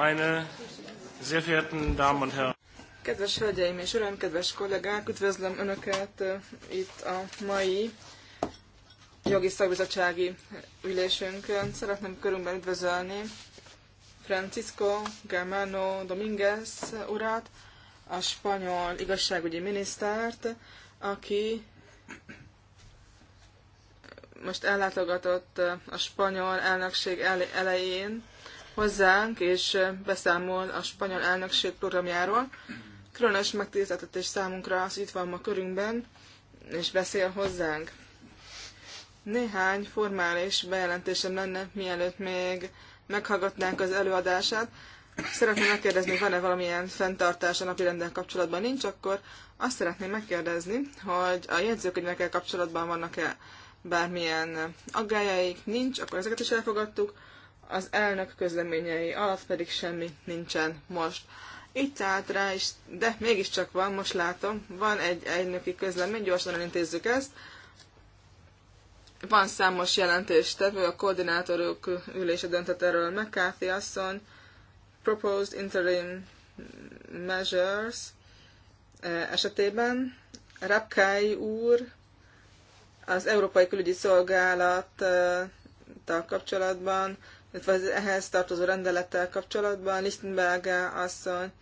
meine sehr verehrten Damen und Herren. Kedves hölgyeim és uraim, kedves kollégák, üdvözlöm Önöket itt a mai jogi szakbizottsági ülésünkön. Szeretném körünkben üdvözölni Francisco Germano Dominguez urat, a spanyol igazságügyi minisztert, aki most ellátogatott a spanyol elnökség elején hozzánk, és beszámol a spanyol elnökség programjáról. Különös megtiszteltetés számunkra az, itt van ma körünkben, és beszél hozzánk. Néhány formális bejelentésem lenne, mielőtt még meghallgatnánk az előadását. Szeretném megkérdezni, van-e valamilyen fenntartás a napi rendel kapcsolatban? Nincs, akkor azt szeretném megkérdezni, hogy a jegyzőkönyvekkel kapcsolatban vannak-e bármilyen aggájaik? Nincs, akkor ezeket is elfogadtuk az elnök közleményei alatt pedig semmi nincsen most. Itt állt rá is, de mégiscsak van, most látom, van egy elnöki közlemény, gyorsan elintézzük ezt. Van számos jelentés tevő a koordinátorok ülése döntött erről McCarthy asszony, Proposed Interim Measures e, esetében, Rapkai úr, az Európai Külügyi Szolgálattal kapcsolatban, illetve az ehhez tartozó rendelettel kapcsolatban. Lichtenberg asszony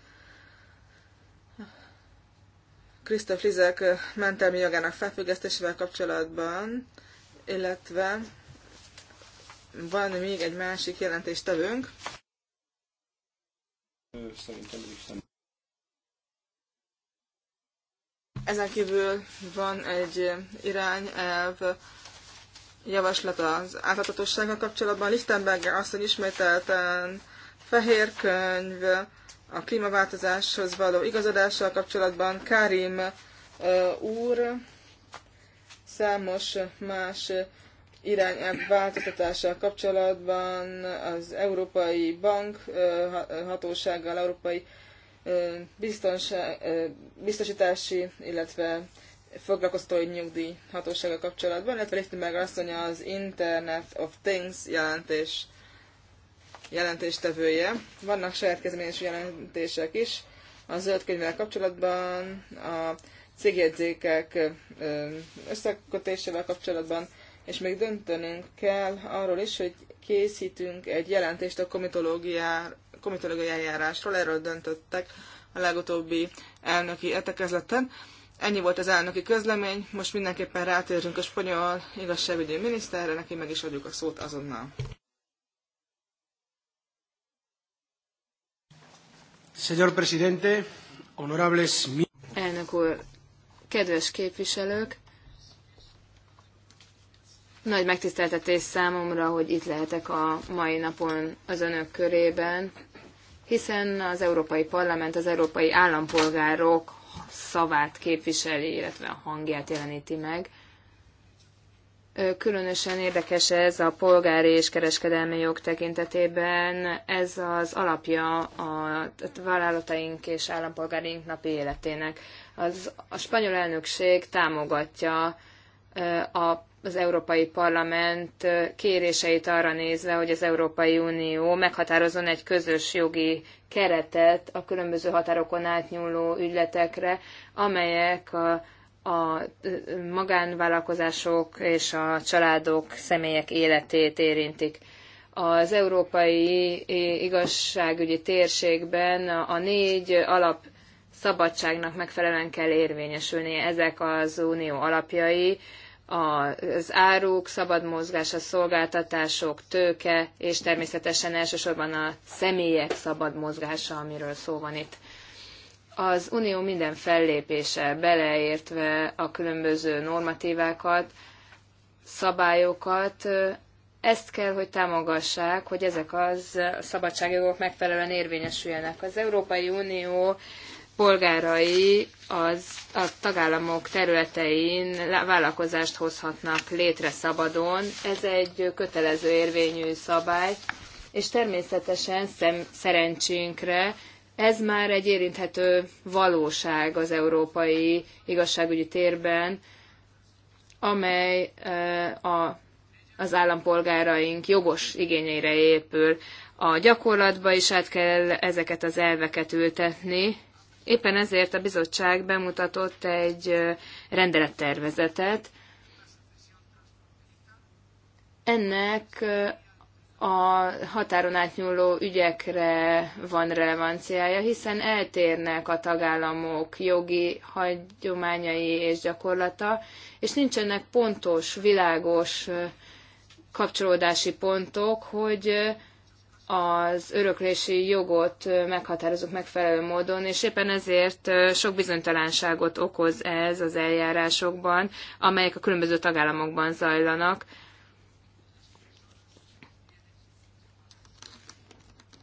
Krisztof Lizek mentelmi jogának felfüggesztésével kapcsolatban, illetve van még egy másik jelentéstevőnk. Szerintem is nem. Ezen kívül van egy irányelv javaslat az átadhatósággal kapcsolatban. Lichtenberger asszony ismételten fehér könyv a klímaváltozáshoz való igazodással kapcsolatban. Karim úr számos más irányelv változtatással kapcsolatban az Európai Bank hatósággal, Európai biztonság, biztosítási, illetve foglalkoztói nyugdíj hatósága kapcsolatban, illetve Lichtenberg asszony az Internet of Things jelentés jelentéstevője. Vannak saját kezdeményező jelentések is. A zöld könyvvel kapcsolatban, a cégjegyzékek összekötésével kapcsolatban, és még döntenünk kell arról is, hogy készítünk egy jelentést a komitológiai eljárásról, erről döntöttek a legutóbbi elnöki etekezleten. Ennyi volt az elnöki közlemény, most mindenképpen rátérünk a spanyol igazságügyi miniszterre, neki meg is adjuk a szót azonnal. Señor presidente, honorables... Elnök úr, kedves képviselők, nagy megtiszteltetés számomra, hogy itt lehetek a mai napon az önök körében, hiszen az Európai Parlament az európai állampolgárok szavát képviseli, illetve a hangját jeleníti meg. Különösen érdekes ez a polgári és kereskedelmi jog tekintetében. Ez az alapja a vállalataink és állampolgáraink napi életének. Az, a spanyol elnökség támogatja a az Európai Parlament kéréseit arra nézve, hogy az Európai Unió meghatározzon egy közös jogi keretet a különböző határokon átnyúló ügyletekre, amelyek a, a magánvállalkozások és a családok, személyek életét érintik. Az európai igazságügyi térségben a négy alap szabadságnak megfelelően kell érvényesülnie ezek az unió alapjai, az áruk, szabad mozgása, szolgáltatások, tőke, és természetesen elsősorban a személyek szabad mozgása, amiről szó van itt. Az Unió minden fellépése, beleértve a különböző normatívákat, szabályokat, ezt kell, hogy támogassák, hogy ezek az szabadságjogok megfelelően érvényesüljenek. Az Európai Unió polgárai az, a tagállamok területein vállalkozást hozhatnak létre szabadon. Ez egy kötelező érvényű szabály, és természetesen szem, szerencsénkre ez már egy érinthető valóság az európai igazságügyi térben, amely eh, a, az állampolgáraink jogos igényeire épül. A gyakorlatba is át kell ezeket az elveket ültetni, Éppen ezért a bizottság bemutatott egy rendelettervezetet. Ennek a határon átnyúló ügyekre van relevanciája, hiszen eltérnek a tagállamok jogi hagyományai és gyakorlata, és nincsenek pontos, világos kapcsolódási pontok, hogy az öröklési jogot meghatározunk megfelelő módon, és éppen ezért sok bizonytalanságot okoz ez az eljárásokban, amelyek a különböző tagállamokban zajlanak.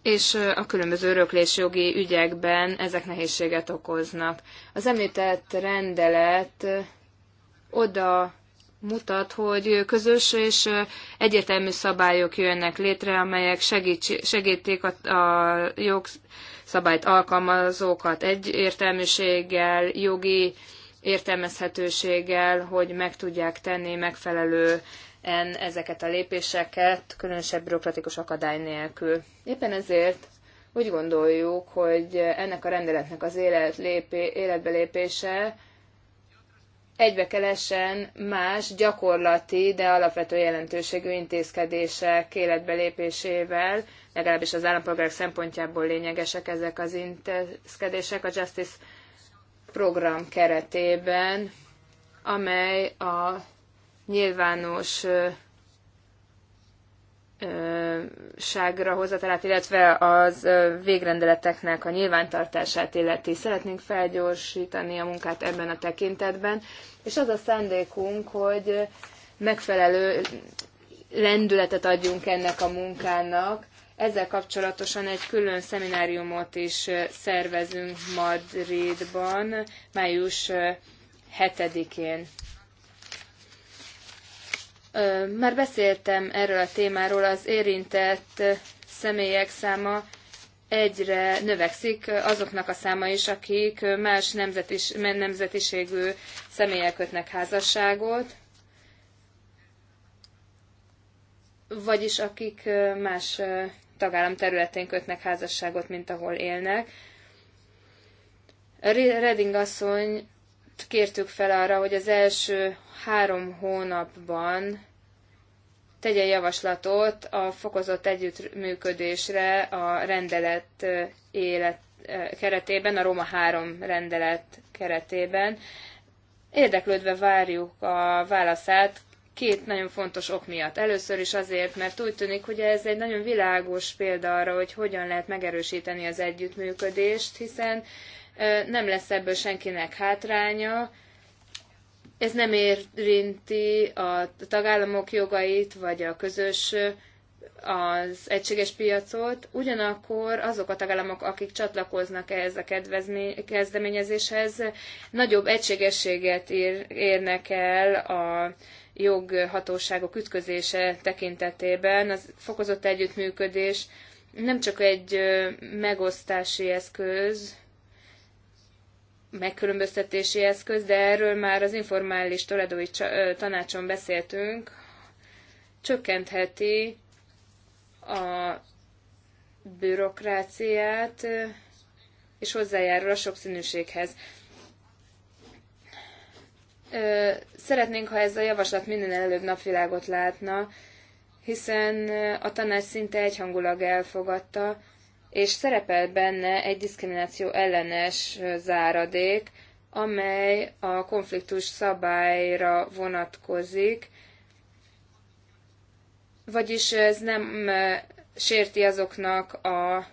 és a különböző öröklésjogi ügyekben ezek nehézséget okoznak. Az említett rendelet oda mutat, hogy közös és egyetemű szabályok jönnek létre, amelyek segíts, segítik a, a jogszabályt alkalmazókat egyértelműséggel, jogi értelmezhetőséggel, hogy meg tudják tenni megfelelő ezeket a lépéseket, különösebb bürokratikus akadály nélkül. Éppen ezért úgy gondoljuk, hogy ennek a rendeletnek az élet lépé, életbelépése egybe kell essen más gyakorlati, de alapvető jelentőségű intézkedések életbe lépésével, legalábbis az állampolgárok szempontjából lényegesek ezek az intézkedések a Justice program keretében, amely a nyilvános ságra hozatalát, illetve az végrendeleteknek a nyilvántartását illeti. Szeretnénk felgyorsítani a munkát ebben a tekintetben, és az a szándékunk, hogy megfelelő lendületet adjunk ennek a munkának. Ezzel kapcsolatosan egy külön szemináriumot is szervezünk Madridban, május 7-én. Már beszéltem erről a témáról, az érintett személyek száma egyre növekszik azoknak a száma is, akik más nemzetis, nemzetiségű személyek kötnek házasságot, vagyis akik más tagállam területén kötnek házasságot, mint ahol élnek. Reding asszony kértük fel arra, hogy az első három hónapban tegyen javaslatot a fokozott együttműködésre a rendelet élet keretében, a Roma 3 rendelet keretében. Érdeklődve várjuk a válaszát két nagyon fontos ok miatt. Először is azért, mert úgy tűnik, hogy ez egy nagyon világos példa arra, hogy hogyan lehet megerősíteni az együttműködést, hiszen nem lesz ebből senkinek hátránya, ez nem érinti a tagállamok jogait, vagy a közös az egységes piacot, ugyanakkor azok a tagállamok, akik csatlakoznak ehhez a kezdeményezéshez, nagyobb egységességet ér- érnek el a joghatóságok ütközése tekintetében. Az fokozott együttműködés nem csak egy megosztási eszköz, megkülönböztetési eszköz, de erről már az informális toledói tanácson beszéltünk, csökkentheti a bürokráciát, és hozzájárul a sokszínűséghez. Szeretnénk, ha ez a javaslat minden előbb napvilágot látna, hiszen a tanács szinte egyhangulag elfogadta, és szerepel benne egy diszkrimináció ellenes záradék, amely a konfliktus szabályra vonatkozik, vagyis ez nem sérti azoknak a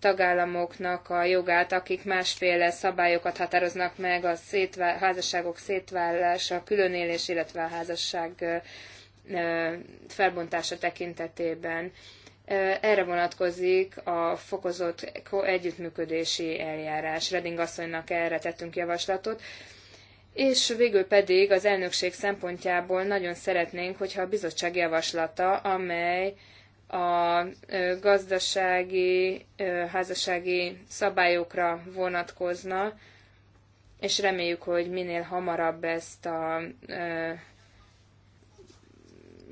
tagállamoknak a jogát, akik másféle szabályokat határoznak meg a szétvá- házasságok szétválása, különélés, illetve a házasság felbontása tekintetében. Erre vonatkozik a fokozott együttműködési eljárás. Reding asszonynak erre tettünk javaslatot. És végül pedig az elnökség szempontjából nagyon szeretnénk, hogyha a bizottság javaslata, amely a gazdasági, házassági szabályokra vonatkozna, és reméljük, hogy minél hamarabb ezt a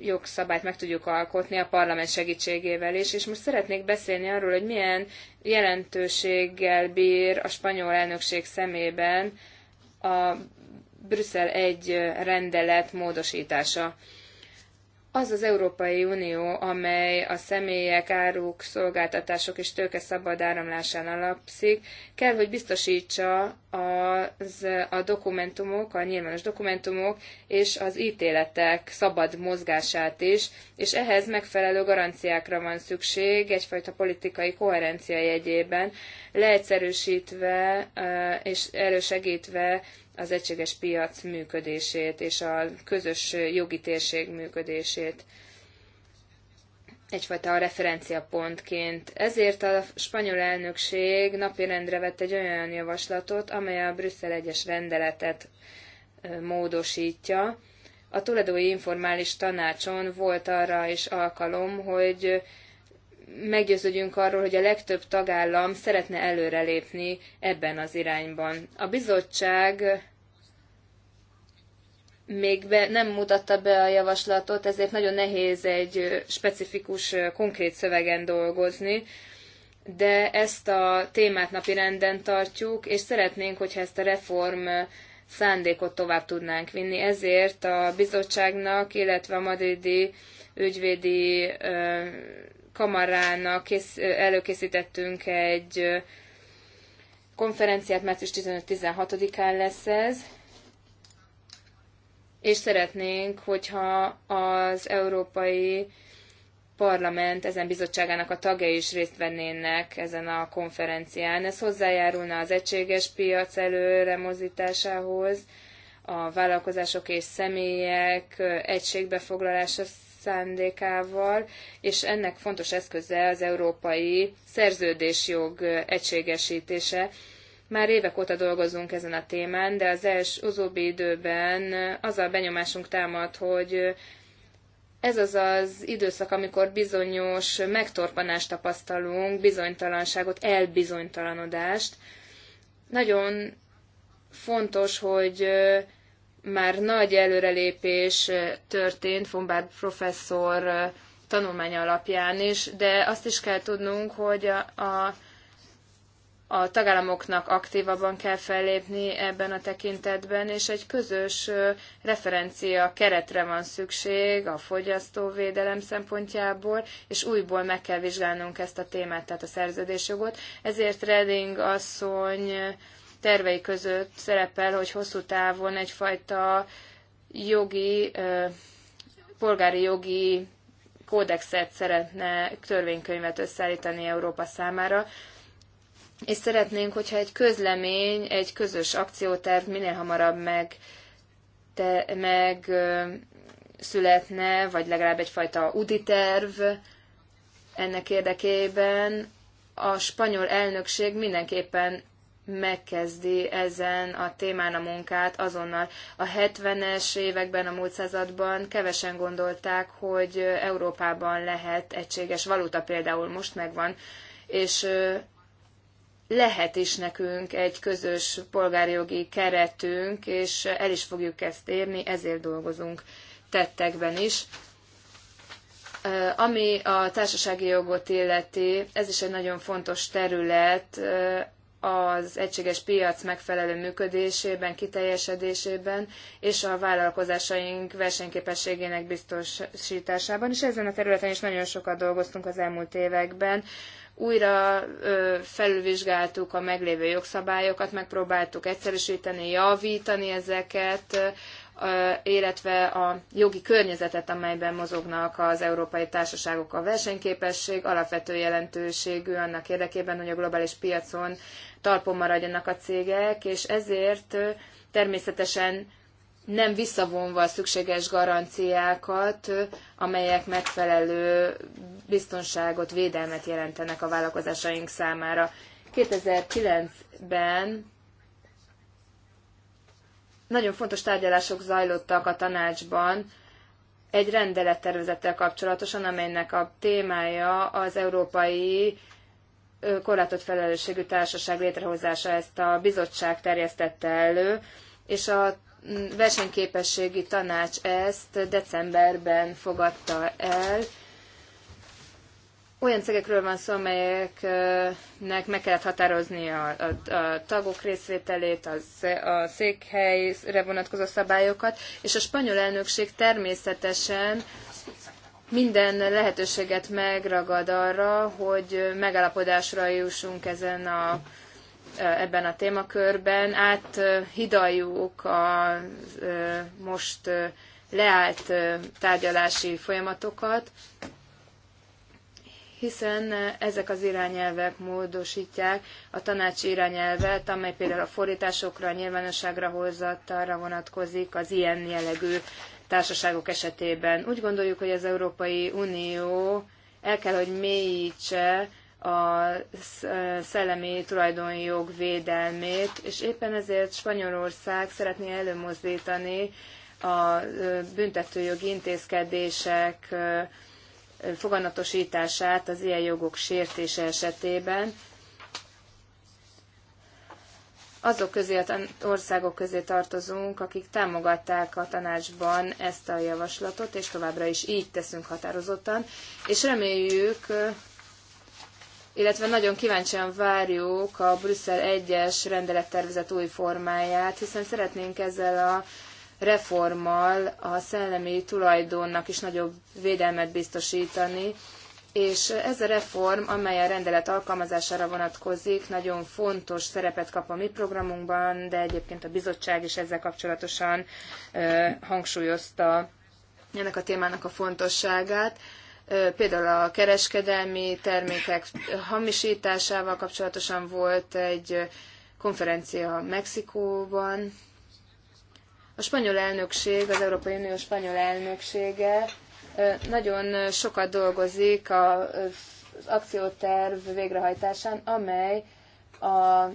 jogszabályt meg tudjuk alkotni a parlament segítségével is, és most szeretnék beszélni arról, hogy milyen jelentőséggel bír a spanyol elnökség szemében a Brüsszel egy rendelet módosítása az az Európai Unió, amely a személyek, áruk, szolgáltatások és tőke szabad áramlásán alapszik, kell, hogy biztosítsa az, a dokumentumok, a nyilvános dokumentumok és az ítéletek szabad mozgását is, és ehhez megfelelő garanciákra van szükség, egyfajta politikai koherencia jegyében, leegyszerűsítve és elősegítve az egységes piac működését és a közös jogi térség működését egyfajta referenciapontként. Ezért a spanyol elnökség napirendre vett egy olyan javaslatot, amely a Brüsszel egyes rendeletet módosítja. A Toledói Informális Tanácson volt arra is alkalom, hogy meggyőződjünk arról, hogy a legtöbb tagállam szeretne előrelépni ebben az irányban. A bizottság még be, nem mutatta be a javaslatot, ezért nagyon nehéz egy specifikus, konkrét szövegen dolgozni, de ezt a témát napirenden tartjuk, és szeretnénk, hogyha ezt a reform szándékot tovább tudnánk vinni. Ezért a bizottságnak, illetve a madridi ügyvédi kamarának kész, előkészítettünk egy konferenciát, március 15-16-án lesz ez, és szeretnénk, hogyha az Európai Parlament ezen bizottságának a tagjai is részt vennének ezen a konferencián. Ez hozzájárulna az egységes piac előre mozításához, a vállalkozások és személyek egységbe szándékával, és ennek fontos eszköze az európai szerződésjog egységesítése. Már évek óta dolgozunk ezen a témán, de az első utóbbi időben az a benyomásunk támad, hogy ez az az időszak, amikor bizonyos megtorpanást tapasztalunk, bizonytalanságot, elbizonytalanodást. Nagyon fontos, hogy már nagy előrelépés történt Fombár professzor tanulmánya alapján is, de azt is kell tudnunk, hogy a, a, a tagállamoknak aktívabban kell fellépni ebben a tekintetben, és egy közös referencia keretre van szükség a fogyasztóvédelem szempontjából, és újból meg kell vizsgálnunk ezt a témát, tehát a szerződésjogot. Ezért Reding asszony tervei között szerepel, hogy hosszú távon egyfajta jogi, polgári jogi kódexet szeretne, törvénykönyvet összeállítani Európa számára, és szeretnénk, hogyha egy közlemény, egy közös akcióterv minél hamarabb meg, te, meg születne, vagy legalább egyfajta UDI terv ennek érdekében, a spanyol elnökség mindenképpen megkezdi ezen a témán a munkát azonnal. A 70-es években, a múlt században kevesen gondolták, hogy Európában lehet egységes valuta, például most megvan, és lehet is nekünk egy közös polgárjogi keretünk, és el is fogjuk ezt érni, ezért dolgozunk tettekben is. Ami a társasági jogot illeti, ez is egy nagyon fontos terület, az egységes piac megfelelő működésében, kiteljesedésében és a vállalkozásaink versenyképességének biztosításában. És ezen a területen is nagyon sokat dolgoztunk az elmúlt években. Újra ö, felülvizsgáltuk a meglévő jogszabályokat, megpróbáltuk egyszerűsíteni, javítani ezeket, illetve a jogi környezetet, amelyben mozognak az európai társaságok. A versenyképesség alapvető jelentőségű annak érdekében, hogy a globális piacon talpon maradjanak a cégek, és ezért természetesen nem visszavonva a szükséges garanciákat, amelyek megfelelő biztonságot, védelmet jelentenek a vállalkozásaink számára. 2009-ben nagyon fontos tárgyalások zajlottak a tanácsban egy rendelettervezettel kapcsolatosan, amelynek a témája az európai korlátott felelősségű társaság létrehozása. Ezt a bizottság terjesztette elő, és a mm, versenyképességi tanács ezt decemberben fogadta el, olyan cégekről van szó, amelyeknek meg kellett határozni a, a, a tagok részvételét, az, a székhelyre vonatkozó szabályokat, és a spanyol elnökség természetesen minden lehetőséget megragad arra, hogy megállapodásra jussunk ezen a, e, ebben a témakörben, áthidaljuk a e, most e, leállt tárgyalási folyamatokat, hiszen eh, ezek az irányelvek módosítják a tanácsi irányelvet, amely például a fordításokra, a nyilvánosságra hozatalra vonatkozik az ilyen jellegű társaságok esetében. Úgy gondoljuk, hogy az Európai Unió el kell, hogy mélyítse a eh, szellemi tulajdonjog védelmét, és éppen ezért Spanyolország szeretné előmozdítani a eh, büntetőjogi intézkedések foganatosítását az ilyen jogok sértése esetében. Azok közé, a országok közé tartozunk, akik támogatták a tanácsban ezt a javaslatot, és továbbra is így teszünk határozottan, és reméljük, illetve nagyon kíváncsian várjuk a Brüsszel 1-es rendelettervezet új formáját, hiszen szeretnénk ezzel a reformmal a szellemi tulajdonnak is nagyobb védelmet biztosítani, és ez a reform, amely a rendelet alkalmazására vonatkozik, nagyon fontos szerepet kap a mi programunkban, de egyébként a bizottság is ezzel kapcsolatosan hangsúlyozta ennek a témának a fontosságát. Például a kereskedelmi termékek hamisításával kapcsolatosan volt egy konferencia Mexikóban, a spanyol elnökség, az Európai Unió spanyol elnöksége nagyon sokat dolgozik az akcióterv végrehajtásán, amely a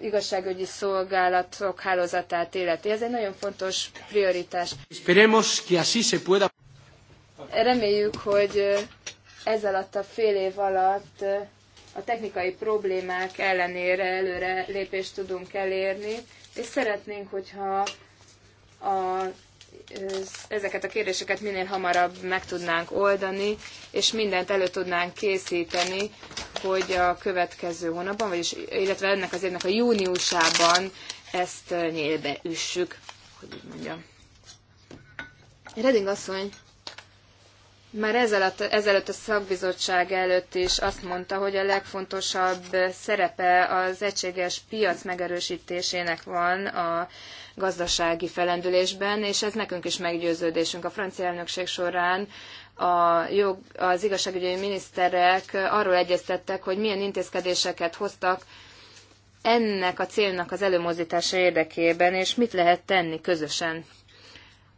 igazságügyi szolgálatok hálózatát életi. Ez egy nagyon fontos prioritás. Reméljük, hogy ez alatt a fél év alatt a technikai problémák ellenére előre lépést tudunk elérni, és szeretnénk, hogyha a, ezeket a kérdéseket minél hamarabb meg tudnánk oldani, és mindent elő tudnánk készíteni, hogy a következő hónapban, vagyis, illetve ennek az évnek a júniusában ezt nyélbe üssük, hogy így mondjam. Reding asszony már ezelőtt, ezelőtt a szakbizottság előtt is azt mondta, hogy a legfontosabb szerepe az egységes piac megerősítésének van a gazdasági felendülésben, és ez nekünk is meggyőződésünk. A francia elnökség során a jog, az igazságügyi miniszterek arról egyeztettek, hogy milyen intézkedéseket hoztak ennek a célnak az előmozdítása érdekében, és mit lehet tenni közösen.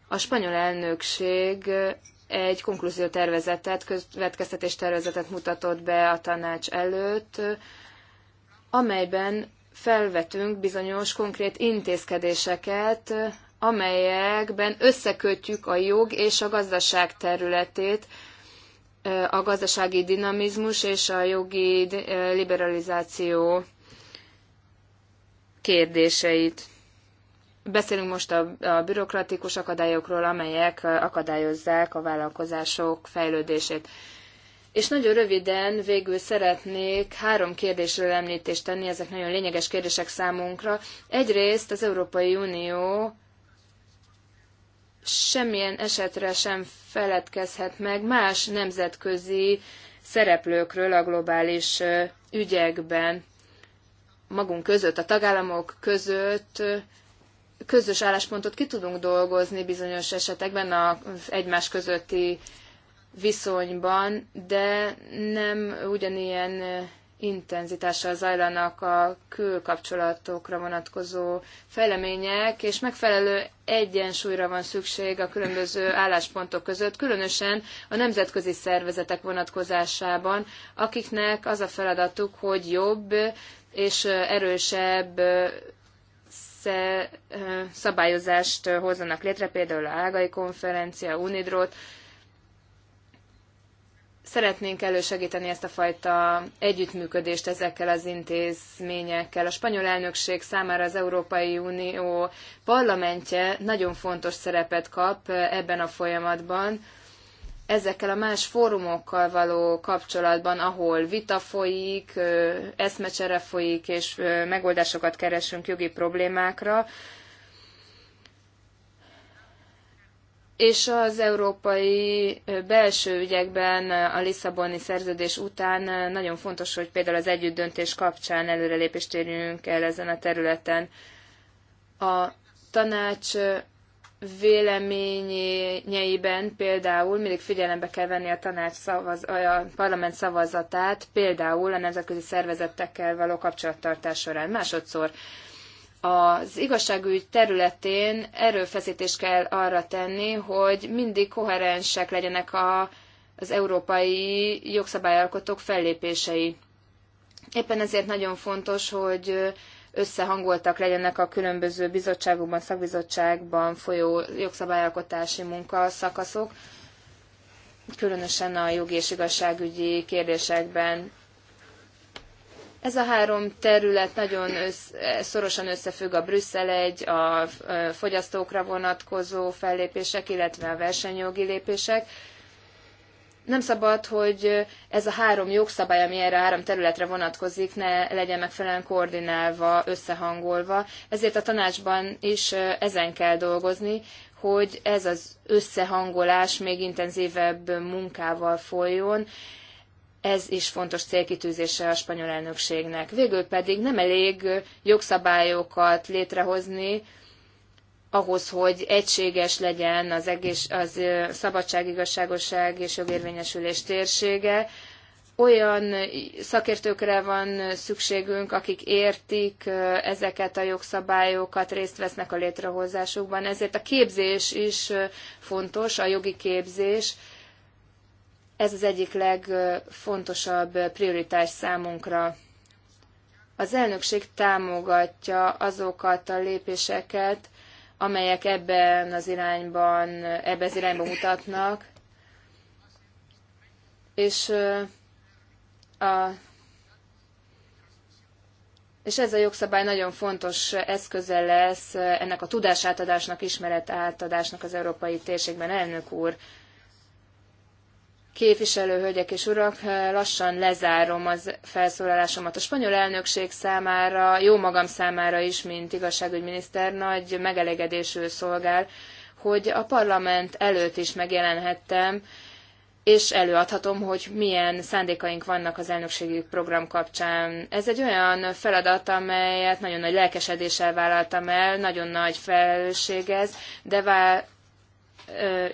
A spanyol elnökség egy konklúziótervezetet, tervezetet mutatott be a tanács előtt, amelyben felvetünk bizonyos konkrét intézkedéseket, amelyekben összekötjük a jog és a gazdaság területét, a gazdasági dinamizmus és a jogi liberalizáció kérdéseit. Beszélünk most a, a bürokratikus akadályokról, amelyek akadályozzák a vállalkozások fejlődését. És nagyon röviden végül szeretnék három kérdésről említést tenni, ezek nagyon lényeges kérdések számunkra. Egyrészt az Európai Unió semmilyen esetre sem feledkezhet meg más nemzetközi szereplőkről a globális ügyekben, magunk között, a tagállamok között közös álláspontot ki tudunk dolgozni bizonyos esetekben az egymás közötti viszonyban, de nem ugyanilyen intenzitással zajlanak a külkapcsolatokra vonatkozó fejlemények, és megfelelő egyensúlyra van szükség a különböző álláspontok között, különösen a nemzetközi szervezetek vonatkozásában, akiknek az a feladatuk, hogy jobb és erősebb szabályozást hozzanak létre, például a Ágai konferencia, Unidrót. Szeretnénk elősegíteni ezt a fajta együttműködést ezekkel az intézményekkel. A spanyol elnökség számára az Európai Unió parlamentje nagyon fontos szerepet kap ebben a folyamatban, ezekkel a más fórumokkal való kapcsolatban, ahol vita folyik, eszmecsere folyik, és megoldásokat keresünk jogi problémákra, és az európai belső ügyekben a Lisszaboni szerződés után nagyon fontos, hogy például az együttdöntés kapcsán előrelépést érjünk el ezen a területen. A tanács véleményeiben például mindig figyelembe kell venni a, tanács szavaz, a parlament szavazatát, például a nemzetközi szervezetekkel való kapcsolattartás során. Másodszor az igazságügy területén erőfeszítést kell arra tenni, hogy mindig koherensek legyenek a, az európai jogszabályalkotók fellépései. Éppen ezért nagyon fontos, hogy összehangoltak legyenek a különböző bizottságokban, szakbizottságban folyó jogszabályalkotási munkaszakaszok, különösen a jogi és igazságügyi kérdésekben. Ez a három terület nagyon szorosan összefügg a Brüsszel egy, a fogyasztókra vonatkozó fellépések, illetve a versenyjogi lépések nem szabad, hogy ez a három jogszabály, ami erre a három területre vonatkozik, ne legyen megfelelően koordinálva, összehangolva. Ezért a tanácsban is ezen kell dolgozni, hogy ez az összehangolás még intenzívebb munkával folyjon, ez is fontos célkitűzése a spanyol elnökségnek. Végül pedig nem elég jogszabályokat létrehozni, ahhoz, hogy egységes legyen az, egész, az szabadság, igazságosság és jogérvényesülés térsége. Olyan szakértőkre van szükségünk, akik értik ezeket a jogszabályokat, részt vesznek a létrehozásukban. Ezért a képzés is fontos, a jogi képzés. Ez az egyik legfontosabb prioritás számunkra. Az elnökség támogatja azokat a lépéseket, amelyek ebben az irányban, ebben az irányban mutatnak, és a és ez a jogszabály nagyon fontos eszköze lesz ennek a tudásátadásnak, ismeretátadásnak az európai térségben. Elnök úr, Képviselő hölgyek és urak, lassan lezárom az felszólalásomat. A spanyol elnökség számára, jó magam számára is, mint igazságügyminiszter, nagy megelégedésű szolgál, hogy a parlament előtt is megjelenhettem, és előadhatom, hogy milyen szándékaink vannak az elnökségi program kapcsán. Ez egy olyan feladat, amelyet nagyon nagy lelkesedéssel vállaltam el, nagyon nagy felelősség ez, de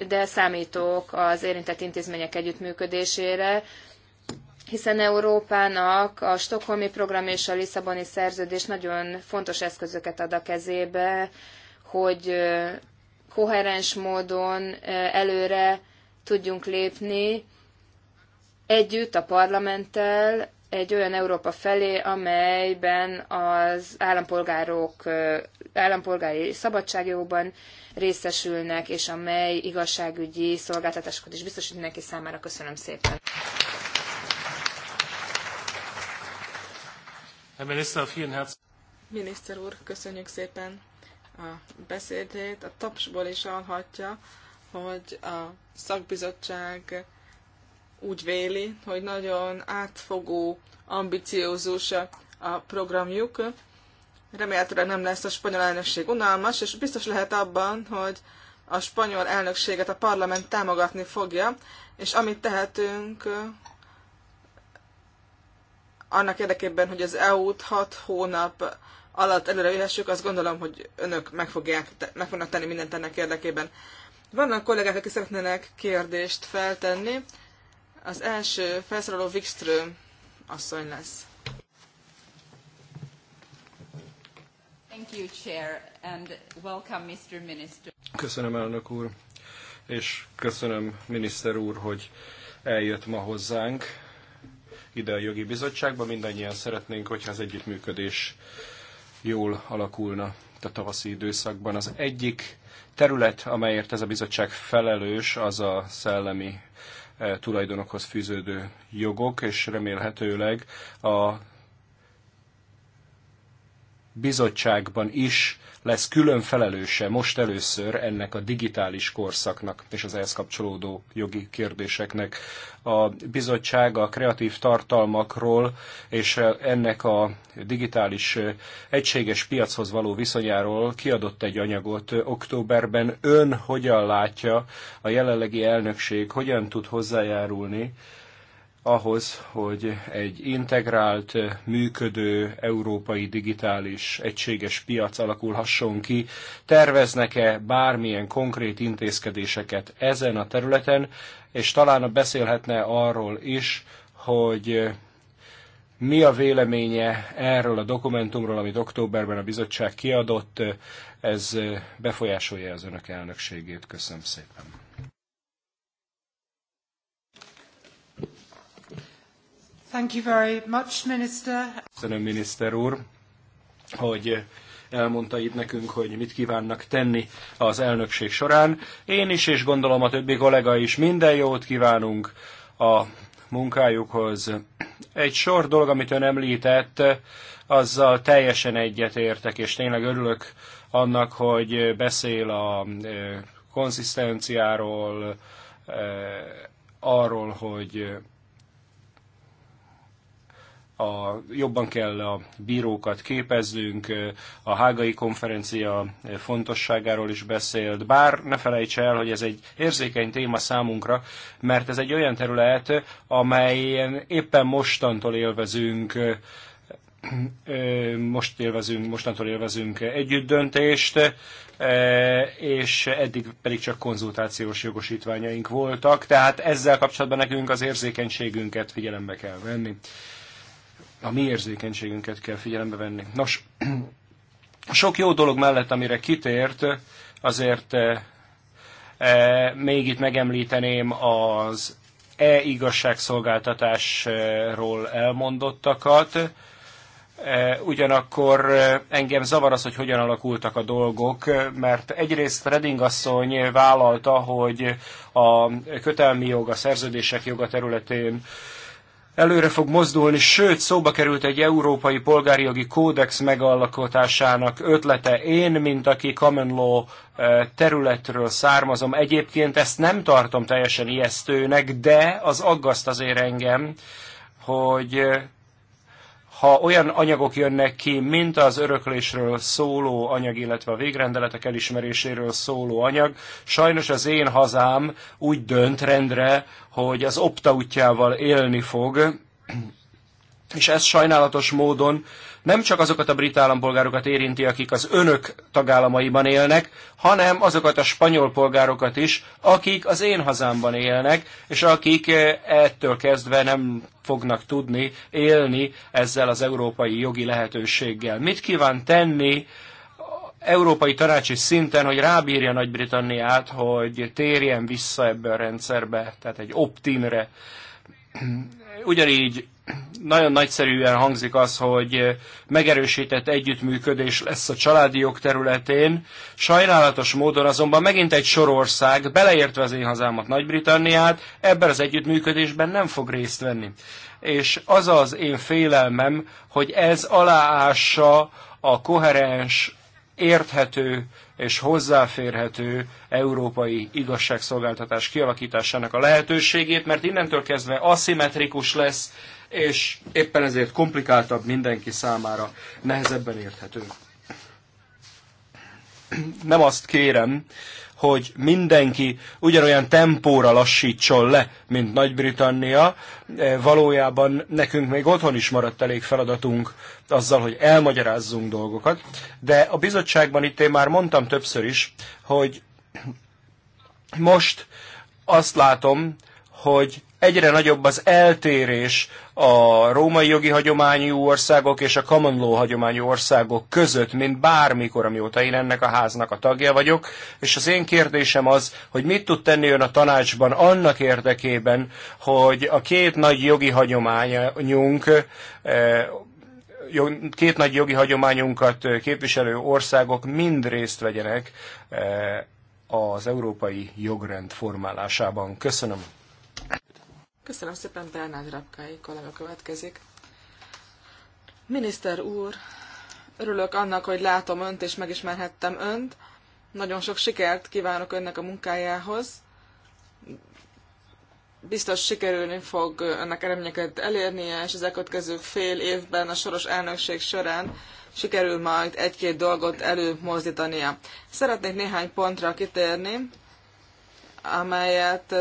de számítok az érintett intézmények együttműködésére, hiszen Európának a Stockholmi program és a Lisszaboni szerződés nagyon fontos eszközöket ad a kezébe, hogy koherens módon előre tudjunk lépni együtt a parlamenttel, egy olyan Európa felé, amelyben az állampolgárok állampolgári szabadságjogban részesülnek, és amely igazságügyi szolgáltatásokat is biztosít mindenki számára. Köszönöm szépen! Miniszter úr, köszönjük szépen a beszédét. A tapsból is hallhatja, hogy a szakbizottság úgy véli, hogy nagyon átfogó, ambiciózus a programjuk. Remélhetőleg nem lesz a spanyol elnökség unalmas, és biztos lehet abban, hogy a spanyol elnökséget a parlament támogatni fogja, és amit tehetünk annak érdekében, hogy az EU-t hat hónap alatt előre jöhessük, azt gondolom, hogy önök meg, fogják, meg fognak tenni mindent ennek érdekében. Vannak kollégák, akik szeretnének kérdést feltenni. Az első felszólaló Wikström asszony lesz. Thank you, Chair, and welcome, Mr. Minister. Köszönöm, elnök úr, és köszönöm, miniszter úr, hogy eljött ma hozzánk ide a jogi bizottságba. Mindannyian szeretnénk, hogyha az együttműködés jól alakulna a tavaszi időszakban. Az egyik terület, amelyért ez a bizottság felelős, az a szellemi E, tulajdonokhoz fűződő jogok, és remélhetőleg a bizottságban is lesz külön felelőse most először ennek a digitális korszaknak és az ehhez kapcsolódó jogi kérdéseknek. A bizottság a kreatív tartalmakról és ennek a digitális egységes piachoz való viszonyáról kiadott egy anyagot októberben. Ön hogyan látja a jelenlegi elnökség, hogyan tud hozzájárulni ahhoz, hogy egy integrált, működő európai digitális egységes piac alakulhasson ki. Terveznek-e bármilyen konkrét intézkedéseket ezen a területen, és talán beszélhetne arról is, hogy mi a véleménye erről a dokumentumról, amit októberben a bizottság kiadott, ez befolyásolja az önök elnökségét. Köszönöm szépen. Thank you very much, Minister. Köszönöm, miniszter úr, hogy elmondta itt nekünk, hogy mit kívánnak tenni az elnökség során. Én is, és gondolom a többi kollega is minden jót kívánunk a munkájukhoz. Egy sor dolog, amit ön említett, azzal teljesen egyetértek, és tényleg örülök annak, hogy beszél a e, konzisztenciáról, e, arról, hogy a, jobban kell a bírókat képeznünk, a hágai konferencia fontosságáról is beszélt, bár ne felejts el, hogy ez egy érzékeny téma számunkra, mert ez egy olyan terület, amelyen éppen mostantól élvezünk most élvezünk, mostantól élvezünk együtt döntést, és eddig pedig csak konzultációs jogosítványaink voltak, tehát ezzel kapcsolatban nekünk az érzékenységünket figyelembe kell venni a mi érzékenységünket kell figyelembe venni. Nos, sok jó dolog mellett, amire kitért, azért eh, eh, még itt megemlíteném az e-igazságszolgáltatásról elmondottakat. Eh, ugyanakkor engem zavar az, hogy hogyan alakultak a dolgok, mert egyrészt Reding asszony vállalta, hogy a kötelmi jog, a szerződések joga területén előre fog mozdulni, sőt szóba került egy európai polgári jogi kódex megalkotásának ötlete. Én, mint aki common law eh, területről származom, egyébként ezt nem tartom teljesen ijesztőnek, de az aggaszt azért engem, hogy eh, ha olyan anyagok jönnek ki, mint az öröklésről szóló anyag, illetve a végrendeletek elismeréséről szóló anyag, sajnos az én hazám úgy dönt rendre, hogy az opta útjával élni fog, és ez sajnálatos módon nem csak azokat a brit állampolgárokat érinti, akik az önök tagállamaiban élnek, hanem azokat a spanyol polgárokat is, akik az én hazámban élnek, és akik eh, ettől kezdve nem fognak tudni élni ezzel az európai jogi lehetőséggel. Mit kíván tenni európai tanácsi szinten, hogy rábírja Nagy-Britanniát, hogy térjen vissza ebbe a rendszerbe, tehát egy optinre. Ugyanígy nagyon nagyszerűen hangzik az, hogy eh, megerősített együttműködés lesz a családi jog területén. Sajnálatos módon azonban megint egy sorország, beleértve az én hazámat, Nagy-Britanniát, ebben az együttműködésben nem fog részt venni. És az az én félelmem, hogy ez aláássa a koherens, érthető és hozzáférhető európai igazságszolgáltatás kialakításának a lehetőségét, mert innentől kezdve aszimmetrikus lesz, és éppen ezért komplikáltabb mindenki számára, nehezebben érthető. Nem azt kérem, hogy mindenki ugyanolyan tempóra lassítson le, mint Nagy-Britannia. Eh, valójában nekünk még otthon is maradt elég feladatunk azzal, hogy elmagyarázzunk dolgokat. De a bizottságban itt én már mondtam többször is, hogy most azt látom, hogy egyre nagyobb az eltérés a római jogi hagyományú országok és a common law hagyományú országok között, mint bármikor, amióta én ennek a háznak a tagja vagyok. És az én kérdésem az, hogy mit tud tenni ön a tanácsban annak érdekében, hogy a két nagy jogi hagyományunk eh, két nagy jogi hagyományunkat képviselő országok mind részt vegyenek eh, az európai jogrend formálásában. Köszönöm. Köszönöm szépen, Bernát Rapkai kollega következik. Miniszter úr, örülök annak, hogy látom önt és megismerhettem önt. Nagyon sok sikert kívánok önnek a munkájához. Biztos sikerülni fog önnek eredményeket elérnie, és az elkövetkező fél évben a soros elnökség során sikerül majd egy-két dolgot előmozdítania. Szeretnék néhány pontra kitérni, amelyet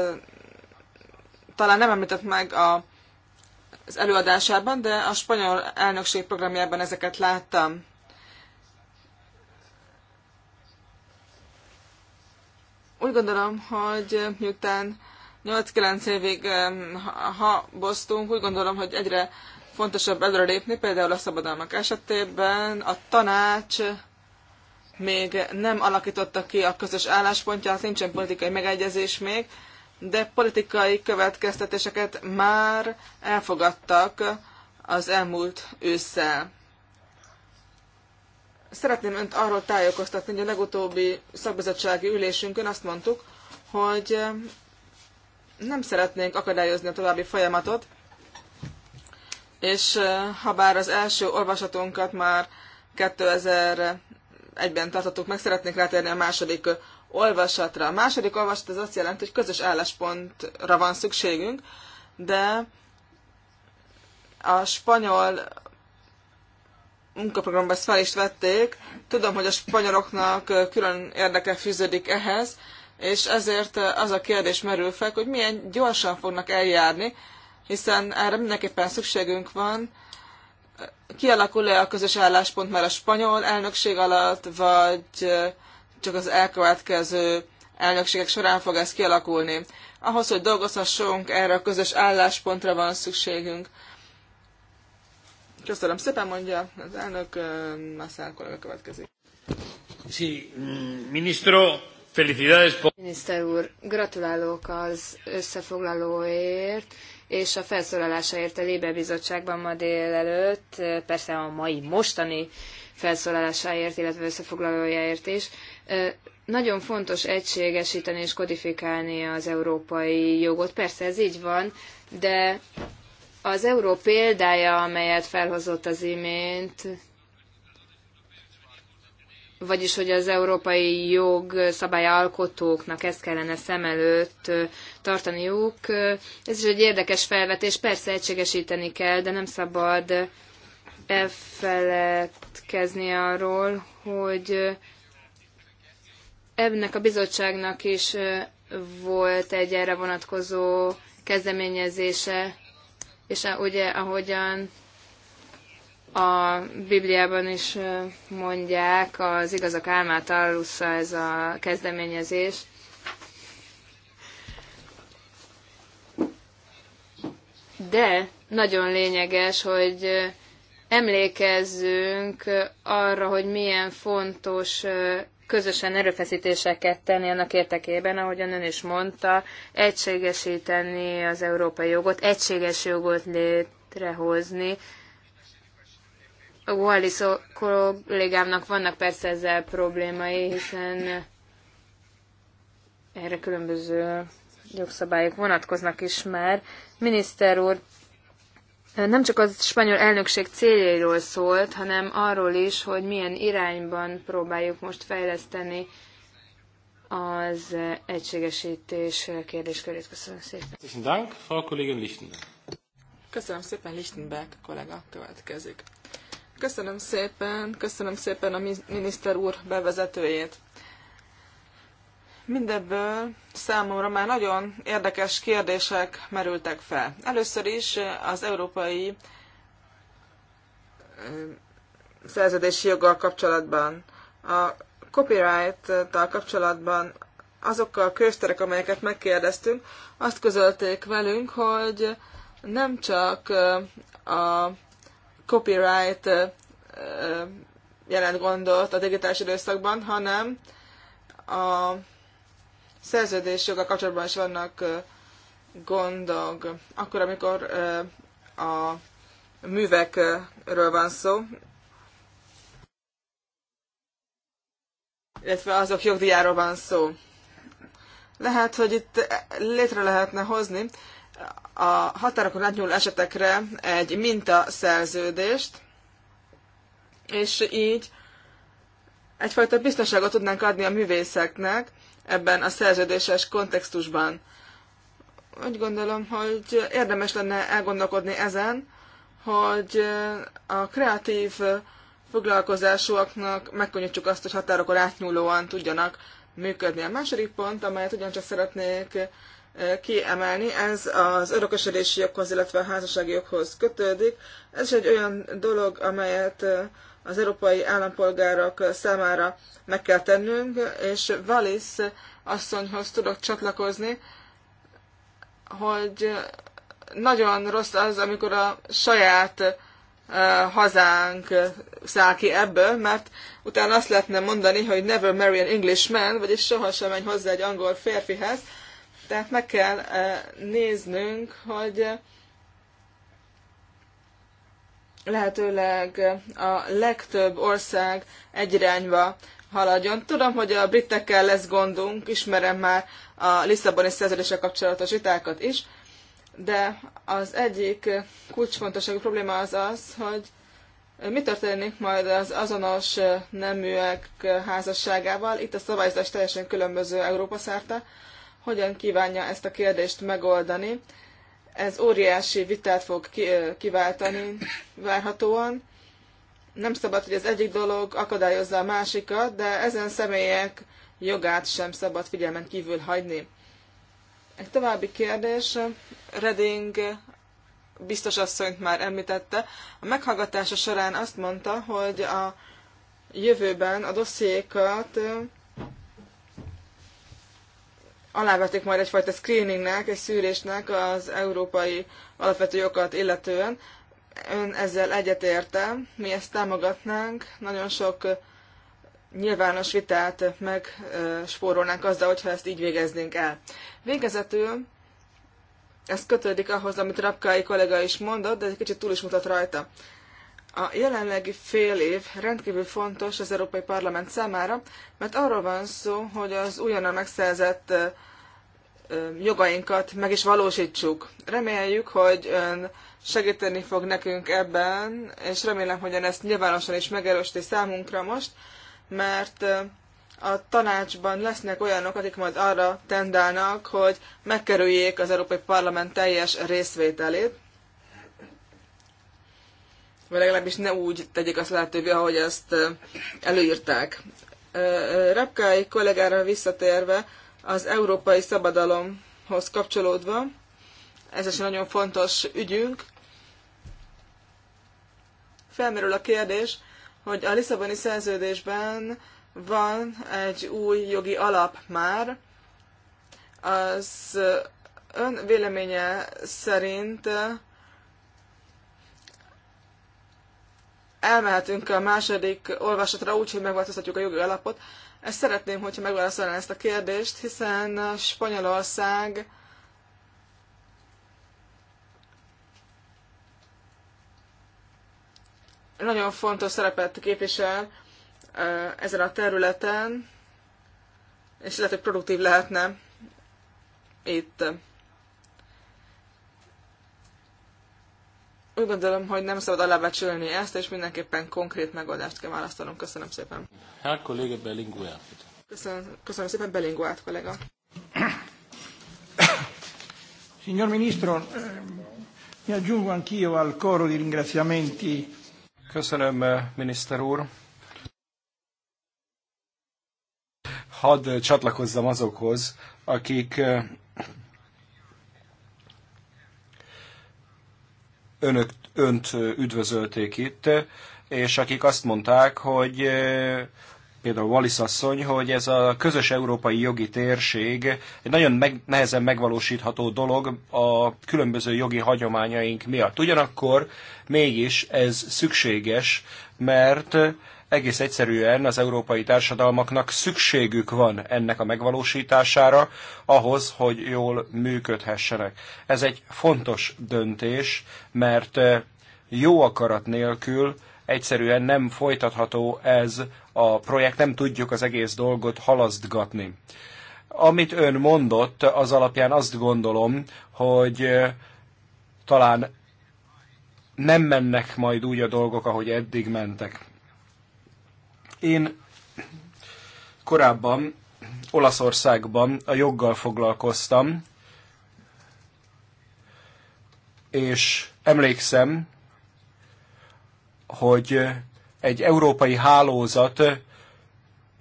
talán nem említett meg a, az előadásában, de a spanyol elnökség programjában ezeket láttam. Úgy gondolom, hogy miután 8-9 évig haboztunk, úgy gondolom, hogy egyre fontosabb lépni, például a szabadalmak esetében a tanács még nem alakította ki a közös álláspontját, nincsen politikai megegyezés még, de politikai következtetéseket már elfogadtak az elmúlt ősszel. Szeretném önt arról tájékoztatni, hogy a legutóbbi szakbizottsági ülésünkön azt mondtuk, hogy nem szeretnénk akadályozni a további folyamatot, és eh, ha bár az első olvasatunkat már 2001-ben tartottuk meg, szeretnénk rátérni a második olvasatra. A második olvasat az azt jelenti, hogy közös álláspontra van szükségünk, de a spanyol munkaprogramban ezt fel is vették. Tudom, hogy a spanyoloknak külön érdeke fűződik ehhez, és ezért az a kérdés merül fel, hogy milyen gyorsan fognak eljárni, hiszen erre mindenképpen szükségünk van. Kialakul-e a közös álláspont már a spanyol elnökség alatt, vagy csak az elkövetkező elnökségek során fog ez kialakulni. Ahhoz, hogy dolgozhassunk, erre a közös álláspontra van szükségünk. Köszönöm szépen, mondja az elnök, Masszár kollega következik. Sí, ministro, felicidades. Miniszter úr, gratulálok az összefoglalóért és a felszólalásaért a Lébe Bizottságban ma délelőtt, persze a mai mostani felszólalásáért, illetve összefoglalójáért is nagyon fontos egységesíteni és kodifikálni az európai jogot. Persze ez így van, de az euró példája, amelyet felhozott az imént, vagyis hogy az európai jog szabályalkotóknak ezt kellene szem előtt tartaniuk. Ez is egy érdekes felvetés, persze egységesíteni kell, de nem szabad elfeledkezni arról, hogy ennek a bizottságnak is volt egy erre vonatkozó kezdeményezése, és ugye ahogyan a Bibliában is mondják, az igazak álmát alussza ez a kezdeményezés. De nagyon lényeges, hogy emlékezzünk arra, hogy milyen fontos közösen erőfeszítéseket tenni annak érdekében, ahogyan ön is mondta, egységesíteni az európai jogot, egységes jogot létrehozni. Wallis kollégámnak vannak persze ezzel problémai, hiszen erre különböző jogszabályok vonatkoznak is már. Miniszter úr, nem csak az spanyol elnökség céljairól szólt, hanem arról is, hogy milyen irányban próbáljuk most fejleszteni az egységesítés kérdéskörét. Köszönöm szépen. Köszönöm szépen, Lichtenberg kollega következik. Köszönöm szépen, köszönöm szépen a miniszter úr bevezetőjét. Mindebből számomra már nagyon érdekes kérdések merültek fel. Először is az európai szerződési joggal kapcsolatban. A copyright-tal kapcsolatban azokkal a közterek, amelyeket megkérdeztünk, azt közölték velünk, hogy nem csak a copyright jelent gondot a digitális időszakban, hanem a szerződésjoga kapcsolatban is vannak gondok. Akkor, amikor a művekről van szó, illetve azok jogdíjáról van szó. Lehet, hogy itt létre lehetne hozni a határokon átnyúló esetekre egy mintaszerződést, és így egyfajta biztonságot tudnánk adni a művészeknek, ebben a szerződéses kontextusban. Úgy gondolom, hogy érdemes lenne elgondolkodni ezen, hogy a kreatív foglalkozásúaknak megkönnyítsük azt, hogy határokon átnyúlóan tudjanak működni. A második pont, amelyet ugyancsak szeretnék eh, kiemelni, ez az örökösödési joghoz, illetve a házassági joghoz kötődik. Ez is egy olyan dolog, amelyet eh, az európai állampolgárok számára meg kell tennünk, és Valisz asszonyhoz tudok csatlakozni, hogy nagyon rossz az, amikor a saját eh, hazánk száll ki ebből, mert utána azt lehetne mondani, hogy never marry an Englishman, vagyis sohasem menj hozzá egy angol férfihez. Tehát meg kell eh, néznünk, hogy lehetőleg a legtöbb ország egy irányba haladjon. Tudom, hogy a britekkel lesz gondunk, ismerem már a Lisszaboni szerződéssel kapcsolatos vitákat is, de az egyik kulcsfontosságú probléma az az, hogy mi történik majd az azonos neműek házasságával? Itt a szabályozás teljesen különböző Európa szerte. Hogyan kívánja ezt a kérdést megoldani? Ez óriási vitát fog kiváltani várhatóan. Nem szabad, hogy az egyik dolog akadályozza a másikat, de ezen személyek jogát sem szabad figyelmen kívül hagyni. Egy további kérdés, Reding biztos asszonyt már említette, a meghallgatása során azt mondta, hogy a jövőben a dossziékat alávetik majd egyfajta screeningnek, egy szűrésnek az európai alapvető jogokat illetően. Ön ezzel egyetérte, mi ezt támogatnánk, nagyon sok nyilvános vitát megspórolnánk azzal, hogyha ezt így végeznénk el. Végezetül ez kötődik ahhoz, amit Rapkai kollega is mondott, de egy kicsit túl is mutat rajta. A jelenlegi fél év rendkívül fontos az Európai Parlament számára, mert arról van szó, hogy az újonnan megszerzett jogainkat meg is valósítsuk. Reméljük, hogy ön segíteni fog nekünk ebben, és remélem, hogy ön ezt nyilvánosan is megerősíti számunkra most, mert a tanácsban lesznek olyanok, akik majd arra tendálnak, hogy megkerüljék az Európai Parlament teljes részvételét, vagy legalábbis ne úgy tegyék azt lehetővé, ahogy ezt előírták. Repkái kollégára visszatérve, az európai szabadalomhoz kapcsolódva. Ez is nagyon fontos ügyünk. Felmerül a kérdés, hogy a Lisszaboni szerződésben van egy új jogi alap már. Az ön véleménye szerint elmehetünk a második olvasatra úgy, hogy megváltoztatjuk a jogi alapot, ezt szeretném, hogyha megválaszolná ezt a kérdést, hiszen a Spanyolország nagyon fontos szerepet képvisel ezen a területen, és lehet, hogy produktív lehetne itt. Úgy gondolom, hogy nem szabad alábecsülni ezt, és mindenképpen konkrét megoldást kell választanom. Köszönöm szépen. Hát kolléga Belinguát. Köszönöm, köszönöm szépen Belinguát, kollega. Signor Ministro, eh, mi aggiungo anch'io al coro di ringraziamenti. Köszönöm, eh, miniszter úr. Hadd csatlakozzam azokhoz, akik eh, önök, önt üdvözölték itt, és akik azt mondták, hogy például Wallis asszony, hogy ez a közös európai jogi térség egy nagyon meg, nehezen megvalósítható dolog a különböző jogi hagyományaink miatt. Ugyanakkor mégis ez szükséges, mert egész egyszerűen az európai társadalmaknak szükségük van ennek a megvalósítására ahhoz, hogy jól működhessenek. Ez egy fontos döntés, mert jó akarat nélkül egyszerűen nem folytatható ez a projekt, nem tudjuk az egész dolgot halasztgatni. Amit ön mondott, az alapján azt gondolom, hogy talán nem mennek majd úgy a dolgok, ahogy eddig mentek. Én korábban Olaszországban a joggal foglalkoztam, és emlékszem, hogy egy európai hálózat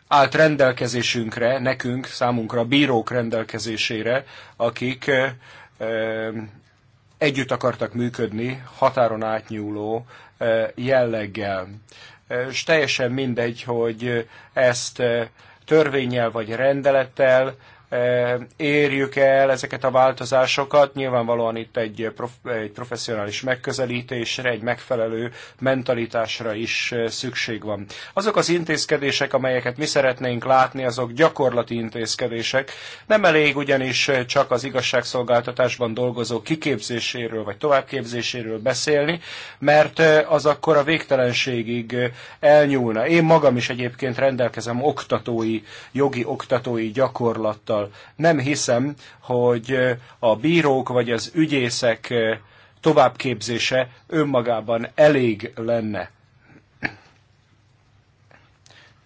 állt rendelkezésünkre, nekünk, számunkra, bírók rendelkezésére, akik együtt akartak működni határon átnyúló jelleggel és teljesen mindegy, hogy ezt törvényel vagy rendelettel érjük el ezeket a változásokat. Nyilvánvalóan itt egy, prof, egy professzionális megközelítésre, egy megfelelő mentalitásra is szükség van. Azok az intézkedések, amelyeket mi szeretnénk látni, azok gyakorlati intézkedések. Nem elég ugyanis csak az igazságszolgáltatásban dolgozó kiképzéséről vagy továbbképzéséről beszélni, mert az akkor a végtelenségig elnyúlna. Én magam is egyébként rendelkezem oktatói, jogi oktatói gyakorlattal, nem hiszem, hogy a bírók vagy az ügyészek továbbképzése önmagában elég lenne.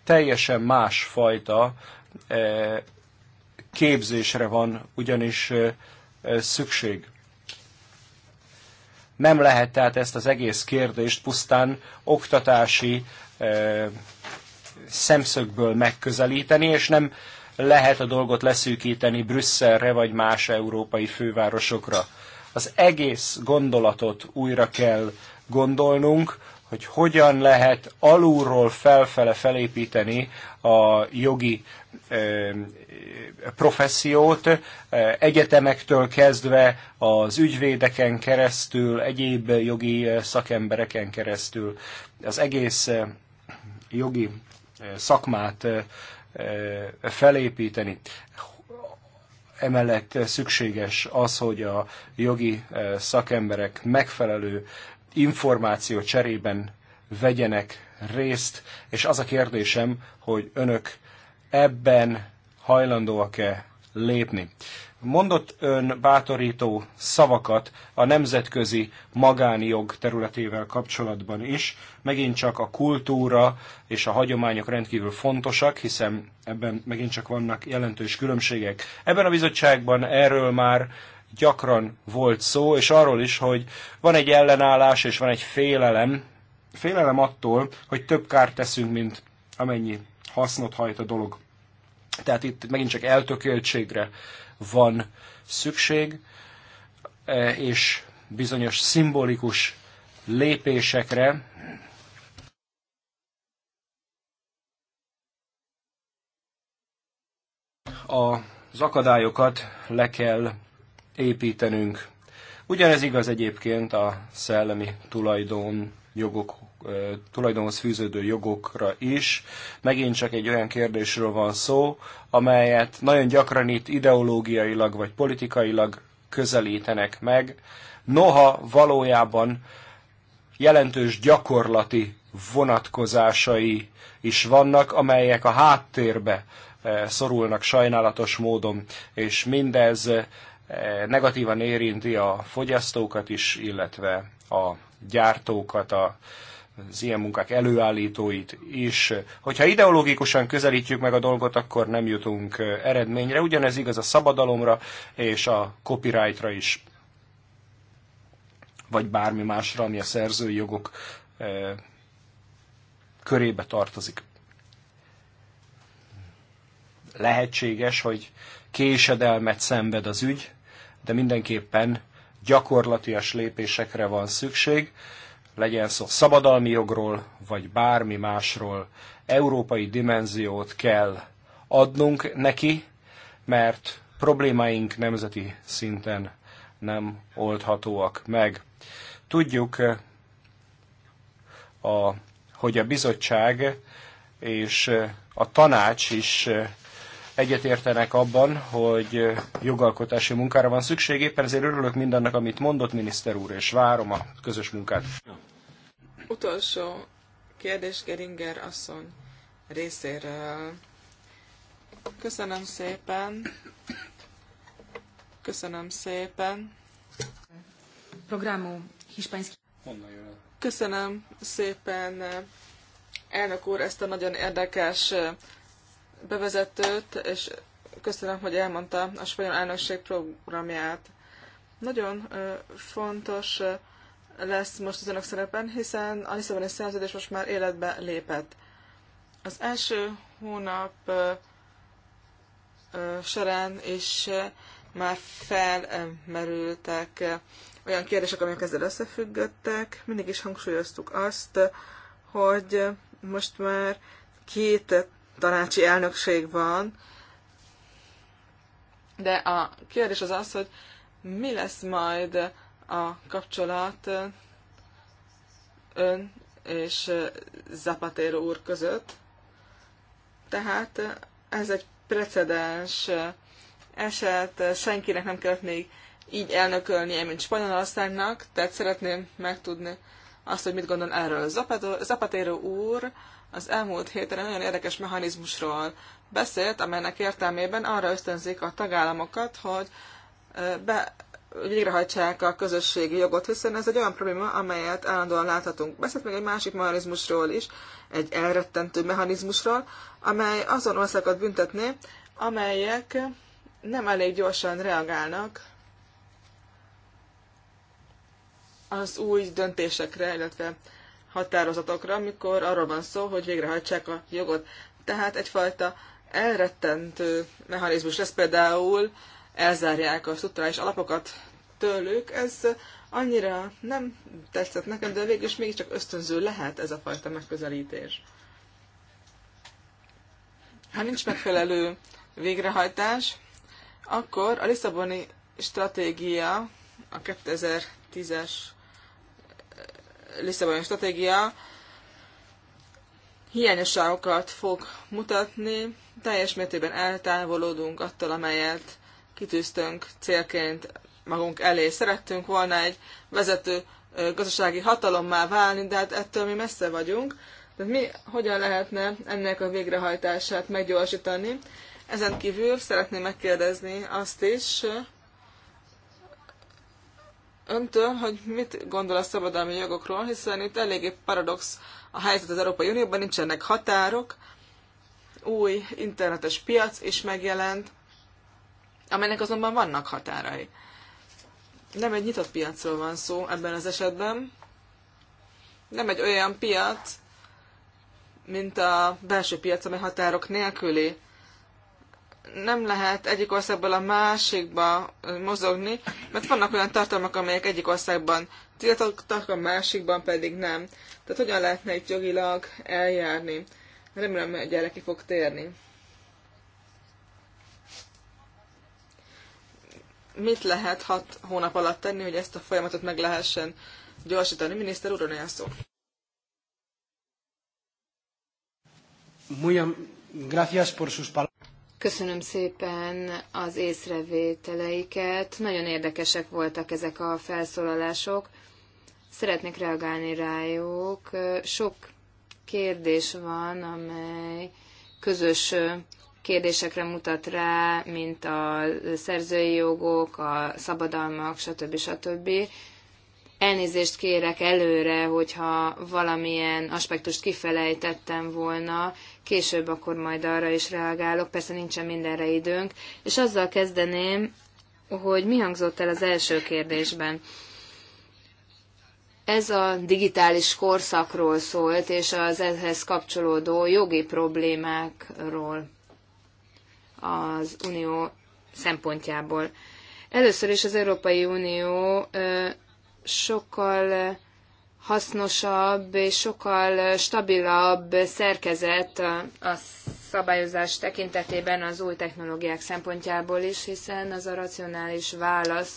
Teljesen más fajta képzésre van ugyanis szükség. Nem lehet tehát ezt az egész kérdést pusztán oktatási szemszögből megközelíteni, és nem lehet a dolgot leszűkíteni Brüsszelre vagy más európai fővárosokra. Az egész gondolatot újra kell gondolnunk, hogy hogyan lehet alulról felfele felépíteni a jogi professziót, egyetemektől kezdve az ügyvédeken keresztül, egyéb jogi szakembereken keresztül, az egész jogi szakmát felépíteni. Emellett szükséges az, hogy a jogi szakemberek megfelelő információ cserében vegyenek részt, és az a kérdésem, hogy önök ebben hajlandóak-e lépni. Mondott ön bátorító szavakat a nemzetközi magánjog területével kapcsolatban is. Megint csak a kultúra és a hagyományok rendkívül fontosak, hiszen ebben megint csak vannak jelentős különbségek. Ebben a bizottságban erről már gyakran volt szó, és arról is, hogy van egy ellenállás és van egy félelem, félelem attól, hogy több kárt teszünk, mint amennyi hasznot hajt a dolog. Tehát itt megint csak eltökéltségre van szükség, e, és bizonyos szimbolikus lépésekre, az akadályokat le kell építenünk. Ugyanez igaz egyébként a szellemi tulajdon jogok tulajdonhoz fűződő jogokra is. Megint csak egy olyan kérdésről van szó, amelyet nagyon gyakran itt ideológiailag vagy politikailag közelítenek meg, noha valójában jelentős gyakorlati vonatkozásai is vannak, amelyek a háttérbe szorulnak sajnálatos módon, és mindez negatívan érinti a fogyasztókat is, illetve a gyártókat, a az ilyen munkák előállítóit is. Hogyha ideológikusan közelítjük meg a dolgot, akkor nem jutunk eredményre. Ugyanez igaz a szabadalomra és a copyrightra is, vagy bármi másra, ami a szerzői jogok körébe tartozik. Lehetséges, hogy késedelmet szenved az ügy, de mindenképpen gyakorlatias lépésekre van szükség legyen szó szabadalmi jogról, vagy bármi másról, európai dimenziót kell adnunk neki, mert problémáink nemzeti szinten nem oldhatóak meg. Tudjuk, a, hogy a bizottság és a tanács is egyetértenek abban, hogy jogalkotási munkára van szükség. Éppen ezért örülök mindannak, amit mondott miniszter úr, és várom a közös munkát. Utolsó kérdés Geringer asszony részéről. Köszönöm szépen. Köszönöm szépen. Programu hispánszki. Köszönöm szépen, elnök úr, ezt a nagyon érdekes bevezetőt, és köszönöm, hogy elmondta a spanyol elnökség programját. Nagyon fontos lesz most az önök szerepen, hiszen a Lisszaboni szerződés most már életbe lépett. Az első hónap során is már felmerültek olyan kérdések, amelyek ezzel összefüggöttek. Mindig is hangsúlyoztuk azt, hogy most már két tanácsi elnökség van, de a kérdés az az, hogy mi lesz majd a kapcsolat ön és Zapatero úr között. Tehát ez egy precedens eset, senkinek nem kellett még így elnökölnie, mint Spanyolországnak, tehát szeretném megtudni azt, hogy mit gondol erről. Zapatero úr az elmúlt héten egy nagyon érdekes mechanizmusról beszélt, amelynek értelmében arra ösztönzik a tagállamokat, hogy be végrehajtsák a közösségi jogot, hiszen ez egy olyan probléma, amelyet állandóan láthatunk. Beszélt még egy másik mechanizmusról is, egy elrettentő mechanizmusról, amely azon országokat büntetné, amelyek nem elég gyorsan reagálnak az új döntésekre, illetve határozatokra, amikor arról van szó, hogy végrehajtsák a jogot. Tehát egyfajta elrettentő mechanizmus lesz például elzárják a szutrális alapokat tőlük. Ez annyira nem tetszett nekem, de végül is mégiscsak ösztönző lehet ez a fajta megközelítés. Ha nincs megfelelő végrehajtás, akkor a Lisszaboni stratégia, a 2010-es eh, Lisszaboni stratégia hiányosságokat fog mutatni, teljes mértékben eltávolodunk attól, amelyet kitűztünk célként magunk elé. Szerettünk volna egy vezető gazdasági hatalommá válni, de hát ettől mi messze vagyunk. De mi hogyan lehetne ennek a végrehajtását meggyorsítani? Ezen kívül szeretném megkérdezni azt is, öntől, hogy mit gondol a szabadalmi jogokról, hiszen itt eléggé paradox a helyzet az Európai Unióban, nincsenek határok, új internetes piac is megjelent, amelynek azonban vannak határai. Nem egy nyitott piacról van szó ebben az esetben, nem egy olyan piac, mint a belső piac, amely határok nélküli. Nem lehet egyik országból a másikba mozogni, mert vannak olyan tartalmak, amelyek egyik országban tiltottak, a másikban pedig nem. Tehát hogyan lehetne itt jogilag eljárni? Remélem, hogy erre ki fog térni. mit lehet hat hónap alatt tenni, hogy ezt a folyamatot meg lehessen gyorsítani? Miniszter úr, olyan szó. Köszönöm szépen az észrevételeiket. Nagyon érdekesek voltak ezek a felszólalások. Szeretnék reagálni rájuk. Sok kérdés van, amely közös kérdésekre mutat rá, mint a szerzői jogok, a szabadalmak, stb. stb. Elnézést kérek előre, hogyha valamilyen aspektust kifelejtettem volna, később akkor majd arra is reagálok, persze nincsen mindenre időnk, és azzal kezdeném, hogy mi hangzott el az első kérdésben ez a digitális korszakról szólt, és az ehhez kapcsolódó jogi problémákról az Unió szempontjából. Először is az Európai Unió sokkal hasznosabb és sokkal stabilabb szerkezet a szabályozás tekintetében az új technológiák szempontjából is, hiszen az a racionális válasz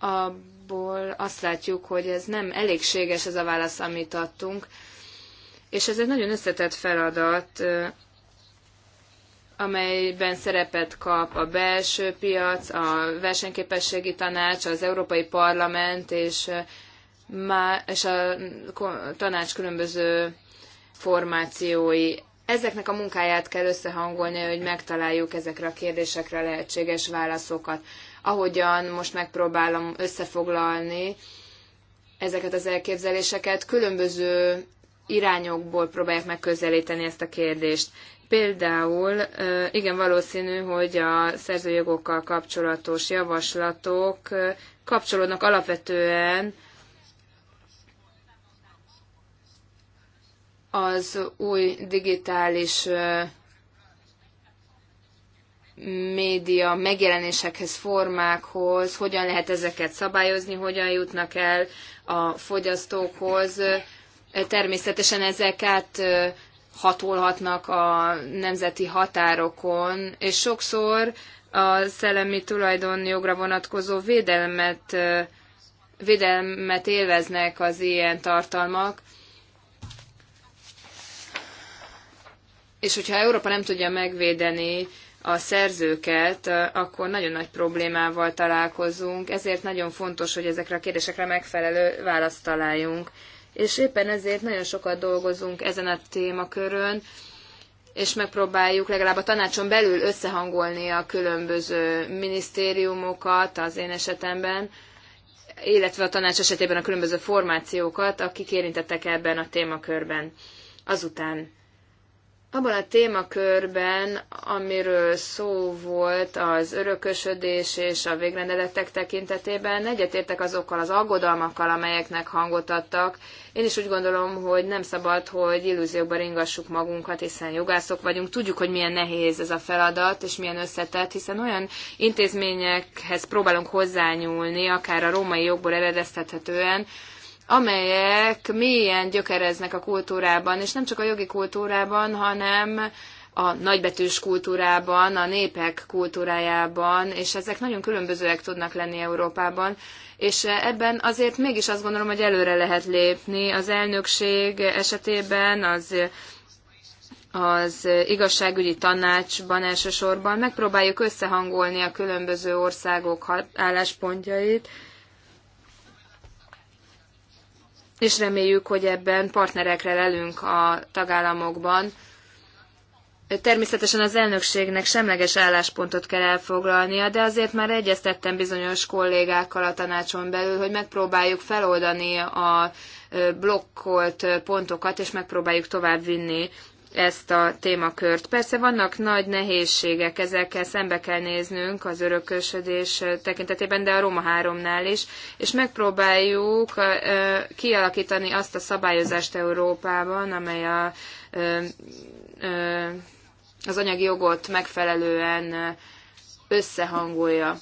abból azt látjuk, hogy ez nem elégséges az a válasz, amit adtunk, és ez egy nagyon összetett feladat amelyben szerepet kap a belső piac, a versenyképességi tanács, az Európai Parlament és, és a tanács különböző formációi. Ezeknek a munkáját kell összehangolni, hogy megtaláljuk ezekre a kérdésekre lehetséges válaszokat. Ahogyan most megpróbálom összefoglalni ezeket az elképzeléseket, különböző irányokból próbálják megközelíteni ezt a kérdést. Például igen valószínű, hogy a szerzőjogokkal kapcsolatos javaslatok kapcsolódnak alapvetően az új digitális média megjelenésekhez, formákhoz, hogyan lehet ezeket szabályozni, hogyan jutnak el a fogyasztókhoz. Természetesen ezek hatolhatnak a nemzeti határokon, és sokszor a szellemi tulajdonjogra vonatkozó védelmet, védelmet élveznek az ilyen tartalmak. És hogyha Európa nem tudja megvédeni a szerzőket, akkor nagyon nagy problémával találkozunk, ezért nagyon fontos, hogy ezekre a kérdésekre megfelelő választ találjunk és éppen ezért nagyon sokat dolgozunk ezen a témakörön, és megpróbáljuk legalább a tanácson belül összehangolni a különböző minisztériumokat az én esetemben, illetve a tanács esetében a különböző formációkat, akik érintettek ebben a témakörben. Azután abban a témakörben, amiről szó volt az örökösödés és a végrendeletek tekintetében, egyetértek azokkal az aggodalmakkal, amelyeknek hangot adtak. Én is úgy gondolom, hogy nem szabad, hogy illúziókba ringassuk magunkat, hiszen jogászok vagyunk, tudjuk, hogy milyen nehéz ez a feladat, és milyen összetett, hiszen olyan intézményekhez próbálunk hozzányúlni, akár a római jogból eredeztethetően, amelyek mélyen gyökereznek a kultúrában, és nem csak a jogi kultúrában, hanem a nagybetűs kultúrában, a népek kultúrájában, és ezek nagyon különbözőek tudnak lenni Európában. És ebben azért mégis azt gondolom, hogy előre lehet lépni. Az elnökség esetében az az igazságügyi tanácsban elsősorban megpróbáljuk összehangolni a különböző országok álláspontjait, és reméljük, hogy ebben partnerekre lelünk a tagállamokban. Természetesen az elnökségnek semleges álláspontot kell elfoglalnia, de azért már egyeztettem bizonyos kollégákkal a tanácson belül, hogy megpróbáljuk feloldani a blokkolt pontokat, és megpróbáljuk továbbvinni ezt a témakört. Persze vannak nagy nehézségek, ezekkel szembe kell néznünk az örökösödés tekintetében, de a Roma 3-nál is, és megpróbáljuk kialakítani azt a szabályozást Európában, amely a, az anyagi jogot megfelelően összehangolja.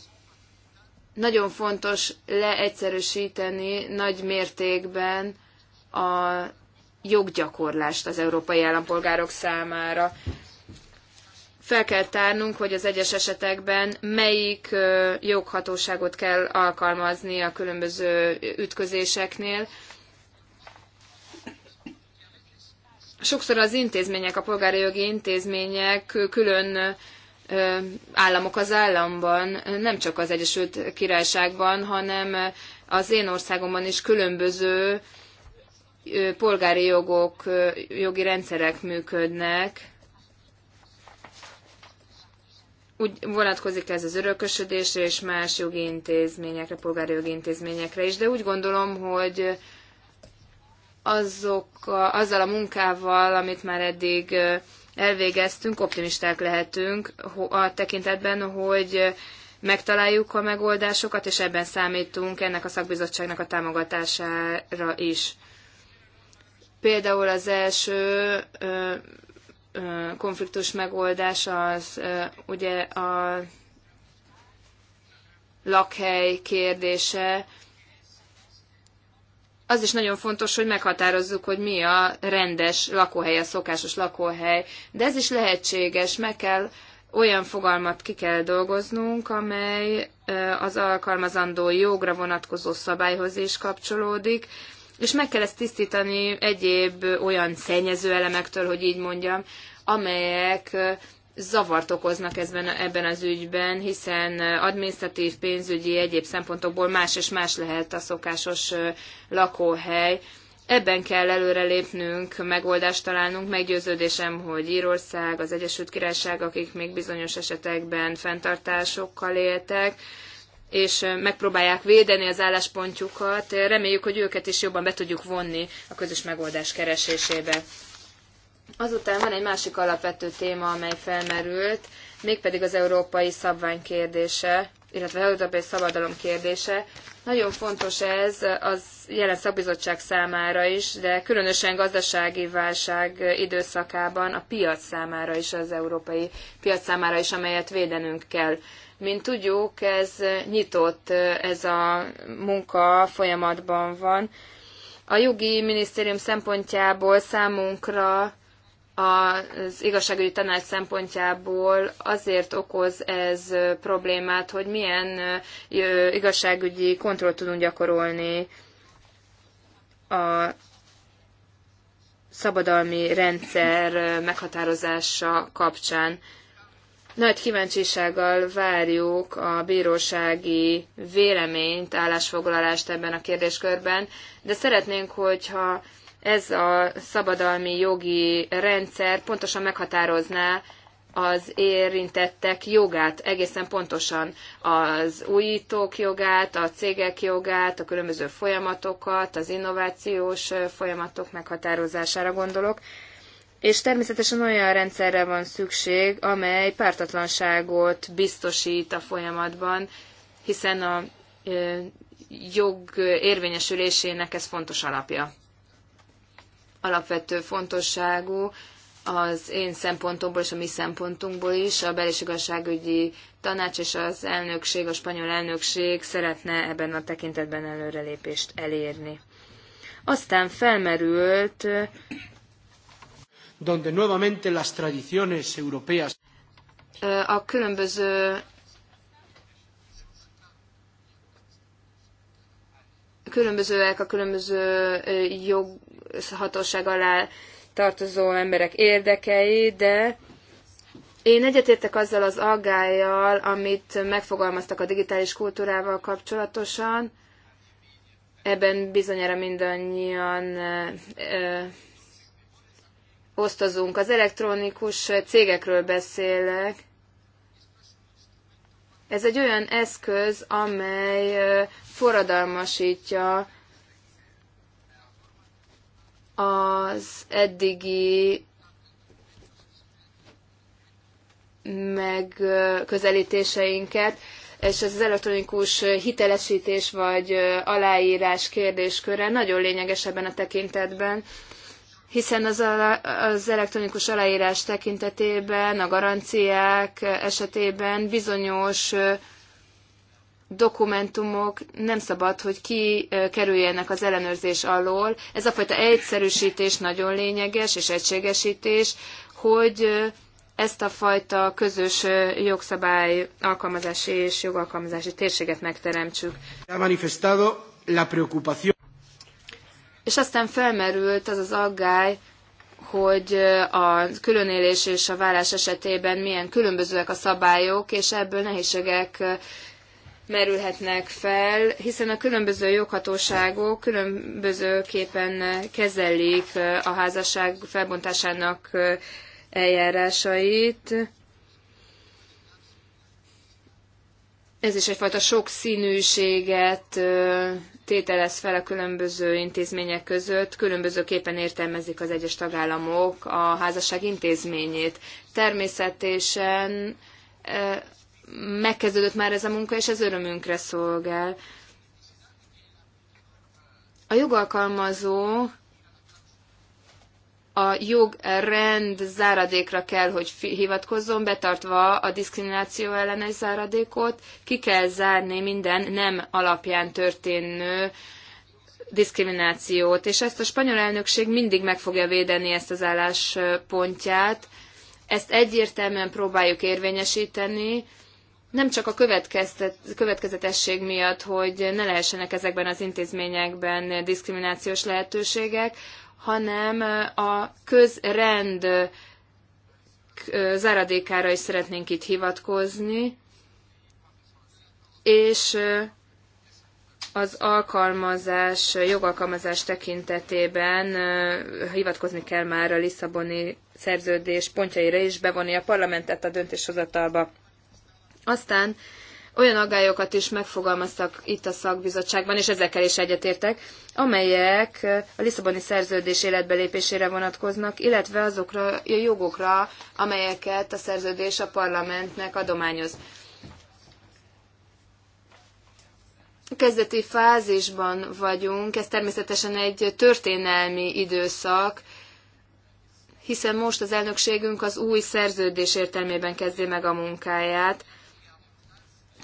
Nagyon fontos leegyszerűsíteni nagy mértékben a joggyakorlást az európai állampolgárok számára. Fel kell tárnunk, hogy az egyes esetekben melyik joghatóságot kell alkalmazni a különböző ütközéseknél. Sokszor az intézmények, a polgári jogi intézmények külön államok az államban, nem csak az Egyesült Királyságban, hanem az én országomban is különböző polgári jogok, jogi rendszerek működnek. Úgy vonatkozik ez az örökösödésre és más jogi intézményekre, polgári jogi intézményekre is, de úgy gondolom, hogy azok, azzal a munkával, amit már eddig elvégeztünk, optimisták lehetünk a tekintetben, hogy megtaláljuk a megoldásokat, és ebben számítunk ennek a szakbizottságnak a támogatására is. Például az első konfliktus megoldás az ugye a lakhely kérdése. Az is nagyon fontos, hogy meghatározzuk, hogy mi a rendes lakóhely, a szokásos lakóhely. De ez is lehetséges, meg kell olyan fogalmat ki kell dolgoznunk, amely az alkalmazandó jogra vonatkozó szabályhoz is kapcsolódik, és meg kell ezt tisztítani egyéb olyan szennyező elemektől, hogy így mondjam, amelyek zavart okoznak ezben, ebben az ügyben, hiszen adminisztratív, pénzügyi, egyéb szempontokból más és más lehet a szokásos lakóhely. Ebben kell előrelépnünk, megoldást találnunk. Meggyőződésem, hogy Írország, az Egyesült Királyság, akik még bizonyos esetekben fenntartásokkal éltek, és megpróbálják védeni az álláspontjukat. Reméljük, hogy őket is jobban be tudjuk vonni a közös megoldás keresésébe. Azután van egy másik alapvető téma, amely felmerült, mégpedig az európai szabvány kérdése, illetve európai szabadalom kérdése. Nagyon fontos ez az jelen szakbizottság számára is, de különösen gazdasági válság időszakában a piac számára is, az európai piac számára is, amelyet védenünk kell. Mint tudjuk, ez nyitott, ez a munka folyamatban van. A jogi minisztérium szempontjából számunkra az igazságügyi tanács szempontjából azért okoz ez problémát, hogy milyen igazságügyi kontroll tudunk gyakorolni a szabadalmi rendszer meghatározása kapcsán. Nagy kíváncsisággal várjuk a bírósági véleményt, állásfoglalást ebben a kérdéskörben, de szeretnénk, hogyha ez a szabadalmi jogi rendszer pontosan meghatározná az érintettek jogát, egészen pontosan az újítók jogát, a cégek jogát, a különböző folyamatokat, az innovációs folyamatok meghatározására gondolok és természetesen olyan rendszerre van szükség, amely pártatlanságot biztosít a folyamatban, hiszen a jog érvényesülésének ez fontos alapja. Alapvető fontosságú az én szempontomból és a mi szempontunkból is a belső igazságügyi tanács és az elnökség, a spanyol elnökség szeretne ebben a tekintetben előrelépést elérni. Aztán felmerült donde nuevamente las tradiciones europeas. A különböző különbözőek a különböző joghatóság alá tartozó emberek érdekei, de én egyetértek azzal az aggájjal, amit megfogalmaztak a digitális kultúrával kapcsolatosan. Ebben bizonyára mindannyian osztozunk. Az elektronikus cégekről beszélek. Ez egy olyan eszköz, amely forradalmasítja az eddigi megközelítéseinket, és ez az elektronikus hitelesítés vagy aláírás kérdésköre nagyon lényeges ebben a tekintetben, hiszen az, az elektronikus aláírás tekintetében, a garanciák esetében bizonyos dokumentumok nem szabad, hogy kikerüljenek az ellenőrzés alól. Ez a fajta egyszerűsítés nagyon lényeges és egységesítés, hogy ezt a fajta közös jogszabály alkalmazási és jogalkalmazási térséget megteremtsük. la preocupación és aztán felmerült az az aggály, hogy a különélés és a vállás esetében milyen különbözőek a szabályok, és ebből nehézségek merülhetnek fel, hiszen a különböző joghatóságok különbözőképpen kezelik a házasság felbontásának eljárásait. Ez is egyfajta sokszínűséget tételez fel a különböző intézmények között, különbözőképpen értelmezik az egyes tagállamok a házasság intézményét. Természetesen e, megkezdődött már ez a munka, és ez örömünkre szolgál. A jogalkalmazó a jogrend záradékra kell, hogy hivatkozzon, betartva a diszkrimináció ellenes záradékot, ki kell zárni minden nem alapján történő diszkriminációt, és ezt a spanyol elnökség mindig meg fogja védeni ezt az álláspontját. Ezt egyértelműen próbáljuk érvényesíteni, nem csak a következetesség miatt, hogy ne lehessenek ezekben az intézményekben diszkriminációs lehetőségek, hanem a közrend záradékára is szeretnénk itt hivatkozni, és az alkalmazás, jogalkalmazás tekintetében hivatkozni kell már a Lisszaboni szerződés pontjaira is, bevonni a parlamentet a döntéshozatalba. Aztán olyan aggályokat is megfogalmaztak itt a szakbizottságban, és ezekkel is egyetértek, amelyek a Lisszaboni szerződés életbelépésére vonatkoznak, illetve azokra a jogokra, amelyeket a szerződés a parlamentnek adományoz. Kezdeti fázisban vagyunk, ez természetesen egy történelmi időszak, hiszen most az elnökségünk az új szerződés értelmében kezdi meg a munkáját,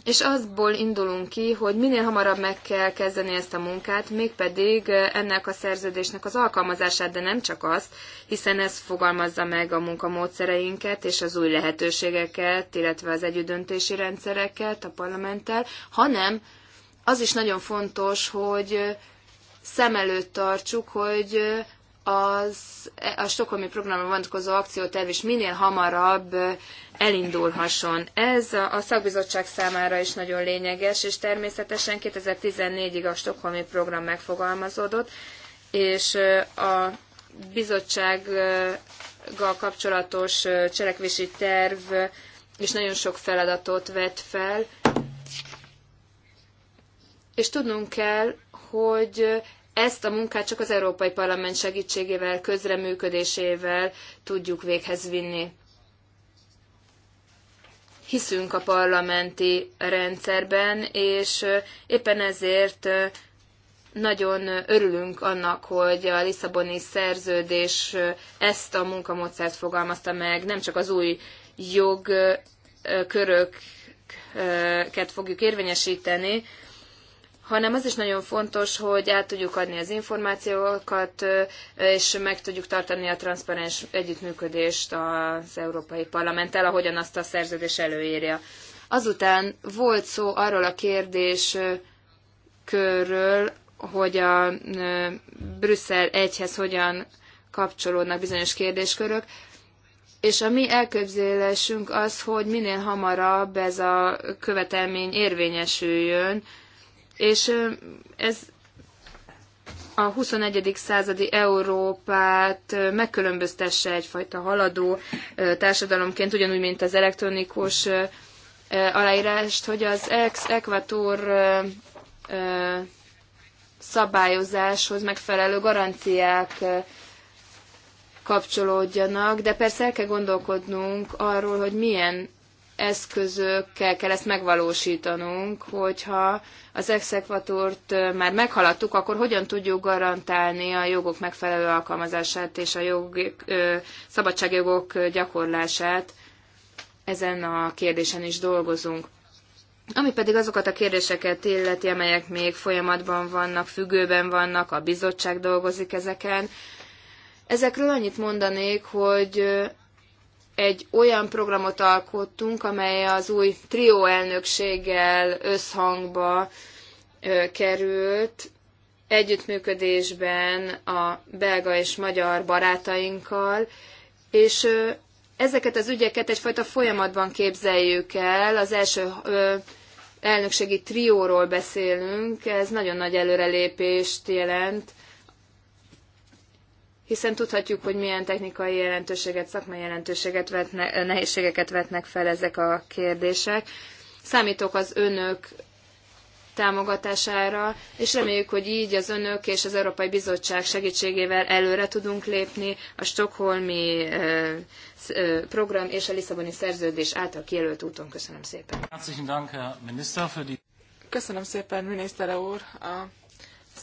és azból indulunk ki, hogy minél hamarabb meg kell kezdeni ezt a munkát, mégpedig ennek a szerződésnek az alkalmazását, de nem csak azt, hiszen ez fogalmazza meg a munkamódszereinket és az új lehetőségeket, illetve az együttdöntési rendszereket a parlamenttel, hanem az is nagyon fontos, hogy szem előtt tartsuk, hogy az, a Stokholmi programra vonatkozó akcióterv is minél hamarabb elindulhasson. Ez a szakbizottság számára is nagyon lényeges, és természetesen 2014-ig a Stokholmi program megfogalmazódott, és a bizottsággal kapcsolatos cselekvési terv is nagyon sok feladatot vett fel, és tudnunk kell, hogy ezt a munkát csak az Európai Parlament segítségével, közreműködésével tudjuk véghez vinni. Hiszünk a parlamenti rendszerben, és éppen ezért nagyon örülünk annak, hogy a Lisszaboni szerződés ezt a munkamódszert fogalmazta meg, nem csak az új jogkörök fogjuk érvényesíteni, hanem az is nagyon fontos, hogy át tudjuk adni az információkat, és meg tudjuk tartani a transzparens együttműködést az Európai Parlamenttel, ahogyan azt a szerződés előírja. Azután volt szó arról a kérdés körről, hogy a Brüsszel egyhez hogyan kapcsolódnak bizonyos kérdéskörök, és a mi elképzelésünk az, hogy minél hamarabb ez a követelmény érvényesüljön, és ez a 21. századi Európát megkülönböztesse egyfajta haladó társadalomként, ugyanúgy, mint az elektronikus aláírást, hogy az ex-ekvator szabályozáshoz megfelelő garanciák kapcsolódjanak, de persze el kell gondolkodnunk arról, hogy milyen eszközökkel kell ezt megvalósítanunk, hogyha az exekvatort már meghaladtuk, akkor hogyan tudjuk garantálni a jogok megfelelő alkalmazását és a jog, szabadságjogok gyakorlását. Ezen a kérdésen is dolgozunk. Ami pedig azokat a kérdéseket illeti, amelyek még folyamatban vannak, függőben vannak, a bizottság dolgozik ezeken. Ezekről annyit mondanék, hogy egy olyan programot alkottunk, amely az új trió elnökséggel összhangba került, együttműködésben a belga és magyar barátainkkal, és ezeket az ügyeket egyfajta folyamatban képzeljük el. Az első elnökségi trióról beszélünk, ez nagyon nagy előrelépést jelent hiszen tudhatjuk, hogy milyen technikai jelentőséget, szakmai jelentőséget vetne, eh, nehézségeket vetnek fel ezek a kérdések. Számítok az önök támogatására, és reméljük, hogy így az önök és az Európai Bizottság segítségével előre tudunk lépni a Stockholmi eh, eh, program és a Lisszaboni szerződés által kijelölt úton. Köszönöm szépen. Köszönöm szépen, miniszter úr, a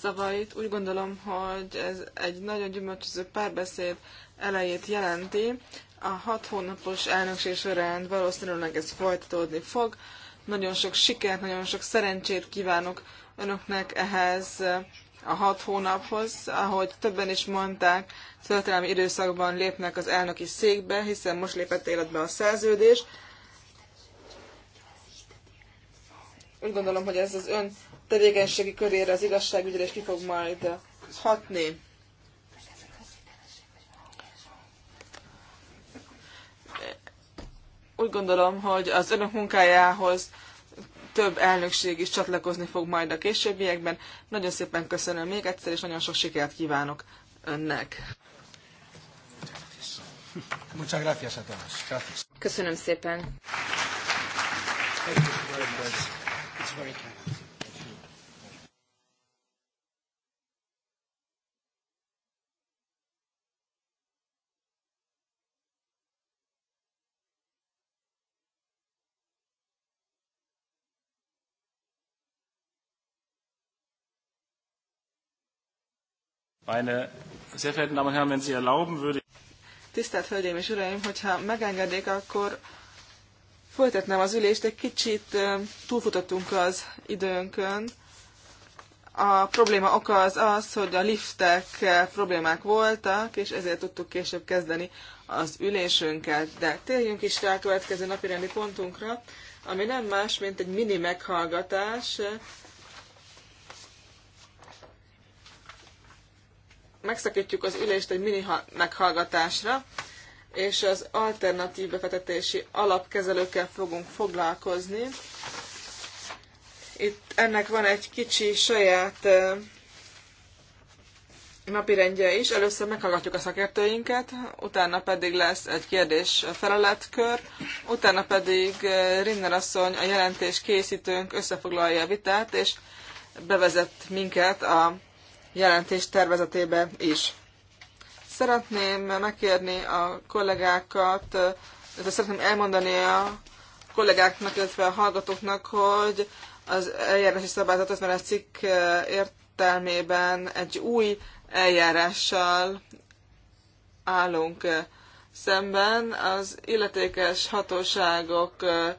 szavait. Úgy gondolom, hogy ez egy nagyon gyümölcsöző párbeszéd elejét jelenti. A hat hónapos elnökség során valószínűleg ez folytatódni fog. Nagyon sok sikert, nagyon sok szerencsét kívánok önöknek ehhez a hat hónaphoz, ahogy többen is mondták, szövetelmi időszakban lépnek az elnöki székbe, hiszen most lépett életbe a szerződés. Úgy gondolom, hogy ez az ön tevékenységi körére az igazságügyre is ki fog majd hatni. Úgy gondolom, hogy az önök munkájához több elnökség is csatlakozni fog majd a későbbiekben. Nagyon szépen köszönöm még egyszer, és nagyon sok sikert kívánok önnek. Muchas gracias Köszönöm szépen. Meine sehr verehrten Damen und Herren, wenn Sie erlauben, würde Tisztelt Hölgyeim és Uraim, hogyha megengednék, akkor folytatnám az ülést, egy kicsit túlfutottunk az időnkön. A probléma oka az az, hogy a liftek problémák voltak, és ezért tudtuk később kezdeni az ülésünket. De térjünk is rá a következő napirendi pontunkra, ami nem más, mint egy mini meghallgatás megszakítjuk az ülést egy mini meghallgatásra, és az alternatív befektetési alapkezelőkkel fogunk foglalkozni. Itt ennek van egy kicsi saját napirendje is. Először meghallgatjuk a szakértőinket, utána pedig lesz egy kérdés-feleletkör, utána pedig Rinner asszony, a jelentés készítőnk összefoglalja a vitát, és bevezet minket a jelentés tervezetébe is. Szeretném megkérni a kollégákat, de szeretném elmondani a kollégáknak, illetve a hallgatóknak, hogy az eljárási szabályzat 50 cikk eh, értelmében egy új eljárással állunk eh, szemben. Az illetékes hatóságok eh,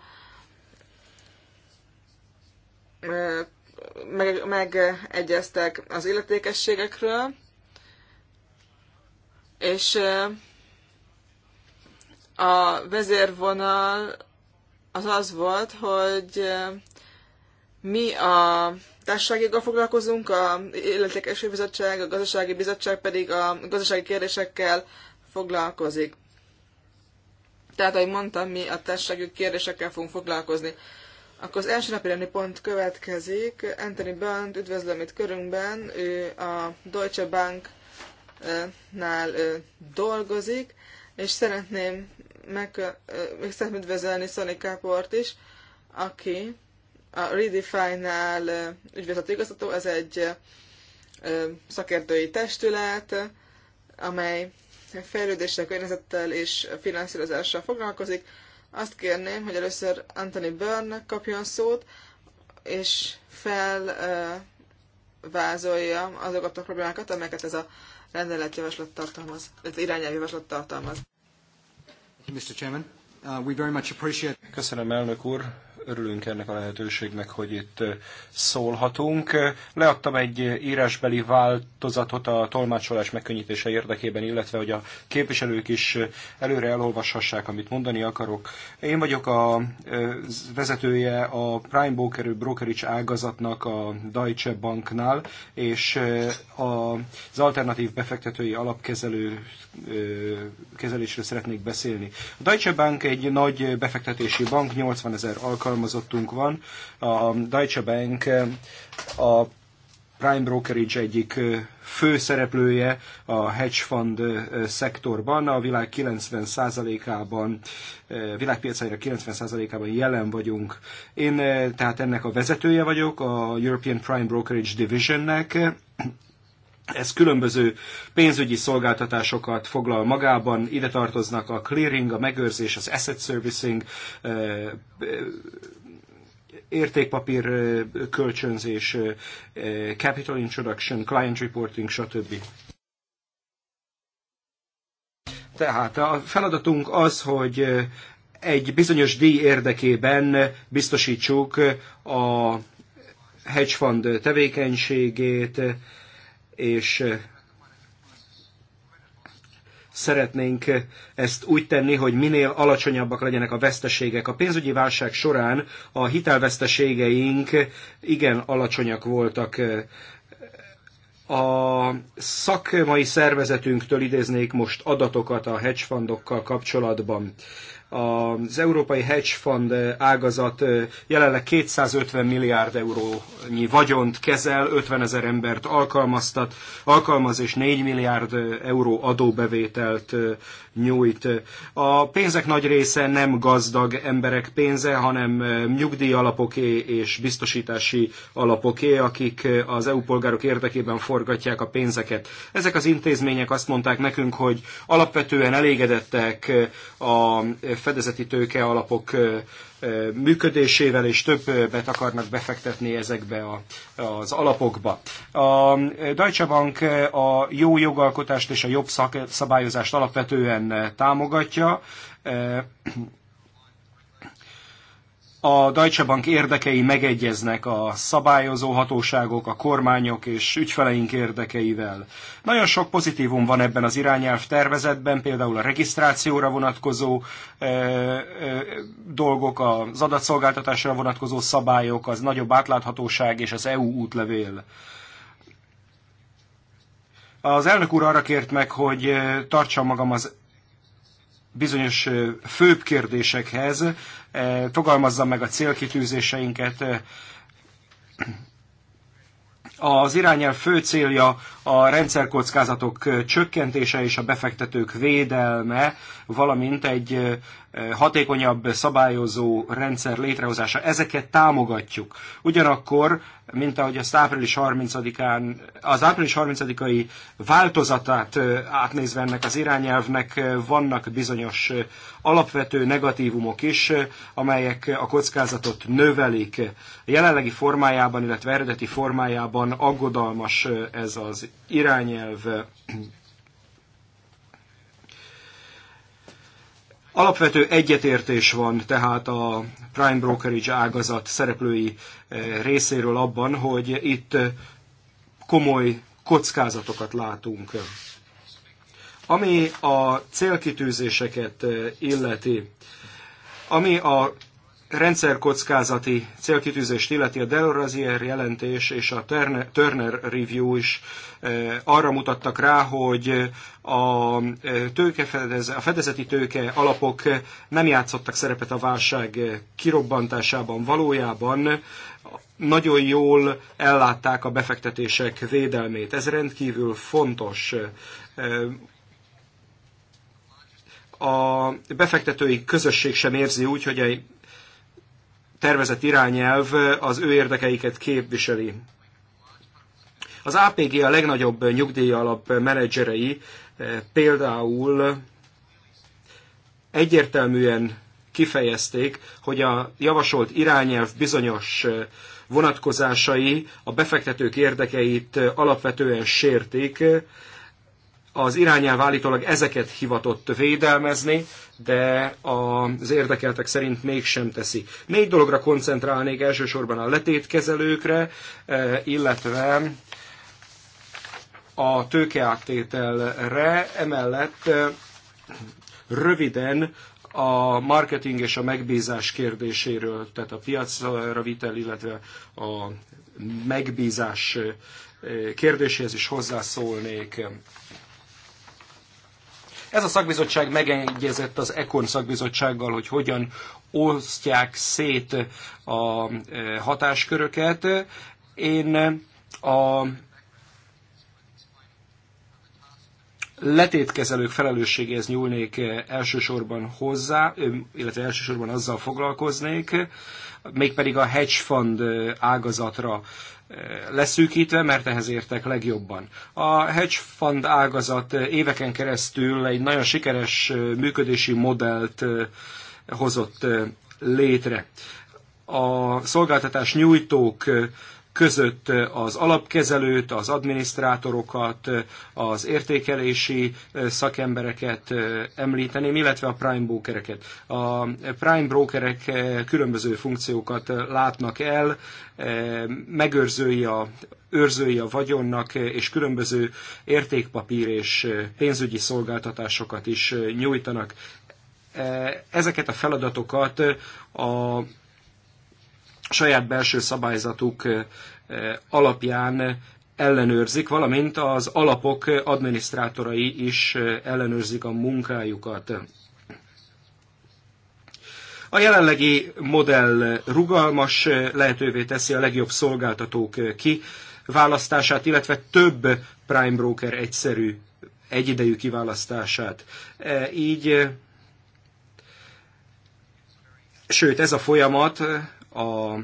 meg, megegyeztek az illetékességekről, és eh, a vezérvonal az az volt, hogy eh, mi a társasággal foglalkozunk, a illetékes bizottság, a gazdasági bizottság pedig a gazdasági kérdésekkel foglalkozik. Tehát, ahogy mondtam, mi a társasági kérdésekkel fogunk foglalkozni. Akkor az első napi rendi pont következik. Anthony Bond üdvözlöm itt körünkben, ő a Deutsche Banknál dolgozik, és szeretném meg, még szeretném üdvözölni Sonny Kaport is, aki a Redefine-nál ügyvezető igazgató, ez egy szakértői testület, amely fejlődéssel, környezettel és finanszírozással foglalkozik. Azt kérném, hogy először Anthony Byrne kapjon szót, és felvázolja azokat a problémákat, amelyeket ez a rendeletjavaslat tartalmaz, ez irányelvjavaslat tartalmaz. Mr. Chairman, uh, we very much appreciate... Köszönöm, elnök úr örülünk ennek a lehetőségnek, hogy itt szólhatunk. Leadtam egy írásbeli változatot a tolmácsolás megkönnyítése érdekében, illetve hogy a képviselők is előre elolvashassák, amit mondani akarok. Én vagyok a vezetője a Prime Broker Brokerage ágazatnak a Deutsche Banknál, és az alternatív befektetői alapkezelő kezelésről szeretnék beszélni. A Deutsche Bank egy nagy befektetési bank, 80 ezer alkalmazás alkalmazottunk van. A Deutsche Bank eh, a prime brokerage egyik eh, fő szereplője a hedge fund eh, szektorban, a világ 90%-ában, világpiacaira 90%-ában jelen vagyunk. Én tehát ennek a vezetője vagyok, a European Prime Brokerage Divisionnek, ez különböző pénzügyi szolgáltatásokat foglal magában, ide tartoznak a clearing, a megőrzés, az asset servicing, értékpapír kölcsönzés, capital introduction, client reporting, stb. Tehát a feladatunk az, hogy egy bizonyos díj érdekében biztosítsuk a hedge fund tevékenységét, és eh, szeretnénk eh, ezt úgy tenni, hogy minél alacsonyabbak legyenek a veszteségek. A pénzügyi válság során a hitelveszteségeink eh, igen alacsonyak voltak. A szakmai szervezetünktől idéznék most adatokat a hedgefundokkal kapcsolatban. Az európai hedge fund eh, ágazat eh, jelenleg 250 milliárd eurónyi vagyont kezel, 50 ezer embert alkalmaztat, alkalmaz és 4 milliárd eh, euró adóbevételt nyújt. A pénzek nagy része nem gazdag emberek pénze, hanem nyugdíjalapoké és biztosítási alapoké, akik az EU polgárok érdekében forgatják a pénzeket. Ezek az intézmények azt mondták nekünk, hogy alapvetően elégedettek a fedezeti tőke alapok működésével, és bet akarnak befektetni ezekbe a, az alapokba. A Deutsche Bank a jó jogalkotást és a jobb szabályozást alapvetően támogatja a Deutsche Bank érdekei megegyeznek a szabályozó hatóságok, a kormányok és ügyfeleink érdekeivel. Nagyon sok pozitívum van ebben az irányelv tervezetben, például a regisztrációra vonatkozó e, e, dolgok, az adatszolgáltatásra vonatkozó szabályok, az nagyobb átláthatóság és az EU útlevél. Az elnök úr arra kért meg, hogy e, tartsa magam az bizonyos e, főbb kérdésekhez, Eh, fogalmazza meg a célkitűzéseinket. Eh, az irányelv fő célja a rendszerkockázatok eh, csökkentése és a befektetők védelme, valamint egy hatékonyabb szabályozó rendszer létrehozása. Ezeket támogatjuk. Ugyanakkor mint ahogy azt április 30-án, az április 30-ai változatát átnézve ennek az irányelvnek vannak bizonyos alapvető negatívumok is, amelyek a kockázatot növelik. A jelenlegi formájában, illetve eredeti formájában aggodalmas ez az irányelv Alapvető egyetértés van tehát a prime brokerage ágazat szereplői eh, részéről abban, hogy itt eh, komoly kockázatokat látunk. Ami a célkitűzéseket eh, illeti, ami a rendszerkockázati célkitűzést illeti a Delorazier jelentés és a Turner Review is eh, arra mutattak rá, hogy a, eh, tőke fedeze, a fedezeti tőke alapok nem játszottak szerepet a válság kirobbantásában. Valójában nagyon jól ellátták a befektetések védelmét. Ez rendkívül fontos eh, a befektetői közösség sem érzi úgy, hogy egy tervezett irányelv az ő érdekeiket képviseli. Az APG a legnagyobb nyugdíjalap menedzserei például egyértelműen kifejezték, hogy a javasolt irányelv bizonyos vonatkozásai a befektetők érdekeit alapvetően sértik. Az irányelv állítólag ezeket hivatott védelmezni, de az érdekeltek szerint mégsem teszi. Négy dologra koncentrálnék elsősorban a letétkezelőkre, eh, illetve a tőkeáttételre, emellett eh, röviden a marketing és a megbízás kérdéséről, tehát a piacra vitel, illetve a megbízás eh, kérdéséhez is hozzászólnék. Ez a szakbizottság megegyezett az ECON szakbizottsággal, hogy hogyan osztják szét a e, hatásköröket. Én e, a letétkezelők felelősségéhez nyúlnék elsősorban hozzá, illetve elsősorban azzal foglalkoznék, mégpedig a hedge fund ágazatra leszűkítve, mert ehhez értek legjobban. A hedge fund ágazat éveken keresztül egy nagyon sikeres működési modellt hozott létre. A szolgáltatás nyújtók között az alapkezelőt, az adminisztrátorokat, az értékelési szakembereket említeném, illetve a prime brokereket. A prime brokerek különböző funkciókat látnak el, megőrzői a őrzői a vagyonnak, és különböző értékpapír és pénzügyi szolgáltatásokat is nyújtanak. Ezeket a feladatokat a saját belső szabályzatuk alapján ellenőrzik, valamint az alapok adminisztrátorai is ellenőrzik a munkájukat. A jelenlegi modell rugalmas, lehetővé teszi a legjobb szolgáltatók ki választását, illetve több prime broker egyszerű egyidejű kiválasztását. Így, sőt, ez a folyamat a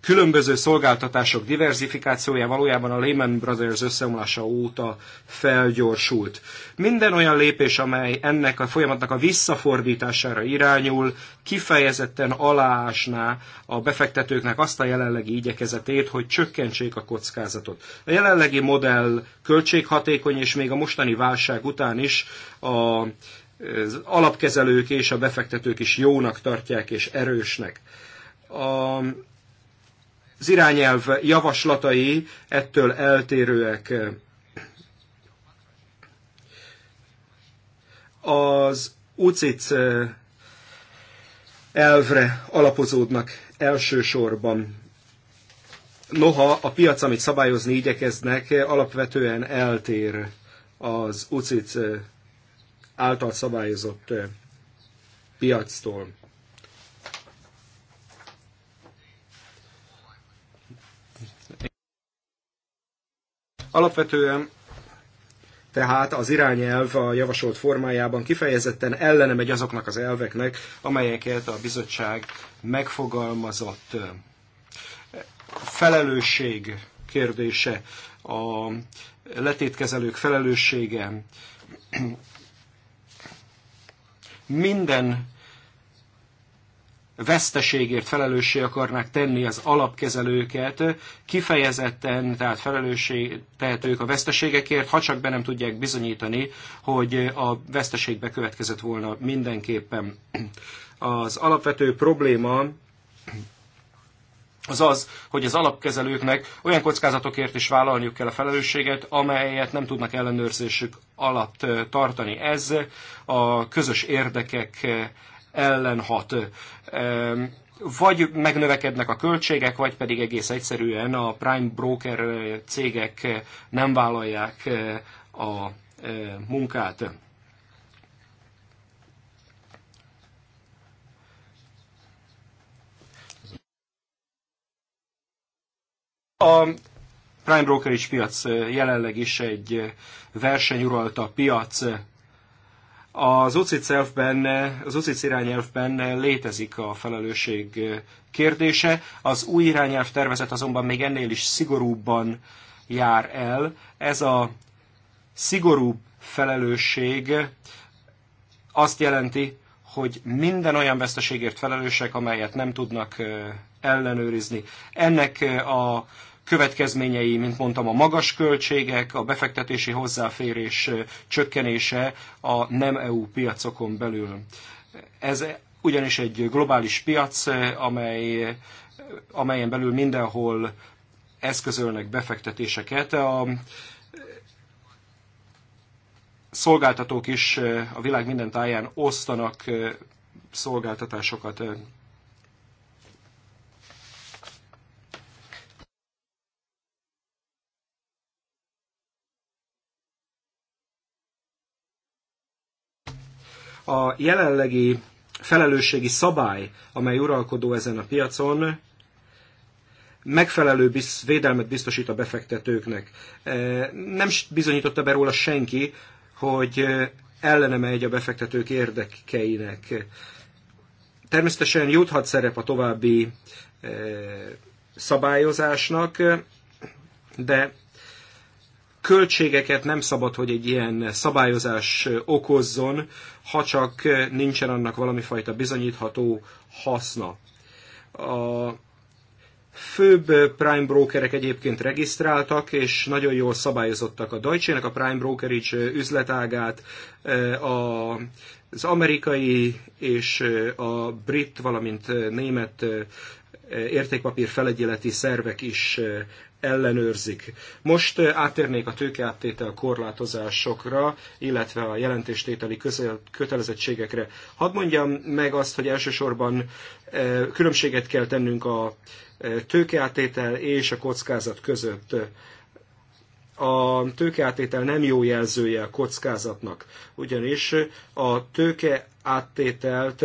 különböző szolgáltatások diversifikációja valójában a Lehman Brothers összeomlása óta felgyorsult. Minden olyan lépés, amely ennek a folyamatnak a visszafordítására irányul, kifejezetten aláásná a befektetőknek azt a jelenlegi igyekezetét, hogy csökkentsék a kockázatot. A jelenlegi modell költséghatékony, és még a mostani válság után is a az alapkezelők és a befektetők is jónak tartják és erősnek a, az irányelv javaslatai ettől eltérőek. Az UCIC eh, elvre alapozódnak elsősorban. Noha a piac, amit szabályozni igyekeznek, alapvetően eltér az UCIC eh, által szabályozott eh, piactól. Alapvetően tehát az irányelv a javasolt formájában kifejezetten ellene megy azoknak az elveknek, amelyeket a bizottság megfogalmazott felelősség kérdése, a letétkezelők felelőssége, minden veszteségért felelőssé akarnák tenni az alapkezelőket, kifejezetten, tehát felelőssé tehetők a veszteségekért, ha csak be nem tudják bizonyítani, hogy a veszteségbe következett volna mindenképpen. Az alapvető probléma az az, hogy az alapkezelőknek olyan kockázatokért is vállalniuk kell a felelősséget, amelyet nem tudnak ellenőrzésük alatt tartani. Ez a közös érdekek ellen hat. Vagy megnövekednek a költségek, vagy pedig egész egyszerűen a prime broker eh, cégek eh, nem vállalják eh, a munkát. A prime brokerage piac jelenleg is egy versenyuralta piac, az OCC, elfben, az UCIC irányelvben létezik a felelősség kérdése. Az új irányelv tervezet azonban még ennél is szigorúbban jár el. Ez a szigorúbb felelősség azt jelenti, hogy minden olyan veszteségért felelősek, amelyet nem tudnak ellenőrizni. Ennek a következményei, mint mondtam, a magas költségek, a befektetési hozzáférés csökkenése a nem EU piacokon belül. Ez ugyanis egy globális piac, amely, amelyen belül mindenhol eszközölnek befektetéseket. A szolgáltatók is a világ minden táján osztanak szolgáltatásokat. A jelenlegi felelősségi szabály, amely uralkodó ezen a piacon, megfelelő biz, védelmet biztosít a befektetőknek. E, nem bizonyította be róla senki, hogy ellene megy a befektetők érdekeinek. Természetesen juthat szerep a további e, szabályozásnak, de költségeket nem szabad, hogy egy ilyen szabályozás okozzon, ha csak nincsen annak valami fajta bizonyítható haszna. A főbb prime brokerek egyébként regisztráltak, és nagyon jól szabályozottak a deutsche a prime brokerage üzletágát, a az amerikai és a brit, valamint német értékpapír felegyeleti szervek is ellenőrzik. Most átérnék a tőkeáttétel korlátozásokra, illetve a jelentéstételi kötelezettségekre. Hadd mondjam meg azt, hogy elsősorban különbséget kell tennünk a tőkeáttétel és a kockázat között a tőkeáttétel nem jó jelzője a kockázatnak, ugyanis a tőkeáttételt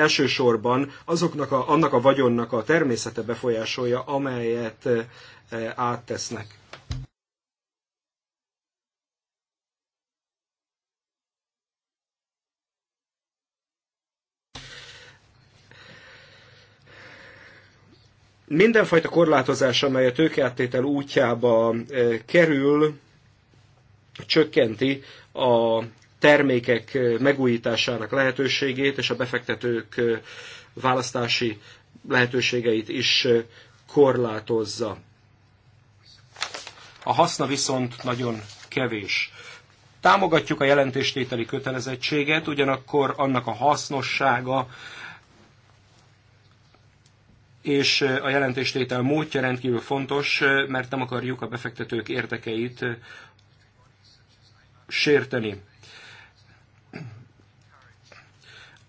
elsősorban azoknak a, annak a vagyonnak a természete befolyásolja, amelyet eh, áttesznek. mindenfajta korlátozás, amely a tőkeáttétel útjába eh, kerül, csökkenti a termékek megújításának lehetőségét és a befektetők választási lehetőségeit is korlátozza. A haszna viszont nagyon kevés. Támogatjuk a jelentéstételi kötelezettséget, ugyanakkor annak a hasznossága és a jelentéstétel módja rendkívül fontos, mert nem akarjuk a befektetők érdekeit sérteni.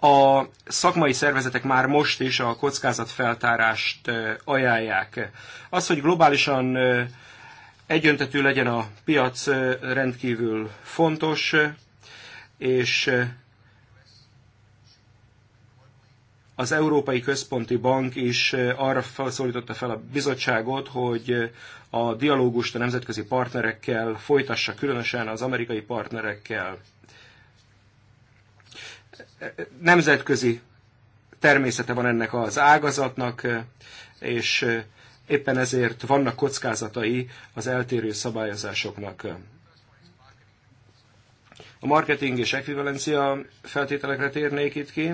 A szakmai szervezetek már most is a kockázatfeltárást ajánlják. Az, hogy globálisan egyöntetű legyen a piac rendkívül fontos, és az Európai Központi Bank is arra felszólította fel a bizottságot, hogy a dialógust a nemzetközi partnerekkel folytassa, különösen az amerikai partnerekkel nemzetközi természete van ennek az ágazatnak, és éppen ezért vannak kockázatai az eltérő szabályozásoknak. A marketing és ekvivalencia feltételekre térnék itt ki.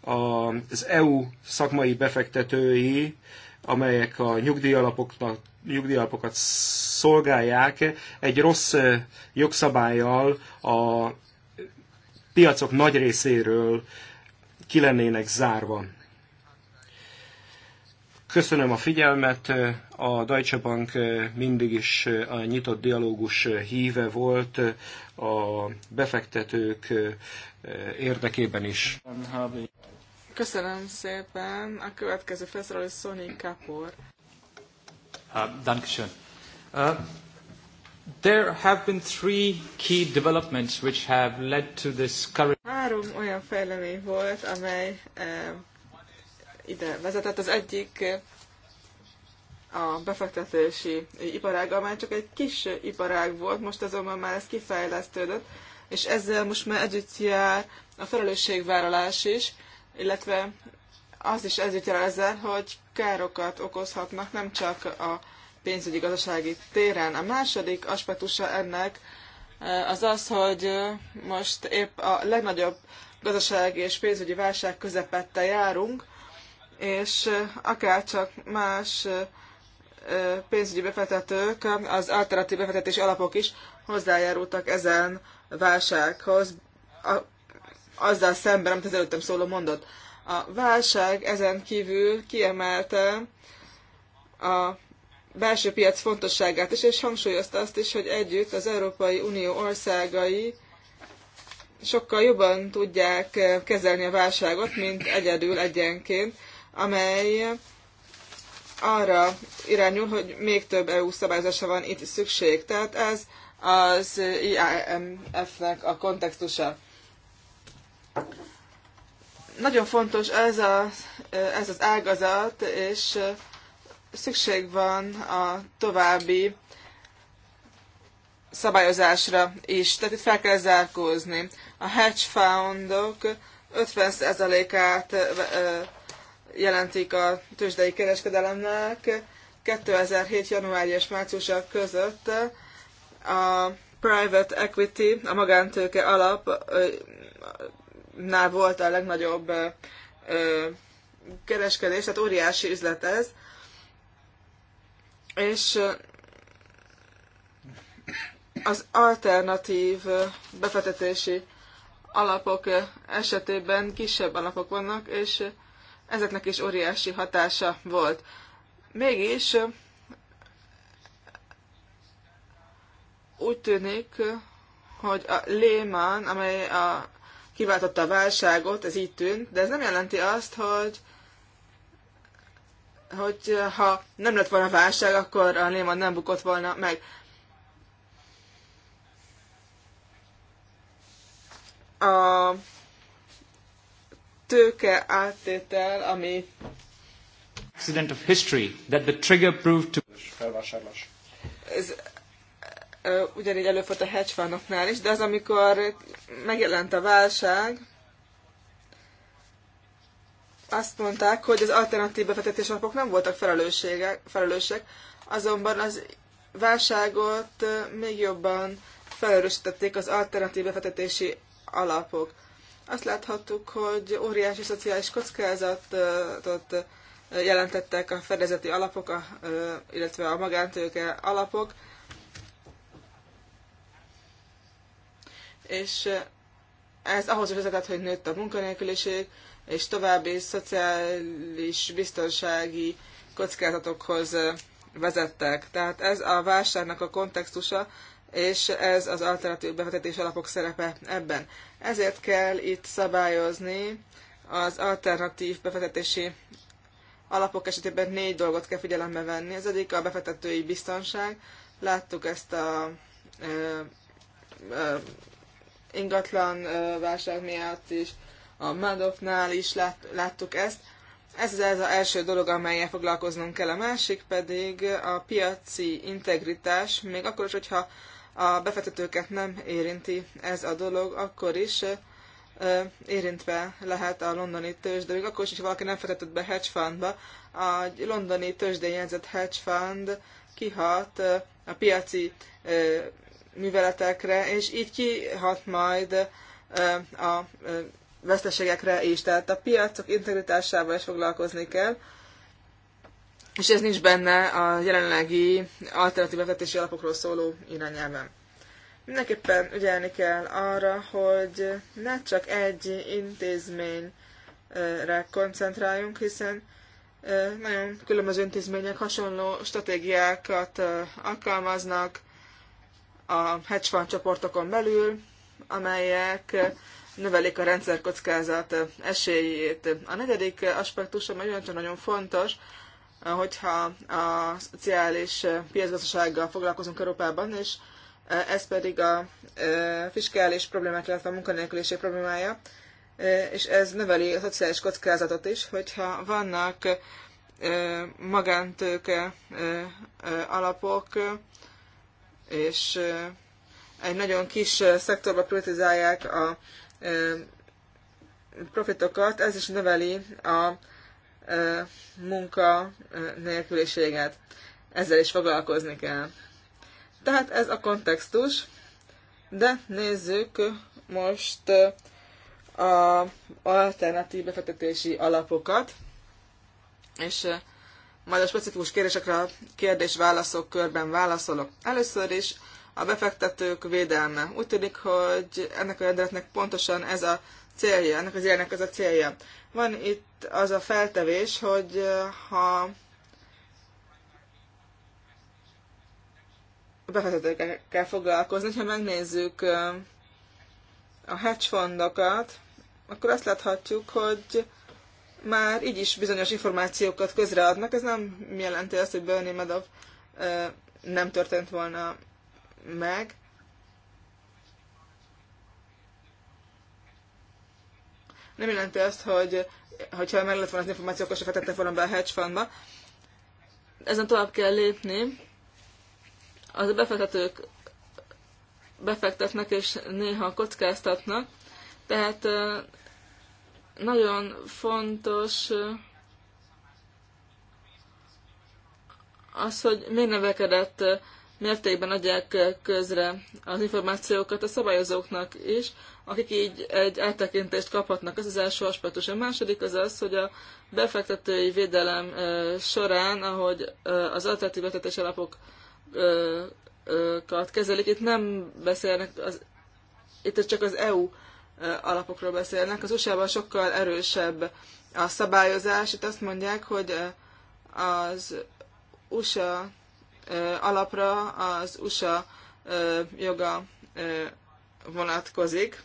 Az EU szakmai befektetői, amelyek a nyugdíjalapoknak, nyugdíjalapokat szolgálják, egy rossz jogszabályjal a piacok nagy részéről ki lennének zárva. Köszönöm a figyelmet, a Deutsche Bank eh, mindig is eh, a nyitott dialógus eh, híve volt a befektetők érdekében is. Köszönöm szépen. A következő felszerelő Sony Kapor. Uh, ah, There have been three key developments which have led to this current... Három olyan fejlemény volt, amely eh, ide vezetett. Az egyik eh, a befektetési iparág, amely csak egy kis iparág volt, most azonban már ez kifejlesztődött, és ezzel most már együtt jár a felelősségvállalás is, illetve az is együtt jár ezzel, hogy károkat okozhatnak nem csak a pénzügyi gazdasági téren. A második aspektusa ennek eh, az az, hogy eh, most épp a legnagyobb gazdasági és pénzügyi válság közepette járunk, és eh, akárcsak más pénzügyi befektetők, az alternatív befektetési alapok is hozzájárultak ezen válsághoz, a, azzal szemben, amit az előttem szóló mondott. A válság ezen kívül kiemelte a belső piac fontosságát is, és hangsúlyozta azt is, hogy együtt az Európai Unió országai sokkal jobban tudják eh, kezelni a válságot, mint egyedül egyenként, amely arra irányul, hogy még több EU szabályozása van itt szükség. Tehát ez az IAMF-nek a kontextusa. Nagyon fontos ez, a, eh, ez az ágazat, és eh, szükség van a további szabályozásra is, tehát itt fel kell zárkózni. A hedge fundok 50%-át jelentik a tőzsdei kereskedelemnek 2007. január és márciusa között a private equity, a magántőke alap nál volt a legnagyobb kereskedés, tehát óriási üzlet ez, és az alternatív befektetési alapok esetében kisebb alapok vannak, és ezeknek is óriási hatása volt. Mégis úgy tűnik, hogy a Lehman, amely a, kiváltotta a válságot, ez így tűnt, de ez nem jelenti azt, hogy hogy eh, ha nem lett volna válság, akkor a Lehman nem bukott volna meg. A tőke áttétel, ami accident of history that the trigger proved to felvásárlás. Ez eh, ugyanígy előfordult a hedge fundoknál is, de az, amikor megjelent a válság, azt mondták, hogy az alternatív befektetés alapok nem voltak felelősek, azonban az válságot még jobban felerősítették az alternatív befektetési alapok. Azt láthattuk, hogy óriási szociális kockázatot jelentettek a fedezeti alapok, a, illetve a magántőke alapok, és ez ahhoz vezetett, hogy nőtt a munkanélküliség, és további szociális biztonsági kockázatokhoz vezettek. Tehát ez a válságnak a kontextusa, és ez az alternatív befektetés alapok szerepe ebben. Ezért kell itt szabályozni az alternatív befektetési alapok esetében négy dolgot kell figyelembe venni. Az egyik a befektetői biztonság. Láttuk ezt a ö, ö, ingatlan válság miatt is, a Madoffnál is lát, láttuk ezt. Ez az, ez az első dolog, amelyel foglalkoznunk kell. A másik pedig a piaci integritás, még akkor is, hogyha a befektetőket nem érinti ez a dolog, akkor is érintve lehet a londoni tőzs, de még akkor is, hogyha valaki nem fektetett be hedge fundba, a londoni tőzsdén jelzett hedge fund kihat a piaci műveletekre, és így kihat majd a veszteségekre is. Tehát a piacok integritásával is foglalkozni kell, és ez nincs benne a jelenlegi alternatív vezetési alapokról szóló irányában. Mindenképpen ügyelni kell arra, hogy ne csak egy intézményre koncentráljunk, hiszen nagyon különböző intézmények hasonló stratégiákat alkalmaznak a hedge fund csoportokon belül, amelyek növelik a rendszerkockázat esélyét. A negyedik aspektus, ami ugyancsak nagyon fontos, hogyha a szociális piacgazdasággal foglalkozunk Európában, és ez pedig a e, fiskális problémák, illetve a munkanélküliség problémája, e, és ez növeli a szociális kockázatot is, hogyha vannak e, magántőke alapok, és egy nagyon kis szektorba prioritizálják a profitokat, ez is növeli a munka nélküliséget. Ezzel is foglalkozni kell. Tehát ez a kontextus, de nézzük most a alternatív befektetési alapokat, és majd a specifikus kérdésekre a kérdés-válaszok körben válaszolok. Először is a befektetők védelme. Úgy tűnik, hogy ennek a rendeletnek pontosan ez a célja, ennek az ilyenek ez a célja. Van itt az a feltevés, hogy eh, ha befektetőkkel foglalkozni, ha megnézzük eh, a hedge fondokat, akkor azt láthatjuk, hogy már így is bizonyos információkat közreadnak. Ez nem jelenti azt, hogy Bernie Madoff eh, nem történt volna meg. Nem jelenti azt, hogy hogyha meg lett volna az információ, akkor se fetette volna be a hedge fundba. Ezen tovább kell lépni. Az befektetők befektetnek és néha kockáztatnak. Tehát nagyon fontos az, hogy még növekedett mértékben adják közre az információkat a szabályozóknak is, akik így egy áttekintést kaphatnak. Ez az első aspektus. A második az az, hogy a befektetői védelem során, ahogy az alternatív befektetés alapokat kezelik, itt nem beszélnek, az, itt csak az EU alapokról beszélnek. Az USA-ban sokkal erősebb a szabályozás. Itt azt mondják, hogy az USA alapra az USA joga vonatkozik.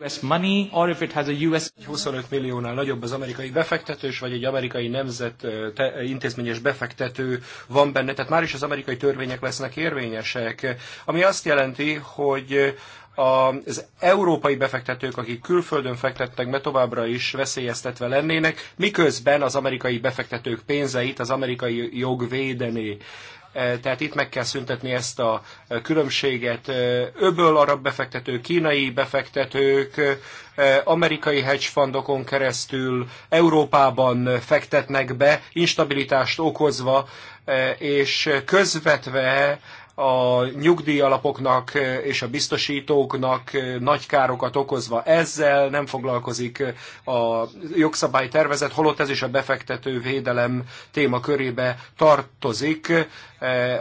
US money, or if it has a US... 25 milliónál nagyobb az amerikai befektetős, vagy egy amerikai nemzet te, intézményes befektető van benne, tehát már is az amerikai törvények lesznek érvényesek, ami azt jelenti, hogy az európai befektetők, akik külföldön fektettek be, továbbra is veszélyeztetve lennének, miközben az amerikai befektetők pénzeit az amerikai jog védené. E, tehát itt meg kell szüntetni ezt a különbséget. E, öböl arab befektetők, kínai befektetők, e, amerikai hedge fundokon keresztül Európában fektetnek be, instabilitást okozva, és közvetve a nyugdíjalapoknak és a biztosítóknak nagy károkat okozva. Ezzel nem foglalkozik a jogszabálytervezet, holott ez is a befektető védelem körébe tartozik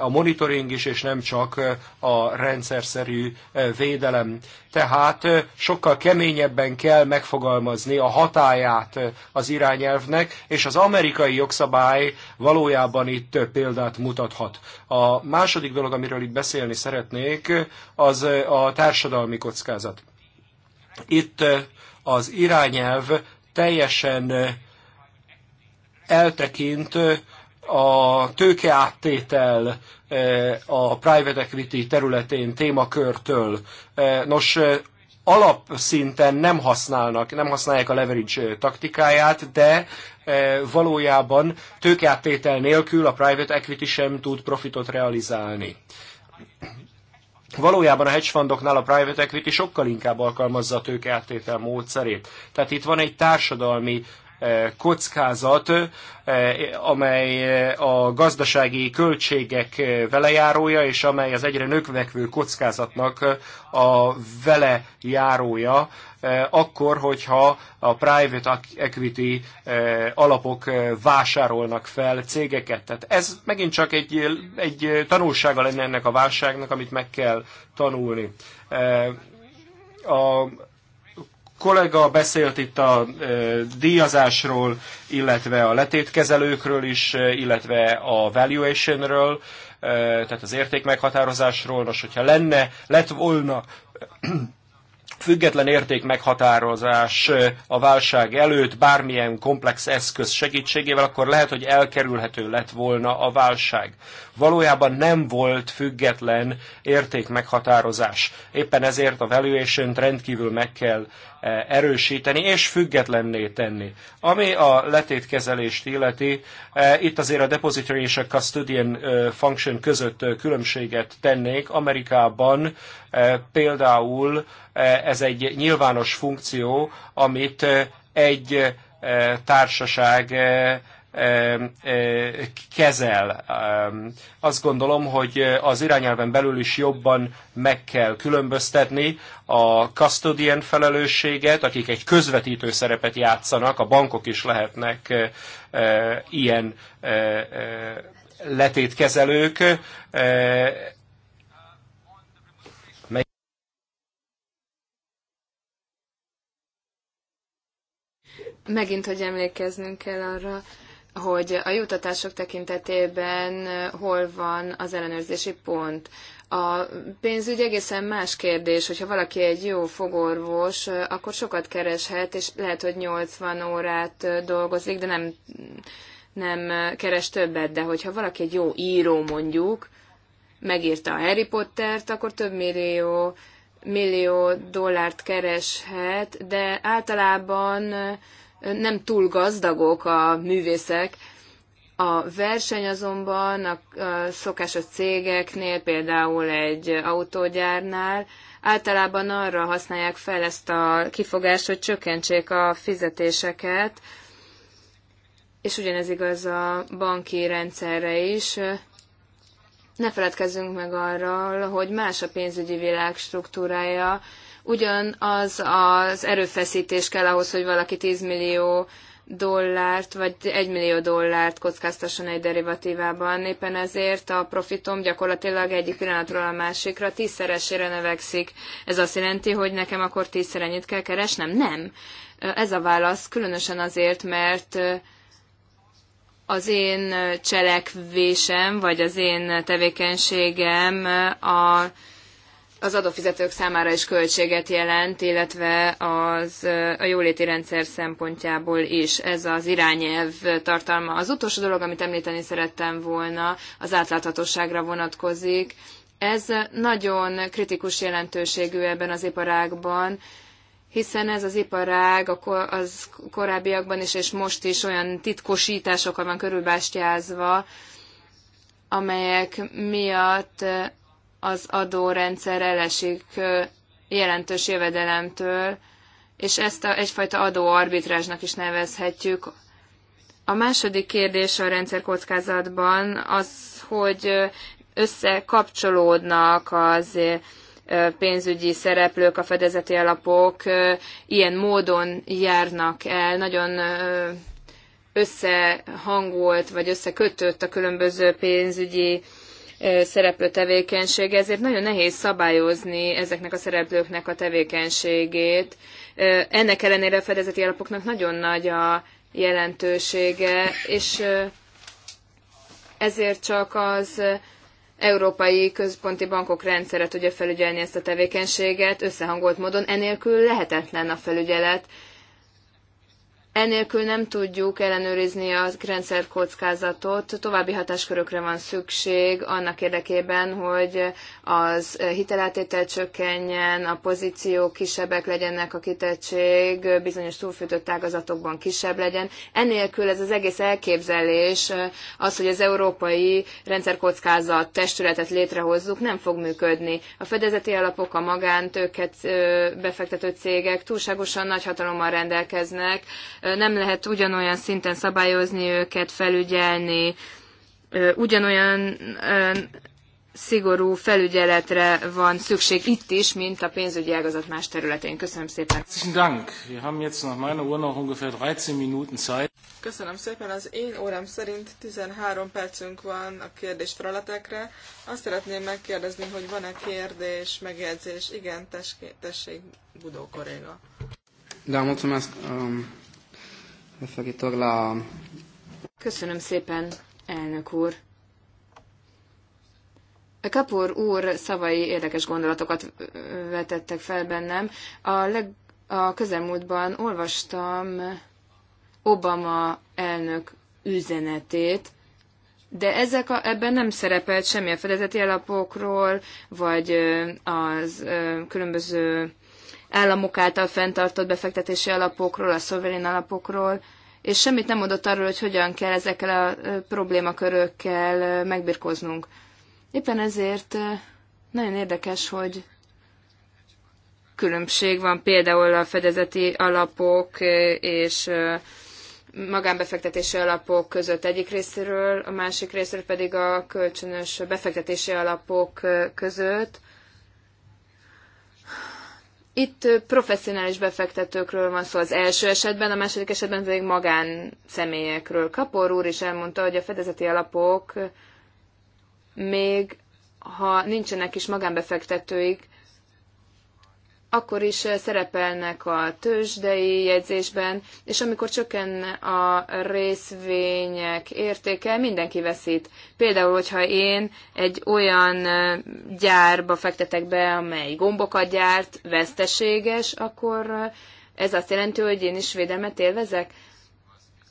a monitoring is, és nem csak a rendszerszerű védelem. Tehát sokkal keményebben kell megfogalmazni a hatáját az irányelvnek, és az amerikai jogszabály valójában itt példát mutathat. A második dolog, amiről itt beszélni szeretnék, az a társadalmi kockázat. Itt az irányelv teljesen eltekint a tőkeáttétel e, a private equity területén témakörtől. E, nos, e, alapszinten nem használnak, nem használják a leverage taktikáját, de valójában tőkeáttétel nélkül a private equity sem tud profitot realizálni. Valójában a hedge fundoknál a private equity sokkal inkább alkalmazza a tőkeáttétel módszerét. Tehát itt van egy társadalmi kockázat, eh, amely eh, a gazdasági költségek eh, velejárója, és amely az egyre növekvő kockázatnak a velejárója, akkor, hogyha a private equity alapok vásárolnak fel cégeket. Tehát ez megint csak egy, egy tanulsága lenne ennek a válságnak, amit meg kell tanulni. A kollega beszélt itt a díjazásról, illetve a letétkezelőkről is, illetve a valuationről, tehát az érték meghatározásról. Nos, hogyha lenne, lett volna független érték meghatározás a válság előtt bármilyen komplex eszköz segítségével, akkor lehet, hogy elkerülhető lett volna a válság valójában nem volt független értékmeghatározás. Éppen ezért a valuation rendkívül meg kell eh, erősíteni és függetlenné tenni. Ami a letétkezelést illeti, eh, itt azért a depository és a custodian eh, function között különbséget tennék. Amerikában például ez egy nyilvános funkció, amit egy társaság kezel. Azt gondolom, hogy az irányelven belül is jobban meg kell különböztetni a custodian felelősséget, akik egy közvetítő szerepet játszanak, a bankok is lehetnek ilyen letétkezelők, Megint, hogy emlékeznünk kell arra, hogy a jutatások tekintetében eh, hol van az ellenőrzési pont. A pénzügy egészen más kérdés, hogyha valaki egy jó fogorvos, eh, akkor sokat kereshet, és lehet, hogy 80 órát eh, dolgozik, de nem, nem keres többet, de hogyha valaki egy jó író mondjuk, megírta a Harry Pottert, akkor több millió, millió dollárt kereshet, de általában nem túl gazdagok a művészek, a verseny azonban a szokásos cégeknél, például egy autógyárnál általában arra használják fel ezt a kifogást, hogy csökkentsék a fizetéseket, és ugyanez igaz a banki rendszerre is. Ne feledkezzünk meg arról, hogy más a pénzügyi világ struktúrája, ugyanaz az erőfeszítés kell ahhoz, hogy valaki 10 millió dollárt, vagy 1 millió dollárt kockáztasson egy derivatívában. Éppen ezért a profitom gyakorlatilag egyik pillanatról a másikra tízszeresére növekszik. Ez azt jelenti, hogy nekem akkor tízszer ennyit kell keresnem? Nem. Ez a válasz különösen azért, mert az én cselekvésem, vagy az én tevékenységem a az adófizetők számára is költséget jelent, illetve az, a jóléti rendszer szempontjából is ez az irányelv tartalma. Az utolsó dolog, amit említeni szerettem volna, az átláthatóságra vonatkozik. Ez nagyon kritikus jelentőségű ebben az iparágban, hiszen ez az iparág az korábbiakban is és most is olyan titkosításokkal van körülbástyázva, amelyek miatt az adórendszer elesik jelentős jövedelemtől, és ezt a, egyfajta adóarbitrázsnak is nevezhetjük. A második kérdés a rendszer kockázatban az, hogy összekapcsolódnak az pénzügyi szereplők, a fedezeti alapok ilyen módon járnak el, nagyon összehangolt vagy összekötött a különböző pénzügyi szereplő tevékenysége, ezért nagyon nehéz szabályozni ezeknek a szereplőknek a tevékenységét. Ennek ellenére a fedezeti alapoknak nagyon nagy a jelentősége, és ezért csak az európai központi bankok rendszere tudja felügyelni ezt a tevékenységet összehangolt módon, enélkül lehetetlen a felügyelet. Enélkül nem tudjuk ellenőrizni a rendszer kockázatot, további hatáskörökre van szükség annak érdekében, hogy az hitelátétel csökkenjen, a pozíciók kisebbek legyenek, a kitettség bizonyos túlfűtött ágazatokban kisebb legyen. Enélkül ez az egész elképzelés, az, hogy az európai rendszerkockázat testületet létrehozzuk, nem fog működni. A fedezeti alapok, a magántőket befektető cégek túlságosan nagy hatalommal rendelkeznek, nem lehet ugyanolyan szinten szabályozni őket, felügyelni, ugyanolyan szigorú felügyeletre van szükség itt is, mint a pénzügyi ágazat más területén. Köszönöm szépen. Köszönöm szépen. Az én órám szerint 13 percünk van a kérdés feleletekre. Azt szeretném megkérdezni, hogy van-e kérdés, megjegyzés. Igen, tessék, tessék Budó koréga. Da, mulțumesc. Um... Köszönöm szépen, elnök úr. kapor úr szavai érdekes gondolatokat vetettek fel bennem. A, leg, a közelmúltban olvastam Obama elnök üzenetét, de ezek a, ebben nem szerepelt semmilyen fedezeti alapokról, vagy az különböző államok által fenntartott befektetési alapokról, a szoverén alapokról, és semmit nem mondott arról, hogy hogyan kell ezekkel a problémakörökkel megbirkóznunk. Éppen ezért nagyon érdekes, hogy különbség van például a fedezeti alapok és magánbefektetési alapok között egyik részéről, a másik részéről pedig a kölcsönös befektetési alapok között. Itt professzionális befektetőkről van szó az első esetben, a második esetben pedig magánszemélyekről. Kapor úr is elmondta, hogy a fedezeti alapok még ha nincsenek is magánbefektetőik, akkor is eh, szerepelnek a tőzsdei jegyzésben, és amikor csökken a részvények értéke, mindenki veszít. Például, hogyha én egy olyan eh, gyárba fektetek be, amely gombokat gyárt, veszteséges, akkor eh, ez azt jelenti, hogy én is védelmet élvezek.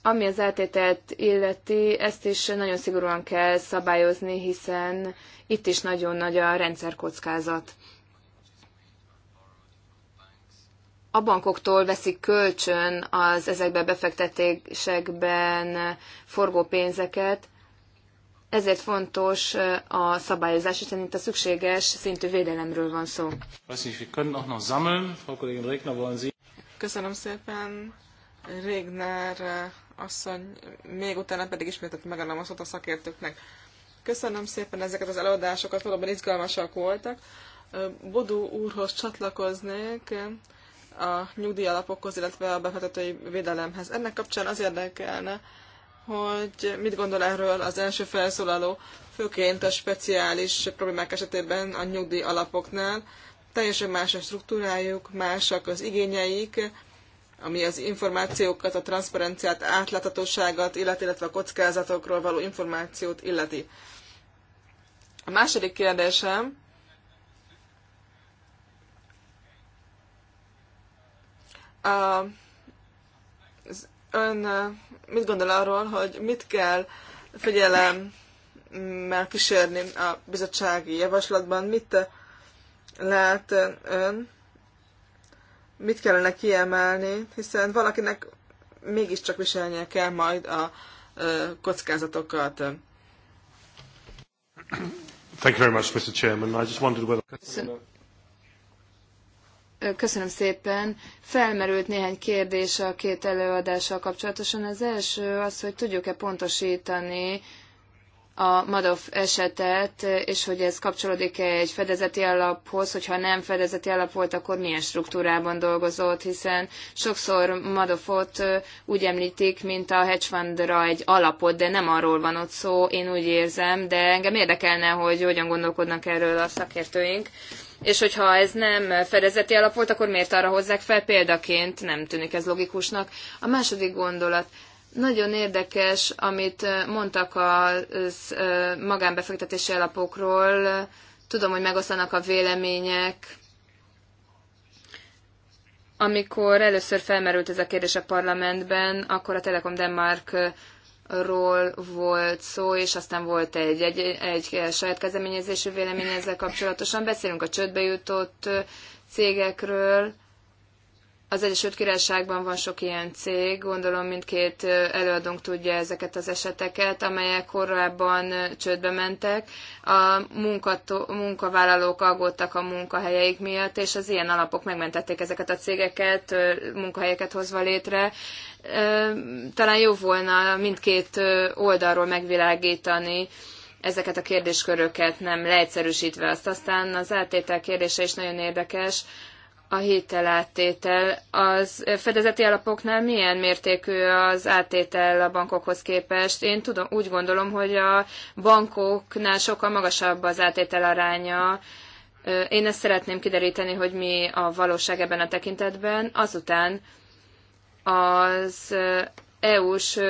Ami az eltételt illeti, ezt is nagyon szigorúan kell szabályozni, hiszen itt is nagyon nagy a rendszerkockázat. a bankoktól veszik kölcsön az ezekbe befektetésekben forgó pénzeket, ezért fontos a szabályozás, hiszen itt a szükséges szintű védelemről van szó. Köszönöm szépen, Régner eh, asszony, még utána pedig ismételt megadom a szót a szakértőknek. Köszönöm szépen ezeket az előadásokat, valóban izgalmasak voltak. Eh, Bodó úrhoz csatlakoznék, a nyugdíjalapokhoz, illetve a befektetői védelemhez. Ennek kapcsán az érdekelne, hogy mit gondol erről az első felszólaló, főként a speciális problémák esetében a nyugdíj alapoknál. Teljesen más a struktúrájuk, másak az igényeik, ami az információkat, a transzparenciát, átláthatóságot, illeti, illetve a kockázatokról való információt illeti. A második kérdésem a, az ön mit gondol arról, hogy mit kell figyelemmel kísérni a bizottsági javaslatban, mit lát ön, mit kellene kiemelni, hiszen valakinek mégiscsak viselnie kell majd a kockázatokat. Thank you very much, Mr. Chairman. I just wondered whether... Köszönöm. Köszönöm szépen. Felmerült néhány kérdés a két előadással kapcsolatosan. Az első az, hogy tudjuk-e pontosítani a Madoff esetet, és hogy ez kapcsolódik-e egy fedezeti alaphoz, hogyha nem fedezeti alap volt, akkor milyen struktúrában dolgozott, hiszen sokszor Madoffot úgy említik, mint a hedge fundra egy alapot, de nem arról van ott szó, én úgy érzem, de engem érdekelne, hogy hogyan gondolkodnak erről a szakértőink és hogyha ez nem fedezeti alap volt, akkor miért arra hozzák fel példaként? Nem tűnik ez logikusnak. A második gondolat. Nagyon érdekes, amit mondtak a magánbefektetési alapokról. Tudom, hogy megoszlanak a vélemények. Amikor először felmerült ez a kérdés a parlamentben, akkor a Telekom Denmark ról volt szó, és aztán volt egy, egy, egy saját kezdeményezésű vélemény ezzel kapcsolatosan. Beszélünk a csődbe jutott cégekről, az Egyesült Királyságban van sok ilyen cég, gondolom mindkét előadónk tudja ezeket az eseteket, amelyek korábban csődbe mentek. A munkató, munkavállalók aggódtak a munkahelyeik miatt, és az ilyen alapok megmentették ezeket a cégeket, munkahelyeket hozva létre. Talán jó volna mindkét oldalról megvilágítani, ezeket a kérdésköröket nem leegyszerűsítve azt. Aztán az eltétel kérdése is nagyon érdekes a áttétel. Az fedezeti alapoknál milyen mértékű az áttétel a bankokhoz képest? Én tudom, úgy gondolom, hogy a bankoknál sokkal magasabb az áttétel aránya. Én ezt szeretném kideríteni, hogy mi a valóság ebben a tekintetben. Azután az EU-s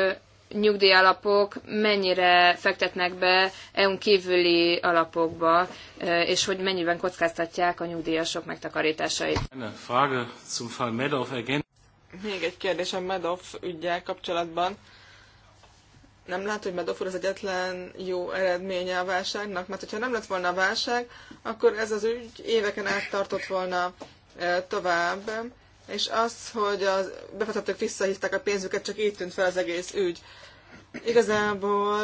nyugdíjalapok mennyire fektetnek be EU-n kívüli alapokba, és hogy mennyiben kockáztatják a nyugdíjasok megtakarításait. Er Még egy kérdés a Medov ügyel kapcsolatban. Nem lehet, hogy Medov az egyetlen jó eredménye a válságnak, mert hogyha nem lett volna a válság, akkor ez az ügy éveken át tartott volna tovább és az, hogy a befektetők visszahívták a pénzüket, csak így tűnt fel az egész ügy. Igazából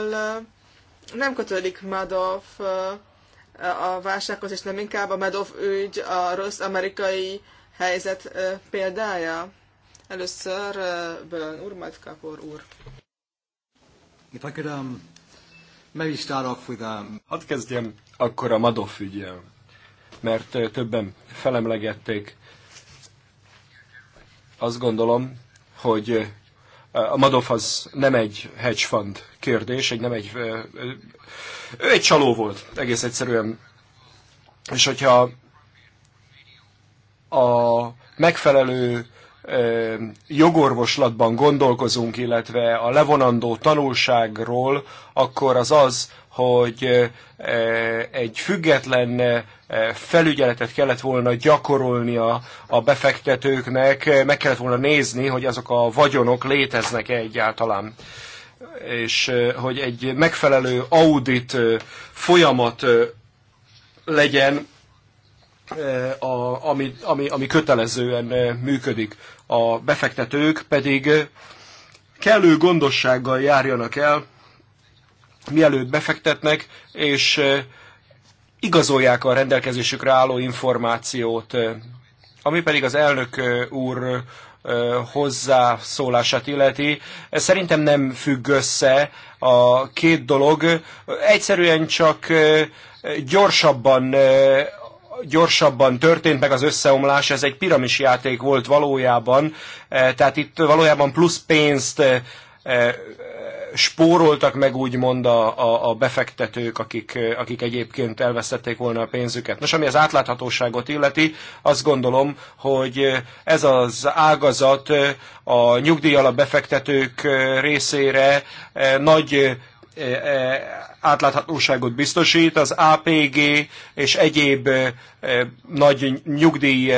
nem kötődik Madoff a válsághoz, és nem inkább a Madoff ügy a rossz amerikai helyzet példája? Először Bölön úr, majd Kapor úr. If I could, um, maybe start off with, um... Hadd kezdjem akkor a Madoff ügyjel, mert többen felemlegették azt gondolom, hogy a Madoff az nem egy hedge fund kérdés, egy nem egy... Ő egy csaló volt, egész egyszerűen. És hogyha a megfelelő jogorvoslatban gondolkozunk, illetve a levonandó tanulságról, akkor az az, hogy egy független Eh, felügyeletet kellett volna gyakorolnia a befektetőknek, eh, meg kellett volna nézni, hogy azok a vagyonok léteznek-e egyáltalán és eh, hogy egy megfelelő audit folyamat legyen, a, ami, ami, ami kötelezően működik. A befektetők pedig kellő gondossággal járjanak el, mielőtt befektetnek, és igazolják a rendelkezésükre álló információt, ami pedig az elnök úr hozzászólását illeti. Ez szerintem nem függ össze a két dolog. Egyszerűen csak gyorsabban gyorsabban történt meg az összeomlás, ez egy piramis játék volt valójában, tehát itt valójában plusz pénzt spóroltak meg úgymond a, a, a befektetők, akik, akik egyébként elvesztették volna a pénzüket. Nos, ami az átláthatóságot illeti, azt gondolom, hogy ez az ágazat a nyugdíjalap befektetők részére eh, nagy E, e, átláthatóságot biztosít, az APG és egyéb e, nagy nyugdíj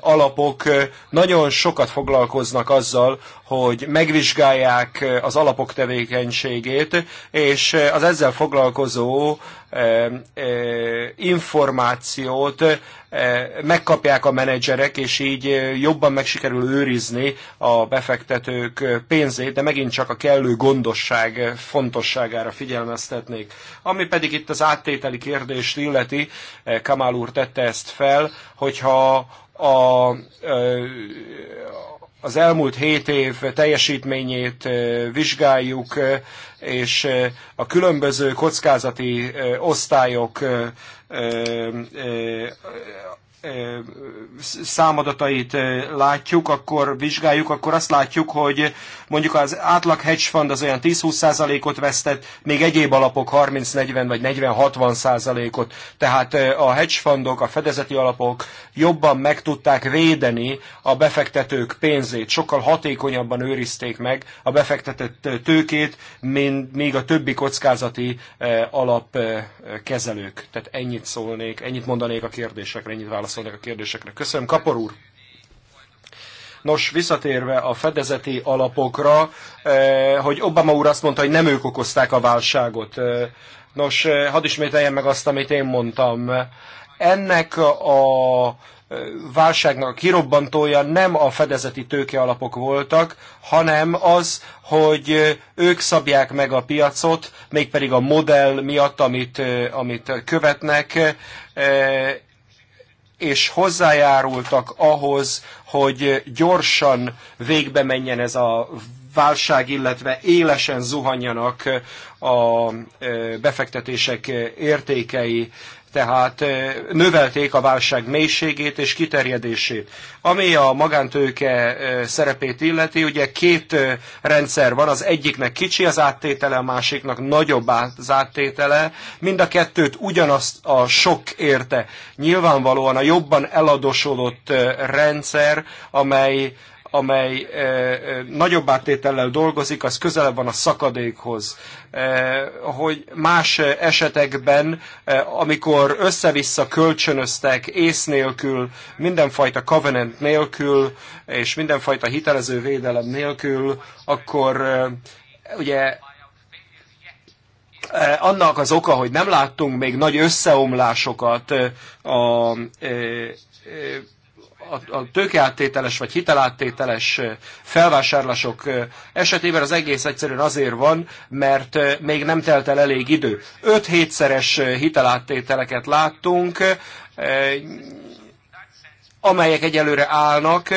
alapok nagyon sokat foglalkoznak azzal, hogy megvizsgálják az alapok tevékenységét, és az ezzel foglalkozó információt megkapják a menedzserek, és így jobban meg sikerül őrizni a befektetők pénzét, de megint csak a kellő gondosság fontosságára figyelmeztetnék. Ami pedig itt az áttételi kérdést illeti, Kamál úr tette ezt fel, hogyha a, a, az elmúlt hét év teljesítményét vizsgáljuk, és a különböző kockázati osztályok számadatait látjuk, akkor vizsgáljuk, akkor azt látjuk, hogy mondjuk az átlag hedge fund az olyan 10-20%-ot vesztett, még egyéb alapok 30-40 vagy 40-60%-ot. Tehát a hedge fundok, a fedezeti alapok jobban meg tudták védeni a befektetők pénzét, sokkal hatékonyabban őrizték meg a befektetett tőkét, mint még a többi kockázati alapkezelők. Tehát ennyit szólnék, ennyit mondanék a kérdésekre, ennyit válaszolnék válaszolnak a kérdésekre. Köszönöm, Kapor úr! Nos, visszatérve a fedezeti alapokra, eh, hogy Obama úr azt mondta, hogy nem ők okozták a válságot. Eh, nos, eh, hadd ismételjem meg azt, amit én mondtam. Ennek a válságnak a kirobbantója nem a fedezeti tőkealapok voltak, hanem az, hogy ők szabják meg a piacot, mégpedig a modell miatt, amit, amit követnek, és hozzájárultak ahhoz, hogy gyorsan végbe menjen ez a válság, illetve élesen zuhanjanak a befektetések értékei tehát növelték a válság mélységét és kiterjedését. Ami a magántőke szerepét illeti, ugye két rendszer van, az egyiknek kicsi az áttétele, a másiknak nagyobb az áttétele, mind a kettőt ugyanazt a sok érte. Nyilvánvalóan a jobban eladosodott rendszer, amely amely nagyobb áttétellel dolgozik, az közelebb van a szakadékhoz. Hogy más esetekben, amikor össze-vissza kölcsönöztek ész nélkül, mindenfajta covenant nélkül, és mindenfajta hitelező védelem nélkül, akkor ugye annak az oka, hogy nem láttunk még nagy összeomlásokat a a, a tőkeáttételes vagy hiteláttételes felvásárlások esetében az egész egyszerűen azért van, mert még nem telt el elég idő. 5-7-szeres hiteláttételeket láttunk, amelyek egyelőre állnak,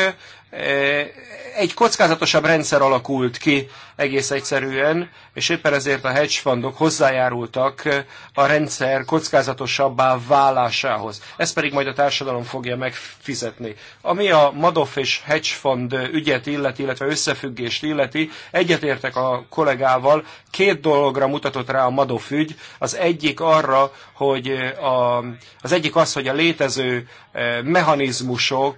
egy kockázatosabb rendszer alakult ki egész egyszerűen, és éppen ezért a hedge fundok hozzájárultak a rendszer kockázatosabbá válásához. Ez pedig majd a társadalom fogja megfizetni. Ami a Madoff és hedge fund ügyet illeti, illetve összefüggést illeti, egyetértek a kollégával, két dologra mutatott rá a Madoff ügy. Az egyik arra, hogy a, az egyik az, hogy a létező mechanizmusok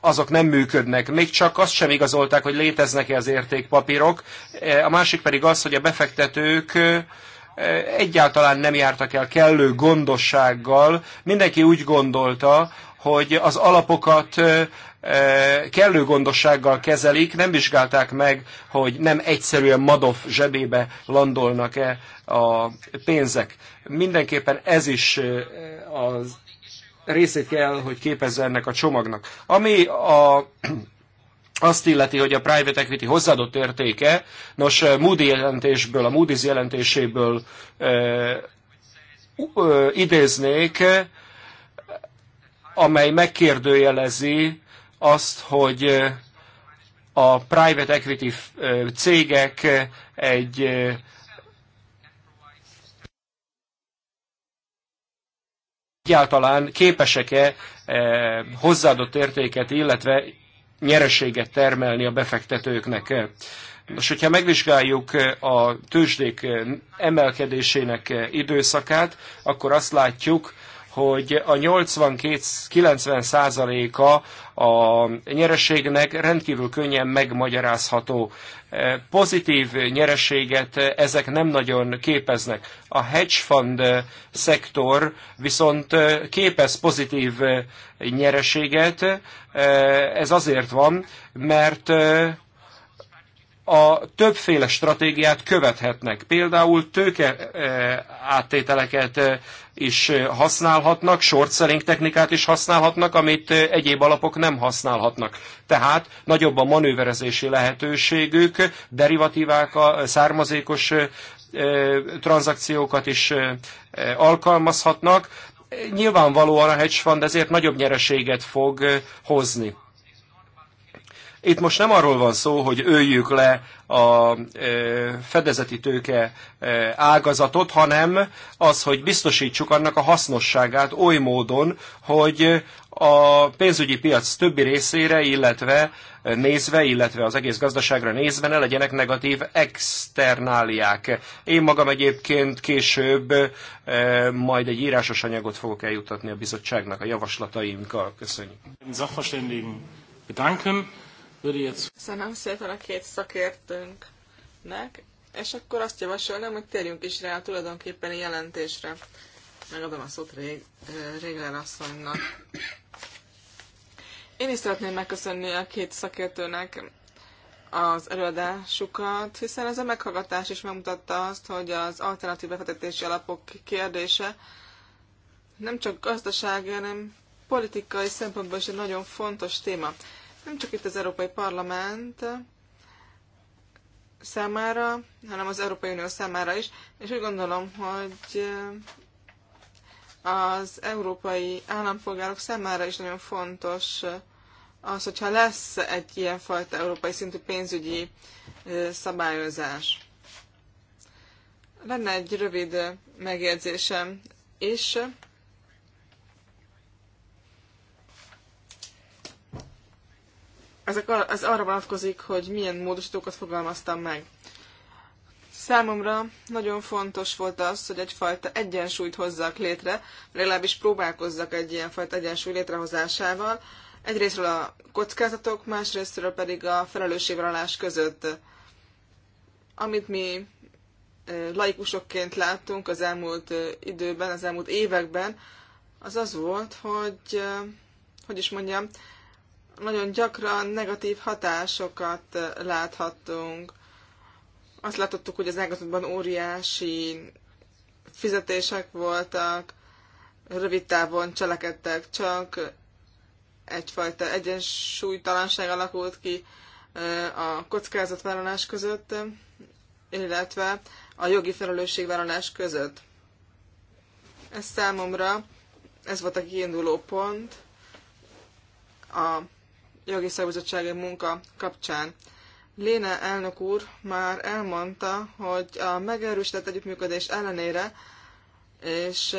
azok nem működnek. Még csak azt sem igazolták, hogy léteznek-e az értékpapírok. A másik pedig az, hogy a befektetők egyáltalán nem jártak el kellő gondossággal. Mindenki úgy gondolta, hogy az alapokat kellő gondossággal kezelik, nem vizsgálták meg, hogy nem egyszerűen Madoff zsebébe landolnak-e a pénzek. Mindenképpen ez is az részét kell, hogy képezze ennek a csomagnak. Ami a azt illeti, hogy a private equity hozzáadott értéke, nos eh, Moody jelentésből, a Moody's jelentéséből e, e, idéznék, amely megkérdőjelezi azt, hogy a private equity cégek egy egyáltalán képesek-e eh, hozzáadott értéket, illetve nyereséget termelni a befektetőknek. Nos, hogyha megvizsgáljuk eh, a tőzsdék eh, emelkedésének időszakát, akkor azt látjuk, hogy a 82-90 százaléka a nyereségnek rendkívül könnyen megmagyarázható pozitív nyereséget ezek nem nagyon képeznek. A hedge fund eh, szektor viszont eh, képez pozitív eh, nyereséget, ez azért van, mert a többféle stratégiát követhetnek. Például tőke eh, áttételeket eh, is használhatnak, short selling technikát is használhatnak, amit eh, egyéb alapok nem használhatnak. Tehát nagyobb a manőverezési lehetőségük, derivatívák, a származékos tranzakciókat is alkalmazhatnak. Nyilvánvalóan a hedge fund ezért nagyobb nyereséget fog hozni. Itt most nem arról van szó, hogy öljük le a fedezeti tőke ágazatot, hanem az, hogy biztosítsuk annak a hasznosságát oly módon, hogy a pénzügyi piac többi részére, illetve nézve, illetve az egész gazdaságra nézve ne legyenek negatív externáliák. Én magam egyébként később majd egy írásos anyagot fogok eljutatni a bizottságnak a javaslataimkal. Köszönjük. Köszönöm szépen a két szakértőnknek, és akkor azt javasolnám, hogy térjünk is rá a tulajdonképpeni jelentésre. Megadom a szót Rég, Régler asszonynak. Én is szeretném megköszönni a két szakértőnek az előadásukat, hiszen ez a meghallgatás is megmutatta azt, hogy az alternatív befektetési alapok kérdése nem csak gazdasági, hanem politikai szempontból is egy nagyon fontos téma nem csak itt az Európai Parlament számára, hanem az Európai Unió számára is, és úgy gondolom, hogy eh, az európai állampolgárok számára is nagyon fontos eh, az, hogyha lesz egy ilyenfajta európai szintű pénzügyi eh, szabályozás. Lenne egy rövid megjegyzésem is. ezek arra, ez arra vonatkozik, hogy milyen módosítókat fogalmaztam meg. Számomra nagyon fontos volt az, hogy egyfajta egyensúlyt hozzak létre, legalábbis próbálkozzak egy ilyenfajta egyensúly létrehozásával. Egyrésztről a kockázatok, másrésztről pedig a felelősségvállalás között. Amit mi laikusokként láttunk az elmúlt időben, az elmúlt években, az az volt, hogy, hogy is mondjam, nagyon gyakran negatív hatásokat eh, láthattunk. Azt láthattuk, hogy az ágazatban óriási fizetések voltak, rövid távon cselekedtek, csak egyfajta egyensúlytalanság alakult ki eh, a kockázatvállalás között, illetve a jogi felelősségvállalás között. Ez számomra, ez volt a kiinduló pont, a jogi szakbizottsági munka kapcsán. Léne elnök úr már elmondta, hogy a megerősített együttműködés ellenére, és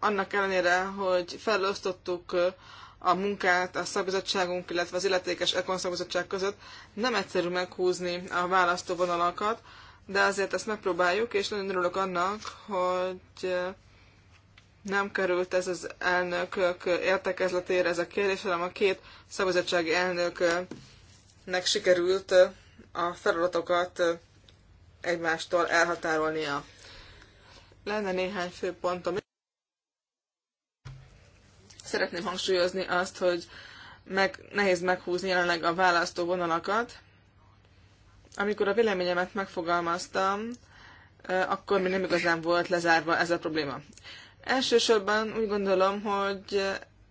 annak ellenére, hogy felosztottuk a munkát a szabadságunk illetve az illetékes Ekon szakbizottság között, nem egyszerű meghúzni a választóvonalakat, de azért ezt megpróbáljuk, és nagyon örülök annak, hogy nem került ez az elnökök értekezletére ez a kérdés, hanem a két szabadságsági elnöknek sikerült a feladatokat egymástól elhatárolnia. Lenne néhány fő pontom. Szeretném hangsúlyozni azt, hogy meg, nehéz meghúzni jelenleg a választó vonalakat. Amikor a véleményemet megfogalmaztam, eh, akkor még nem igazán volt lezárva ez a probléma. Elsősorban úgy gondolom, hogy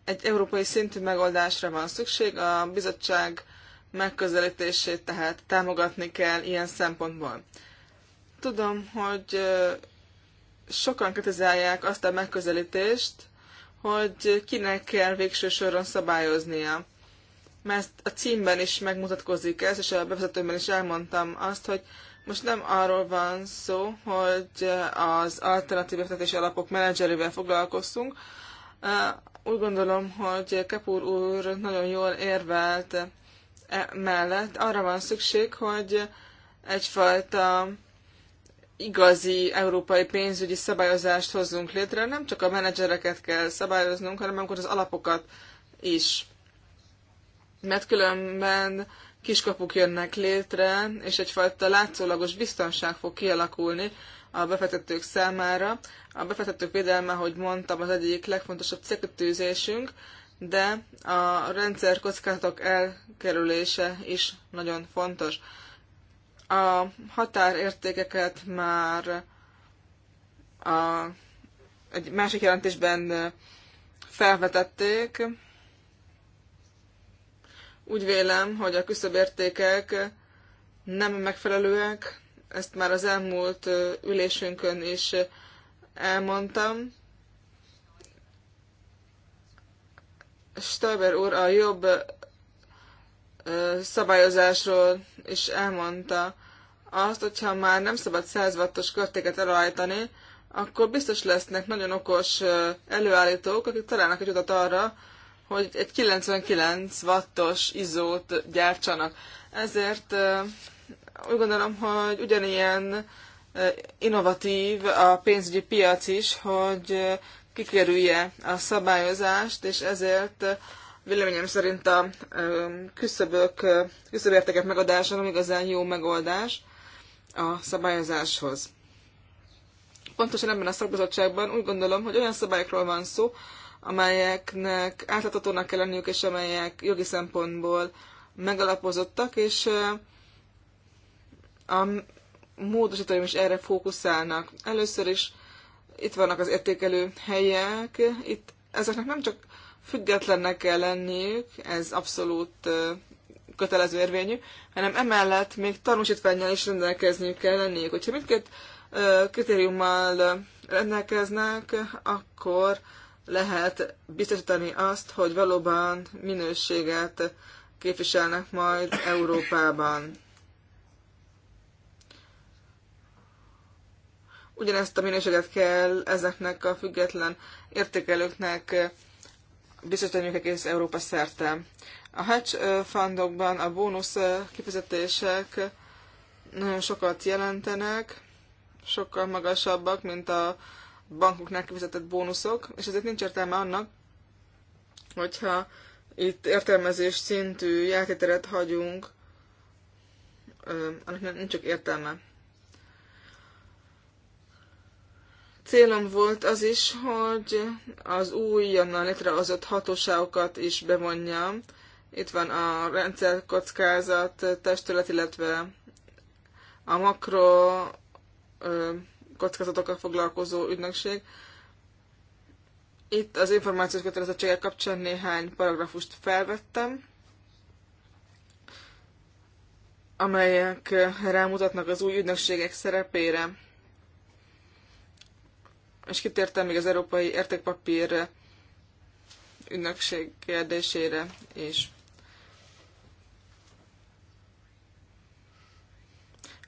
egy európai szintű megoldásra van szükség, a bizottság megközelítését tehát támogatni kell ilyen szempontból. Tudom, hogy sokan kritizálják azt a megközelítést, hogy kinek kell végső soron szabályoznia. Mert a címben is megmutatkozik ez, és a bevezetőben is elmondtam azt, hogy most nem arról van szó, hogy az alternatív értetési alapok menedzserével foglalkoztunk. Úgy gondolom, hogy Kapur úr nagyon jól érvelt e mellett. Arra van szükség, hogy egyfajta igazi európai pénzügyi szabályozást hozzunk létre. Nem csak a menedzsereket kell szabályoznunk, hanem amikor az alapokat is. Mert különben kiskapuk jönnek létre, és egyfajta látszólagos biztonság fog kialakulni a befektetők számára. A befektetők védelme, ahogy mondtam, az egyik legfontosabb cekötőzésünk, de a rendszer kockázatok elkerülése is nagyon fontos. A határértékeket már a, egy másik jelentésben felvetették, úgy vélem, hogy a küszöbértékek nem megfelelőek, ezt már az elmúlt ülésünkön is elmondtam. Stoiber úr a jobb szabályozásról is elmondta azt, hogyha már nem szabad 100 wattos körtéket előállítani, akkor biztos lesznek nagyon okos előállítók, akik találnak egy utat arra, hogy egy 99 wattos izót gyártsanak. Ezért úgy gondolom, hogy ugyanilyen innovatív a pénzügyi piac is, hogy kikerülje a szabályozást, és ezért véleményem szerint a küszöbök, küszöbértékek megadása nem igazán jó megoldás a szabályozáshoz. Pontosan ebben a szakbizottságban úgy gondolom, hogy olyan szabályokról van szó, amelyeknek átláthatónak kell lenniük, és amelyek jogi szempontból megalapozottak, és a módosítóim is erre fókuszálnak. Először is itt vannak az értékelő helyek, itt ezeknek nem csak függetlennek kell lenniük, ez abszolút kötelező érvényű, hanem emellett még tanúsítványjal is rendelkezniük kell lenniük. Hogyha mindkét kritériummal rendelkeznek, akkor lehet biztosítani azt, hogy valóban minőséget képviselnek majd Európában. Ugyanezt a minőséget kell ezeknek a független értékelőknek biztosítaniuk egész Európa szerte. A hedge fundokban a bónusz kifizetések nagyon sokat jelentenek, sokkal magasabbak, mint a bankoknál kifizetett bónuszok, és ezért nincs értelme annak, hogyha itt értelmezés szintű játéteret hagyunk, annak nincs csak értelme. Célom volt az is, hogy az újonnan létrehozott hatóságokat is bevonjam. Itt van a rendszerkockázat testület, illetve a makro kockázatokkal foglalkozó ügynökség. Itt az információs kötelezettségek kapcsán néhány paragrafust felvettem, amelyek rámutatnak az új ügynökségek szerepére. És kitértem még az Európai Értékpapír ügynökség kérdésére is.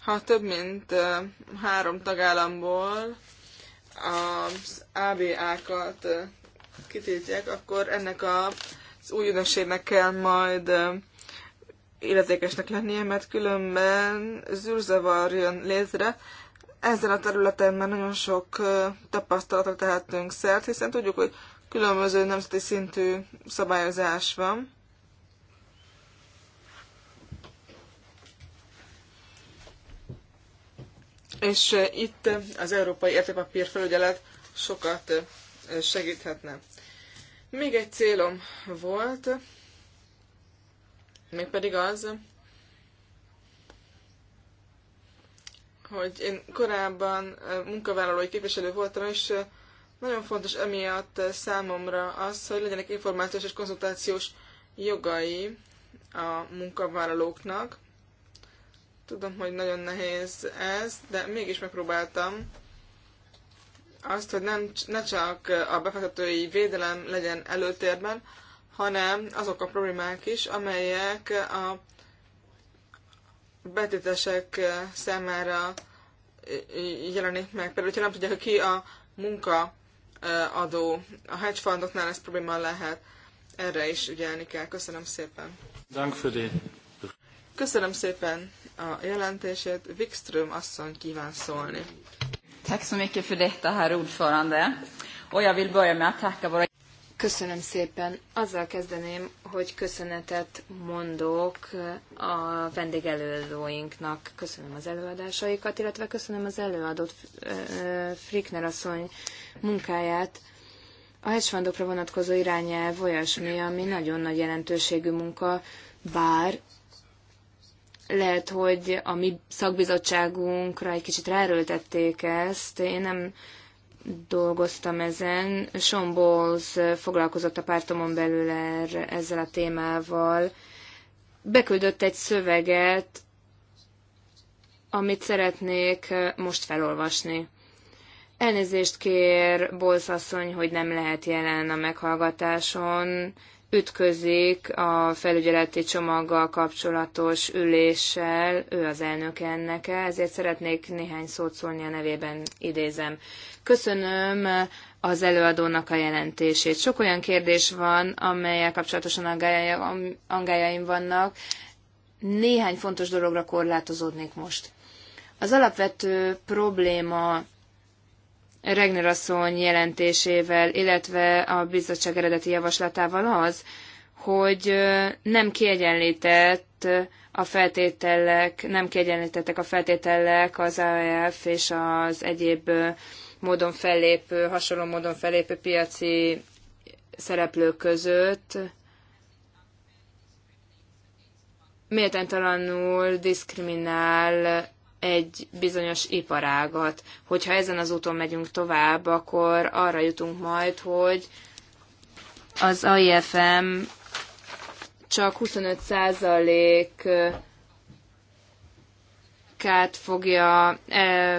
Ha több mint három tagállamból az ABA-kat kitiltják, akkor ennek a, az új ünösségnek kell majd illetékesnek lennie, mert különben zűrzavar jön létre. Ezen a területen már nagyon sok tapasztalatot tehetünk szert, hiszen tudjuk, hogy különböző nemzeti szintű szabályozás van. És eh, itt eh, az Európai Értékpapír Felügyelet sokat eh, segíthetne. Még egy célom volt, mégpedig az, hogy én korábban munkavállalói képviselő voltam, és nagyon fontos emiatt számomra az, hogy legyenek információs és konzultációs jogai a munkavállalóknak, Tudom, hogy nagyon nehéz ez, de mégis megpróbáltam azt, hogy nem, ne csak a befektetői védelem legyen előtérben, hanem azok a problémák is, amelyek a betétesek számára jelenik meg. Például, hogyha nem tudják, ki a munkaadó, a hedge fundoknál ez probléma lehet. Erre is ügyelni kell. Köszönöm szépen. Köszönöm szépen a jelentését. Wikström asszony kíván szólni. Tack så mycket för detta, herr ordförande. Och jag vill börja med att tacka våra... Köszönöm szépen. Azzal kezdeném, hogy köszönetet mondok a vendégelőadóinknak. Köszönöm az előadásaikat, illetve köszönöm az előadott Frikner asszony munkáját. A hedgefundokra vonatkozó irányelv olyasmi, ami nagyon nagy jelentőségű munka, bár lehet, hogy a mi szakbizottságunkra egy kicsit ráerőltették ezt. Én nem dolgoztam ezen. Sean Bowles foglalkozott a pártomon belül erre, ezzel a témával. Beküldött egy szöveget, amit szeretnék most felolvasni. Elnézést kér Bolsz asszony, hogy nem lehet jelen a meghallgatáson, ütközik a felügyeleti csomaggal kapcsolatos üléssel, ő az elnök ennek, ezért szeretnék néhány szót szólni a nevében, idézem. Köszönöm az előadónak a jelentését. Sok olyan kérdés van, amelyel kapcsolatosan angájaim vannak. Néhány fontos dologra korlátozódnék most. Az alapvető probléma Regner asszony jelentésével, illetve a bizottság eredeti javaslatával az, hogy nem kiegyenlített a feltételek, nem kiegyenlítettek a feltételek az AEF és az egyéb módon fellépő, hasonló módon fellépő piaci szereplők között méltánytalanul diszkriminál egy bizonyos iparágat. Hogyha ezen az úton megyünk tovább, akkor arra jutunk majd, hogy az AIFM csak 25%-át fogja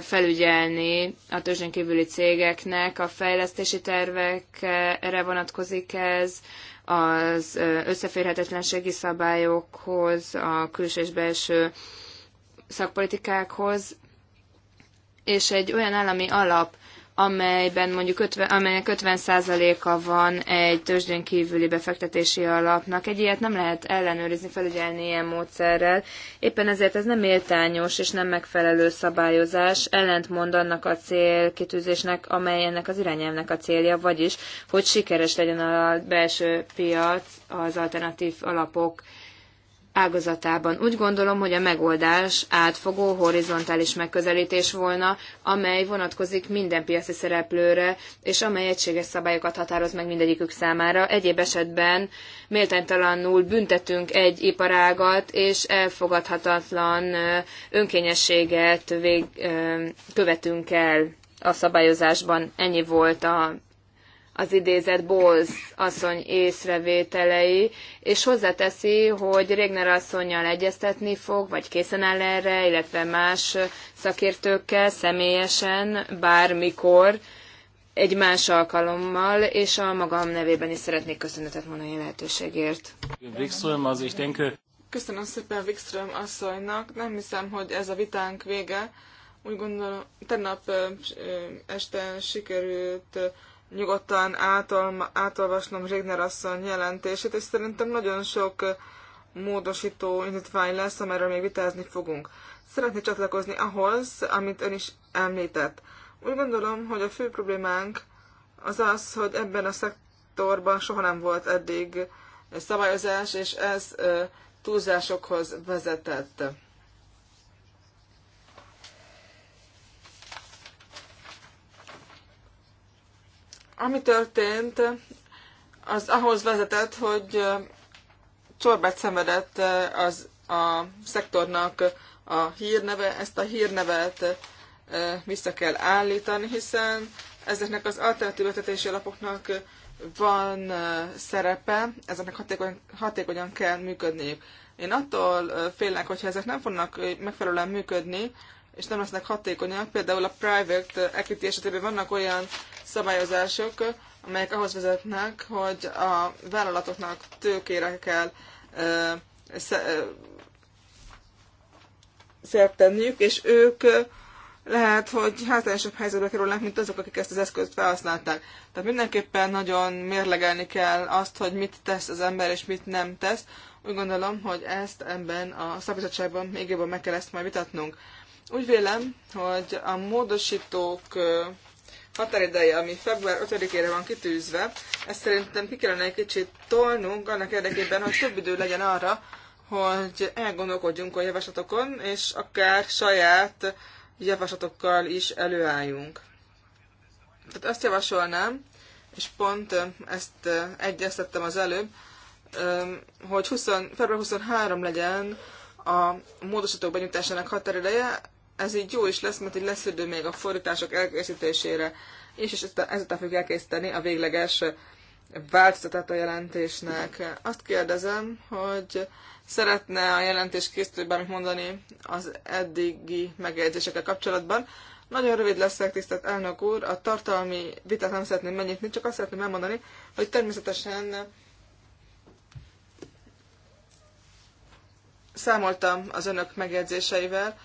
felügyelni a tőzsdén kívüli cégeknek. A fejlesztési tervekre vonatkozik ez, az összeférhetetlenségi szabályokhoz, a külső és belső szakpolitikákhoz, és egy olyan állami alap, amelyben mondjuk 50, amelynek 50%-a van egy tőzsdén kívüli befektetési alapnak. Egy ilyet nem lehet ellenőrizni, felügyelni ilyen módszerrel. Éppen ezért ez nem méltányos és nem megfelelő szabályozás, ellentmond annak a célkitűzésnek, amely ennek az irányelvnek a célja, vagyis, hogy sikeres legyen a belső piac az alternatív alapok ágazatában. Úgy gondolom, hogy a megoldás átfogó, horizontális megközelítés volna, amely vonatkozik minden piaci szereplőre, és amely egységes szabályokat határoz meg mindegyikük számára. Egyéb esetben méltánytalanul büntetünk egy iparágat, és elfogadhatatlan önkényességet vég, követünk el a szabályozásban. Ennyi volt a az idézett Bolz asszony észrevételei, és hozzáteszi, hogy Régner asszonynal egyeztetni fog, vagy készen áll erre, illetve más szakértőkkel személyesen, bármikor, egy más alkalommal, és a magam nevében is szeretnék köszönetet mondani a lehetőségért. Wikström, az is denke. Köszönöm szépen Wikström asszonynak. Nem hiszem, hogy ez a vitánk vége. Úgy gondolom, tegnap este sikerült nyugodtan átol, átolvasnom Régner asszony jelentését, és szerintem nagyon sok módosító indítvány lesz, amiről még vitázni fogunk. Szeretné csatlakozni ahhoz, amit ön is említett. Úgy gondolom, hogy a fő problémánk az az, hogy ebben a szektorban soha nem volt eddig szabályozás, és ez túlzásokhoz vezetett. Ami történt, az ahhoz vezetett, hogy csorbát szenvedett az a szektornak a hírneve, ezt a hírnevet vissza kell állítani, hiszen ezeknek az alternatív ötetési alapoknak van szerepe, ezeknek hatékony, hatékonyan kell működniük. Én attól félek, hogyha ezek nem fognak megfelelően működni, és nem lesznek hatékonyak, például a private equity esetében vannak olyan szabályozások, amelyek ahhoz vezetnek, hogy a vállalatoknak tőkére kell ö, szert tenniük, és ők lehet, hogy hátrányosabb helyzetbe kerülnek, mint azok, akik ezt az eszközt felhasználták. Tehát mindenképpen nagyon mérlegelni kell azt, hogy mit tesz az ember, és mit nem tesz. Úgy gondolom, hogy ezt ebben a szabizottságban még jobban meg kell ezt majd vitatnunk. Úgy vélem, hogy a módosítók határideje, ami február 5-ére van kitűzve, ezt szerintem ki kellene egy kicsit tolnunk annak érdekében, hogy több idő legyen arra, hogy elgondolkodjunk a javaslatokon, és akár saját javaslatokkal is előálljunk. Tehát azt javasolnám, és pont ezt egyeztettem az előbb, hogy 20, február 23 legyen a módosítók benyújtásának határideje, ez így jó is lesz, mert így lesz idő még a fordítások elkészítésére, és, és ezután fogjuk elkészíteni a végleges változatát a jelentésnek. Azt kérdezem, hogy szeretne a jelentés készítőben bármit mondani az eddigi megjegyzésekkel kapcsolatban. Nagyon rövid leszek, tisztelt elnök úr, a tartalmi vitát nem szeretném megnyitni, csak azt szeretném elmondani, hogy természetesen számoltam az önök megjegyzéseivel,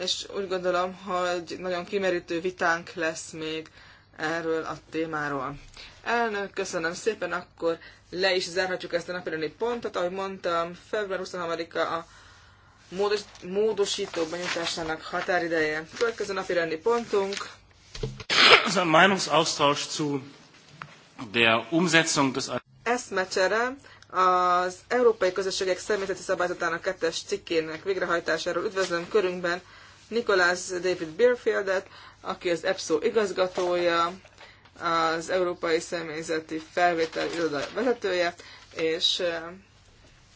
és úgy gondolom, hogy nagyon kimerítő vitánk lesz még erről a témáról. Elnök, köszönöm szépen, akkor le is zárhatjuk ezt a napirani pontot. Ahogy mondtam, február 23-a a módos, módosító benyújtásának határideje. Következő napirani pontunk. Ez a Meinungsaustausch zu der Umsetzung des... Eszmecsere az Európai Közösségek Személyzeti Szabályzatának kettes cikkének végrehajtásáról üdvözlöm körünkben Nicholas David Beerfieldet, aki az EPSO igazgatója, az Európai Személyzeti Felvétel Iroda vezetője, és eh,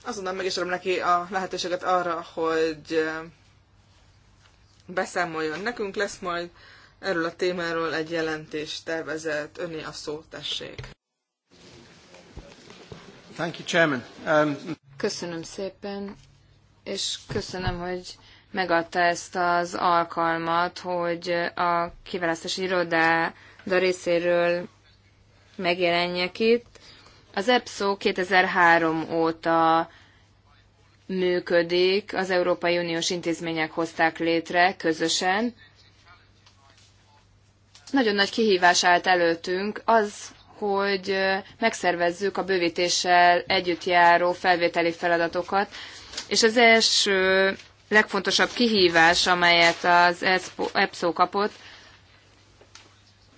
azonnal meg is adom neki a lehetőséget arra, hogy eh, beszámoljon nekünk. Lesz majd erről a témáról egy jelentés tervezett. Öné a szó, tessék. Thank you, Chairman. Um... Köszönöm szépen, és köszönöm, hogy megadta ezt az alkalmat, hogy a kiválasztási de részéről megjelenjek itt. Az EPSO 2003 óta működik, az Európai Uniós intézmények hozták létre közösen. Nagyon nagy kihívás állt előttünk az, hogy megszervezzük a bővítéssel együtt járó felvételi feladatokat, és az első legfontosabb kihívás, amelyet az EPSZO kapott,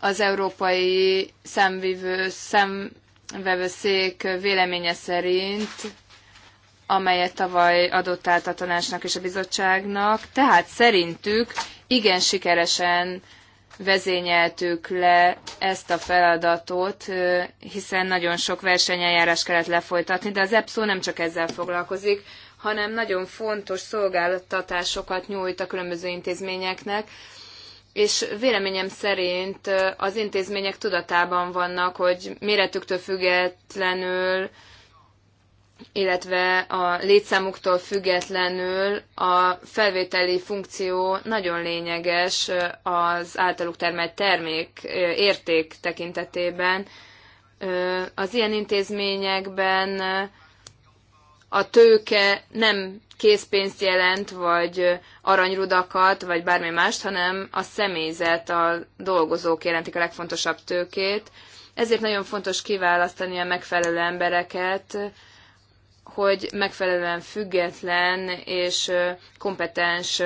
az európai szemvívő, szemvevőszék véleménye szerint, amelyet tavaly adott át a tanácsnak és a bizottságnak, tehát szerintük igen sikeresen vezényeltük le ezt a feladatot, hiszen nagyon sok versenyeljárás kellett lefolytatni, de az EPSZO nem csak ezzel foglalkozik, hanem nagyon fontos szolgáltatásokat nyújt a különböző intézményeknek, és véleményem szerint az intézmények tudatában vannak, hogy méretüktől függetlenül, illetve a létszámuktól függetlenül a felvételi funkció nagyon lényeges az általuk termelt termék érték tekintetében. Az ilyen intézményekben a tőke nem készpénzt jelent, vagy aranyrudakat, vagy bármi mást, hanem a személyzet, a dolgozók jelentik a legfontosabb tőkét. Ezért nagyon fontos kiválasztani a megfelelő embereket, hogy megfelelően független és kompetens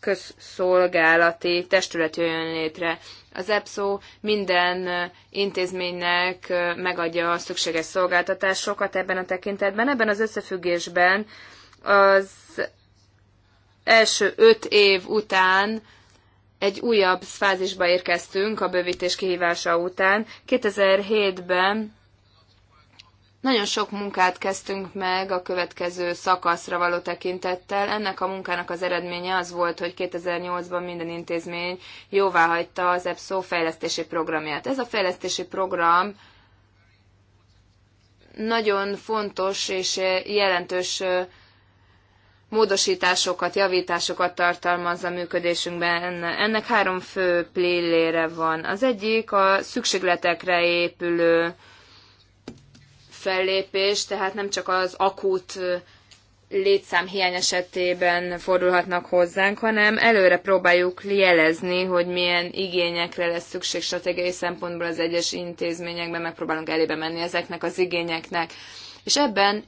közszolgálati testület jöjjön létre. Az EPSO minden intézménynek megadja a szükséges szolgáltatásokat ebben a tekintetben. Ebben az összefüggésben az első öt év után egy újabb fázisba érkeztünk a bővítés kihívása után. 2007-ben nagyon sok munkát kezdtünk meg a következő szakaszra való tekintettel. Ennek a munkának az eredménye az volt, hogy 2008-ban minden intézmény hagyta az EPSZO fejlesztési programját. Ez a fejlesztési program nagyon fontos és jelentős módosításokat, javításokat tartalmaz a működésünkben. Ennek három fő pillére van. Az egyik a szükségletekre épülő fellépés, tehát nem csak az akut létszám hiány esetében fordulhatnak hozzánk, hanem előre próbáljuk jelezni, hogy milyen igényekre lesz szükség stratégiai szempontból az egyes intézményekben, megpróbálunk elébe menni ezeknek az igényeknek. És ebben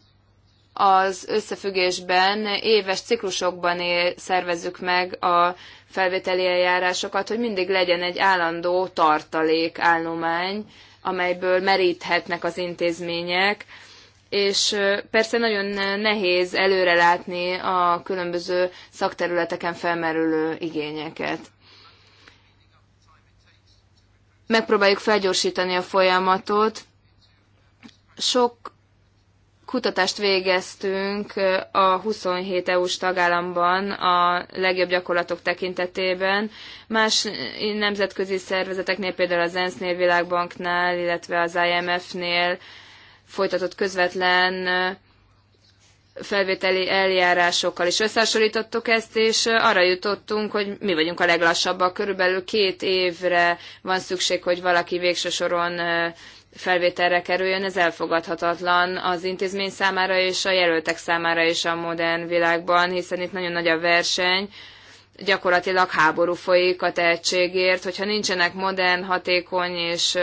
az összefüggésben éves ciklusokban él, szervezzük meg a felvételi eljárásokat, hogy mindig legyen egy állandó tartalék, állomány, amelyből meríthetnek az intézmények, és persze nagyon nehéz előrelátni a különböző szakterületeken felmerülő igényeket. Megpróbáljuk felgyorsítani a folyamatot. Sok kutatást végeztünk a 27 EU-s tagállamban a legjobb gyakorlatok tekintetében. Más nemzetközi szervezeteknél, például az ENSZ-nél, Világbanknál, illetve az IMF-nél folytatott közvetlen felvételi eljárásokkal is összehasonlítottuk ezt, és arra jutottunk, hogy mi vagyunk a leglassabbak. Körülbelül két évre van szükség, hogy valaki végső soron felvételre kerüljön, ez elfogadhatatlan az intézmény számára és a jelöltek számára is a modern világban, hiszen itt nagyon nagy a verseny, gyakorlatilag háború folyik a tehetségért, hogyha nincsenek modern, hatékony és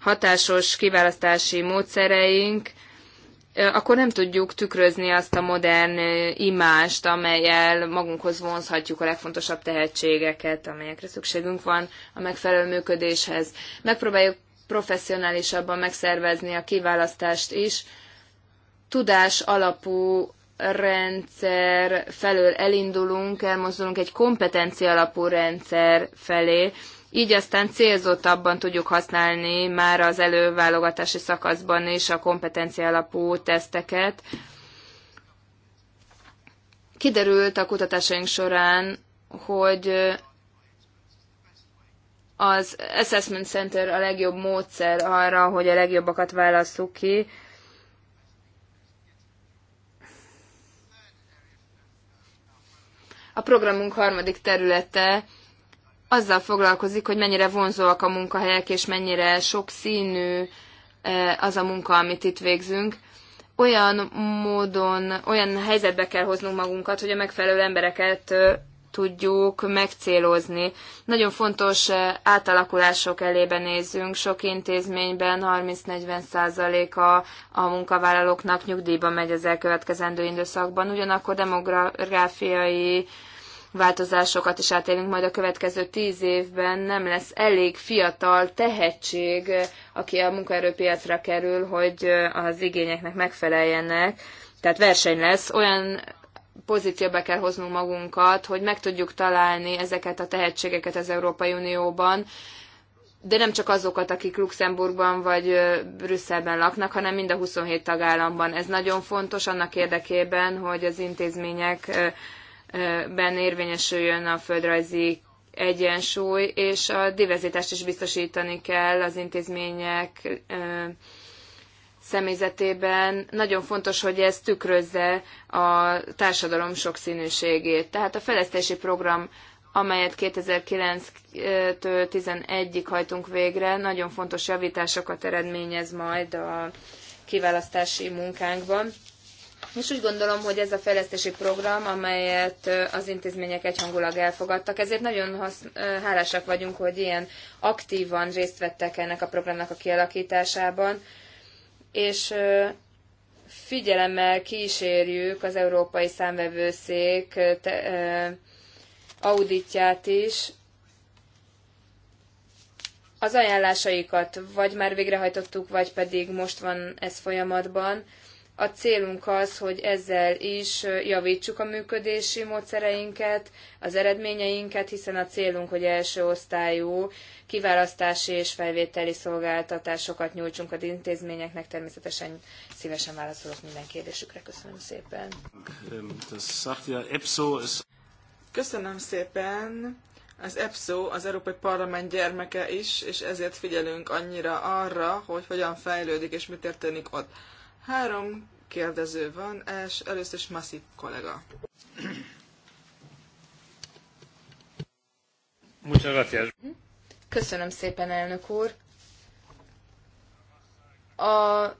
hatásos kiválasztási módszereink, akkor nem tudjuk tükrözni azt a modern imást, amelyel magunkhoz vonzhatjuk a legfontosabb tehetségeket, amelyekre szükségünk van a megfelelő működéshez. Megpróbáljuk professzionálisabban megszervezni a kiválasztást is, tudás alapú rendszer felől elindulunk, elmozdulunk egy kompetencia alapú rendszer felé, így aztán célzottabban tudjuk használni már az előválogatási szakaszban is a kompetencia alapú teszteket. Kiderült a kutatásaink során, hogy az Assessment Center a legjobb módszer arra, hogy a legjobbakat válasszuk ki. A programunk harmadik területe azzal foglalkozik, hogy mennyire vonzóak a munkahelyek, és mennyire sokszínű e, az a munka, amit itt végzünk. Olyan módon, olyan helyzetbe kell hoznunk magunkat, hogy a megfelelő embereket e, tudjuk megcélozni. Nagyon fontos eh, átalakulások elébe nézünk. Sok intézményben 30-40 százaléka a munkavállalóknak nyugdíjba megy az elkövetkezendő időszakban. Ugyanakkor demográfiai változásokat is átélünk majd a következő tíz évben, nem lesz elég fiatal tehetség, aki a munkaerőpiacra kerül, hogy eh, az igényeknek megfeleljenek. Tehát verseny lesz, olyan pozícióba kell hoznunk magunkat, hogy meg tudjuk találni ezeket a tehetségeket az Európai Unióban, de nem csak azokat, akik Luxemburgban vagy Brüsszelben laknak, hanem mind a 27 tagállamban. Ez nagyon fontos annak érdekében, hogy az intézményekben érvényesüljön a földrajzi egyensúly, és a diverzitást is biztosítani kell az intézmények személyzetében nagyon fontos, hogy ez tükrözze a társadalom sokszínűségét. Tehát a fejlesztési program, amelyet 2009-től 11-ig hajtunk végre, nagyon fontos javításokat eredményez majd a kiválasztási munkánkban. És úgy gondolom, hogy ez a fejlesztési program, amelyet az intézmények egyhangulag elfogadtak, ezért nagyon hasz, hálásak vagyunk, hogy ilyen aktívan részt vettek ennek a programnak a kialakításában és figyelemmel kísérjük az Európai Számvevőszék auditját is, az ajánlásaikat vagy már végrehajtottuk, vagy pedig most van ez folyamatban, a célunk az, hogy ezzel is javítsuk a működési módszereinket, az eredményeinket, hiszen a célunk, hogy első osztályú kiválasztási és felvételi szolgáltatásokat nyújtsunk az intézményeknek. Természetesen szívesen válaszolok minden kérdésükre. Köszönöm szépen. Köszönöm szépen. Az EPSO az Európai Parlament gyermeke is, és ezért figyelünk annyira arra, hogy hogyan fejlődik és mi történik ott. Három kérdező van, és először is Masip kollega. Köszönöm szépen, elnök úr. A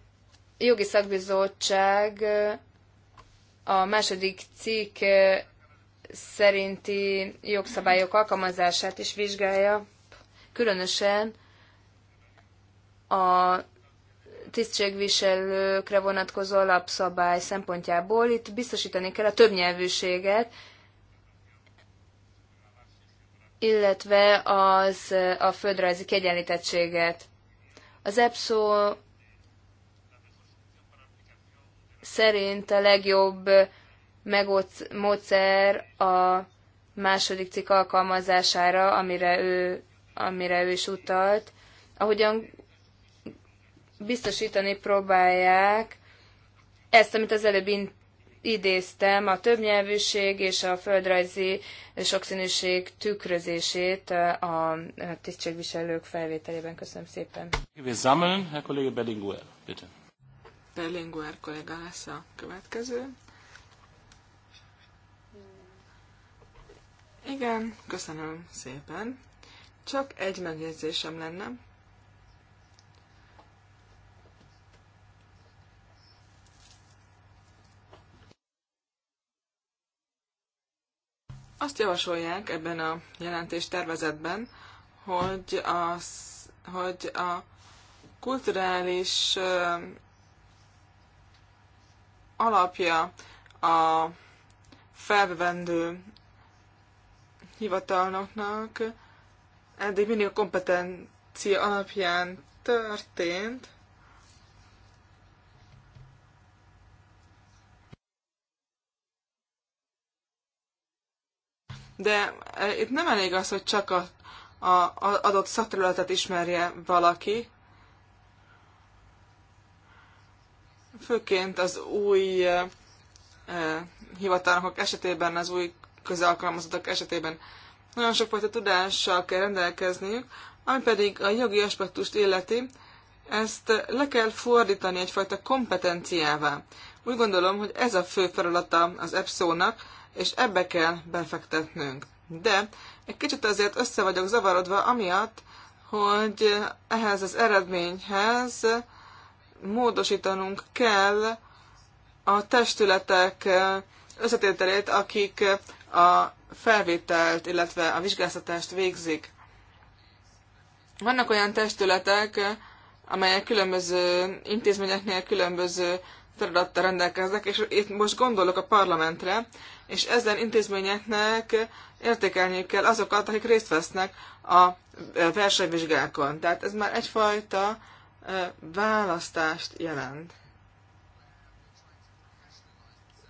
jogi szakbizottság a második cikk szerinti jogszabályok alkalmazását is vizsgálja, különösen a tisztségviselőkre vonatkozó alapszabály szempontjából itt biztosítani kell a többnyelvűséget, illetve az, a földrajzi kiegyenlítettséget. Az EPSO szerint a legjobb módszer a második cikk alkalmazására, amire ő, amire ő is utalt. Ahogyan biztosítani próbálják ezt, amit az előbb idéztem, a többnyelvűség és a földrajzi sokszínűség tükrözését eh, a tisztségviselők felvételében. Köszönöm szépen. Sammeln, Herr Kollege Berlinguer, bitte. Berlinguer kollega lesz a következő. Igen, köszönöm szépen. Csak egy megjegyzésem lenne. Azt javasolják ebben a jelentés tervezetben, hogy a, hogy a kulturális alapja a felvendő hivatalnoknak eddig mindig a kompetencia alapján történt, de e, itt nem elég az, hogy csak a, a, a adott szakterületet ismerje valaki, főként az új e, e, hivatalnokok esetében, az új közalkalmazottak esetében nagyon sokfajta tudással kell rendelkezniük, ami pedig a jogi aspektust illeti, ezt le kell fordítani egyfajta kompetenciává. Úgy gondolom, hogy ez a fő feladata az EPSZO-nak, és ebbe kell befektetnünk. De egy kicsit azért össze vagyok zavarodva, amiatt, hogy ehhez az eredményhez módosítanunk kell a testületek összetételét, akik a felvételt, illetve a vizsgáztatást végzik. Vannak olyan testületek, amelyek különböző intézményeknél különböző feladattal rendelkeznek, és itt most gondolok a parlamentre, és ezen intézményeknek értékelniük kell azokat, akik részt vesznek a e, versenyvizsgákon. Tehát ez már egyfajta e, választást jelent.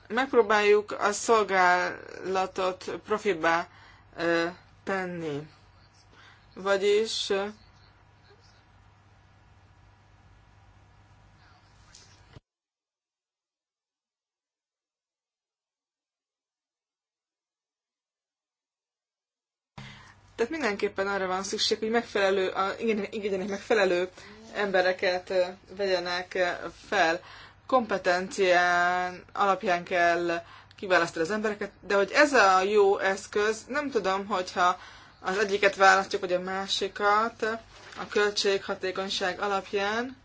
Megpróbáljuk a szolgálatot profibá e, tenni. Vagyis Tehát mindenképpen arra van szükség, hogy megfelelő, a igen megfelelő embereket vegyenek fel. Kompetencián alapján kell kiválasztani az embereket, de hogy ez a jó eszköz, nem tudom, hogyha az egyiket választjuk, vagy a másikat a költséghatékonyság alapján,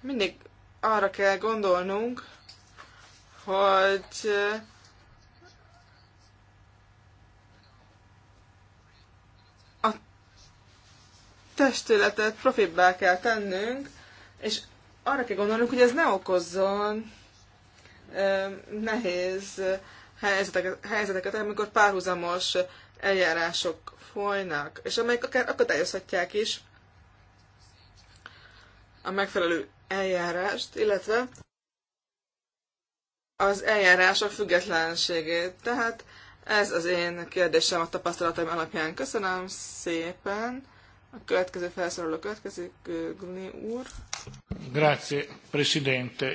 mindig arra kell gondolnunk, hogy testületet profibbá kell tennünk, és arra kell gondolnunk, hogy ez ne okozzon nehéz helyzeteket, helyzeteket, amikor párhuzamos eljárások folynak, és amelyek akár akadályozhatják is a megfelelő eljárást, illetve az eljárások függetlenségét. Tehát ez az én kérdésem a tapasztalataim alapján. Köszönöm szépen! A következő felszólaló következik, Gruni úr. Grazie, Presidente.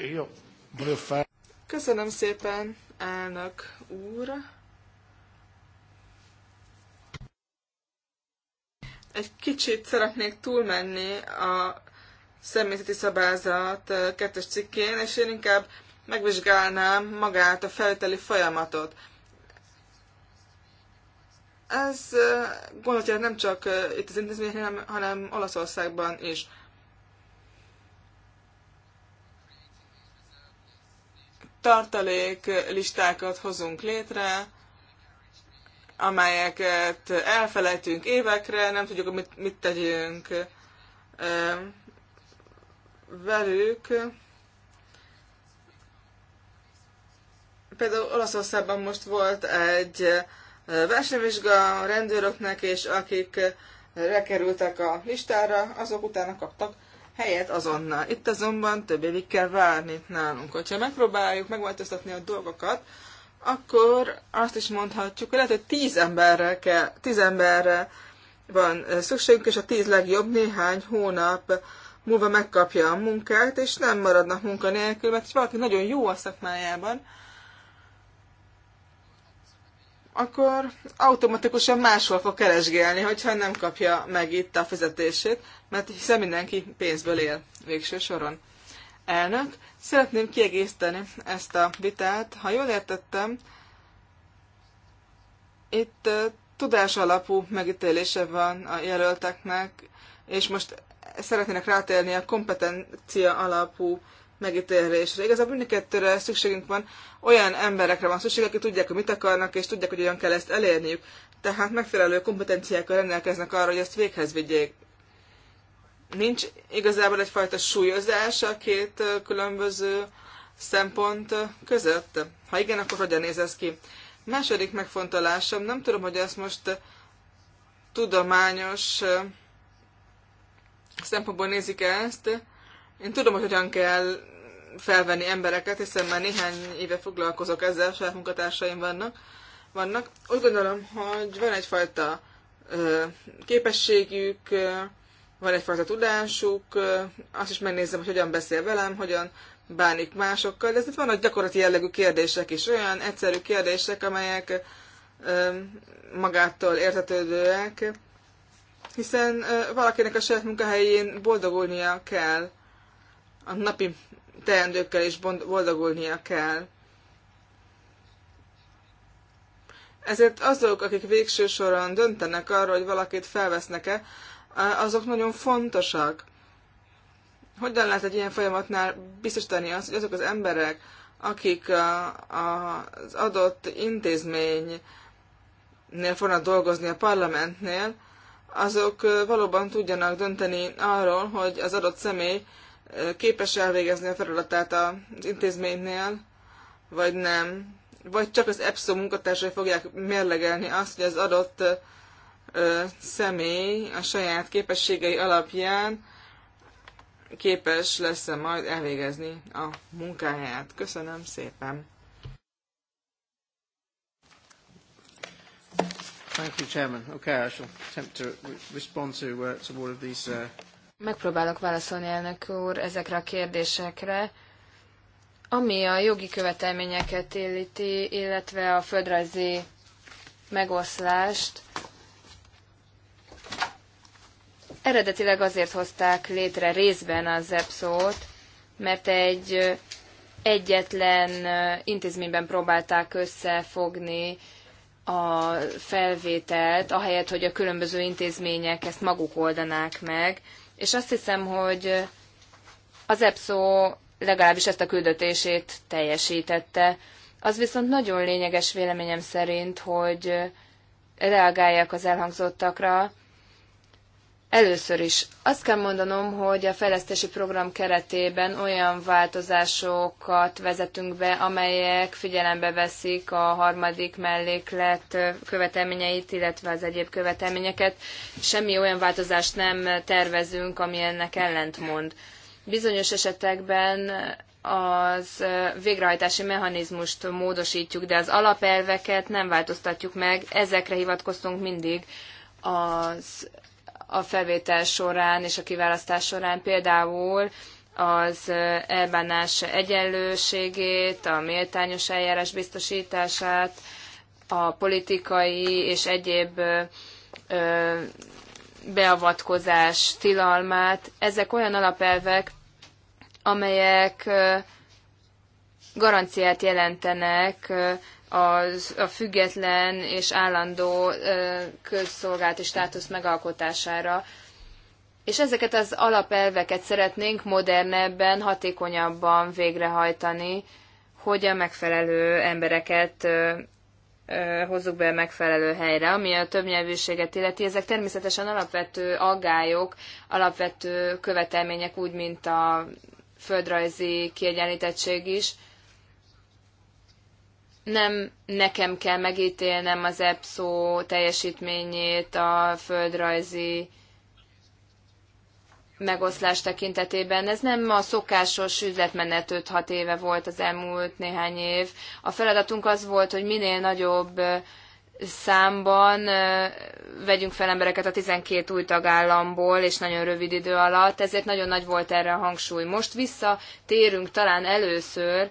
Köszönöm szépen, elnök úr. Egy kicsit szeretnék túlmenni a személyzeti szabályzat kettes cikkén, és én inkább megvizsgálnám magát a felteli folyamatot. Ez gondot jelent nem csak itt az intézményeknél, hanem, hanem Olaszországban is. Tartalék listákat hozunk létre, amelyeket elfelejtünk évekre, nem tudjuk, mit, mit tegyünk velük. Például Olaszországban most volt egy versenyvizsga rendőröknek, és akik lekerültek a listára, azok utána kaptak helyet azonnal. Itt azonban több évig kell várni nálunk. Hogyha megpróbáljuk megváltoztatni a dolgokat, akkor azt is mondhatjuk, hogy lehet, hogy tíz emberre, kell, tíz emberre van szükségünk, és a tíz legjobb néhány hónap múlva megkapja a munkát, és nem maradnak munkanélkül, mert valaki nagyon jó a szakmájában, akkor automatikusan máshol fog keresgélni, hogyha nem kapja meg itt a fizetését, mert hiszen mindenki pénzből él végső soron. Elnök, szeretném kiegészíteni ezt a vitát. Ha jól értettem, itt tudás alapú megítélése van a jelölteknek, és most szeretnének rátérni a kompetencia alapú megítélésre. Igazából mindkettőre szükségünk van, olyan emberekre van szükség, akik tudják, hogy mit akarnak, és tudják, hogy olyan kell ezt elérniük. Tehát megfelelő kompetenciákkal rendelkeznek arra, hogy ezt véghez vigyék. Nincs igazából egyfajta súlyozás a két különböző szempont között? Ha igen, akkor hogyan néz ez ki? Második megfontolásom, nem tudom, hogy ezt most tudományos szempontból nézik ezt. Én tudom, hogy hogyan kell felvenni embereket, hiszen már néhány éve foglalkozok ezzel, saját munkatársaim vannak. vannak. Úgy gondolom, hogy van egyfajta ö, képességük, ö, van egyfajta tudásuk, ö, azt is megnézem, hogy hogyan beszél velem, hogyan bánik másokkal, de ez vannak gyakorlati jellegű kérdések is, olyan egyszerű kérdések, amelyek ö, magától értetődőek, hiszen ö, valakinek a saját munkahelyén boldogulnia kell a napi teendőkkel is boldogulnia kell. Ezért azok, akik végső soron döntenek arról, hogy valakit felvesznek-e, azok nagyon fontosak. Hogyan lehet egy ilyen folyamatnál biztosítani azt, hogy azok az emberek, akik a, a, az adott intézménynél fognak dolgozni a parlamentnél, azok valóban tudjanak dönteni arról, hogy az adott személy képes elvégezni a feladatát az intézménynél, vagy nem. Vagy csak az EPSZO munkatársai fogják mérlegelni azt, hogy az adott személy a saját képességei alapján képes lesz-e majd elvégezni a munkáját. Köszönöm szépen! Thank you, Chairman. Okay, I shall attempt to respond to, uh, to all of these uh, Megpróbálok válaszolni, elnök úr, ezekre a kérdésekre. Ami a jogi követelményeket illeti, illetve a földrajzi megoszlást, eredetileg azért hozták létre részben az epszo t mert egy egyetlen intézményben próbálták összefogni a felvételt, ahelyett, hogy a különböző intézmények ezt maguk oldanák meg és azt hiszem, hogy az EPSZO legalábbis ezt a küldetését teljesítette. Az viszont nagyon lényeges véleményem szerint, hogy reagálják az elhangzottakra, Először is azt kell mondanom, hogy a fejlesztési program keretében olyan változásokat vezetünk be, amelyek figyelembe veszik a harmadik melléklet követelményeit, illetve az egyéb követelményeket. Semmi olyan változást nem tervezünk, ami ennek ellentmond. Bizonyos esetekben az végrehajtási mechanizmust módosítjuk, de az alapelveket nem változtatjuk meg, ezekre hivatkoztunk mindig az a felvétel során és a kiválasztás során, például az elbánás egyenlőségét, a méltányos eljárás biztosítását, a politikai és egyéb beavatkozás tilalmát. Ezek olyan alapelvek, amelyek garanciát jelentenek az, a független és állandó közszolgálati státusz megalkotására. És ezeket az alapelveket szeretnénk modernebben, hatékonyabban végrehajtani, hogy a megfelelő embereket hozzuk be a megfelelő helyre. Ami a többnyelvűséget illeti, ezek természetesen alapvető aggályok, alapvető követelmények, úgy, mint a földrajzi kiegyenlítettség is, nem nekem kell megítélnem az EPSO teljesítményét a földrajzi megoszlás tekintetében. Ez nem a szokásos üzletmenet 5-6 éve volt az elmúlt néhány év. A feladatunk az volt, hogy minél nagyobb számban vegyünk fel embereket a 12 új tagállamból, és nagyon rövid idő alatt, ezért nagyon nagy volt erre a hangsúly. Most visszatérünk talán először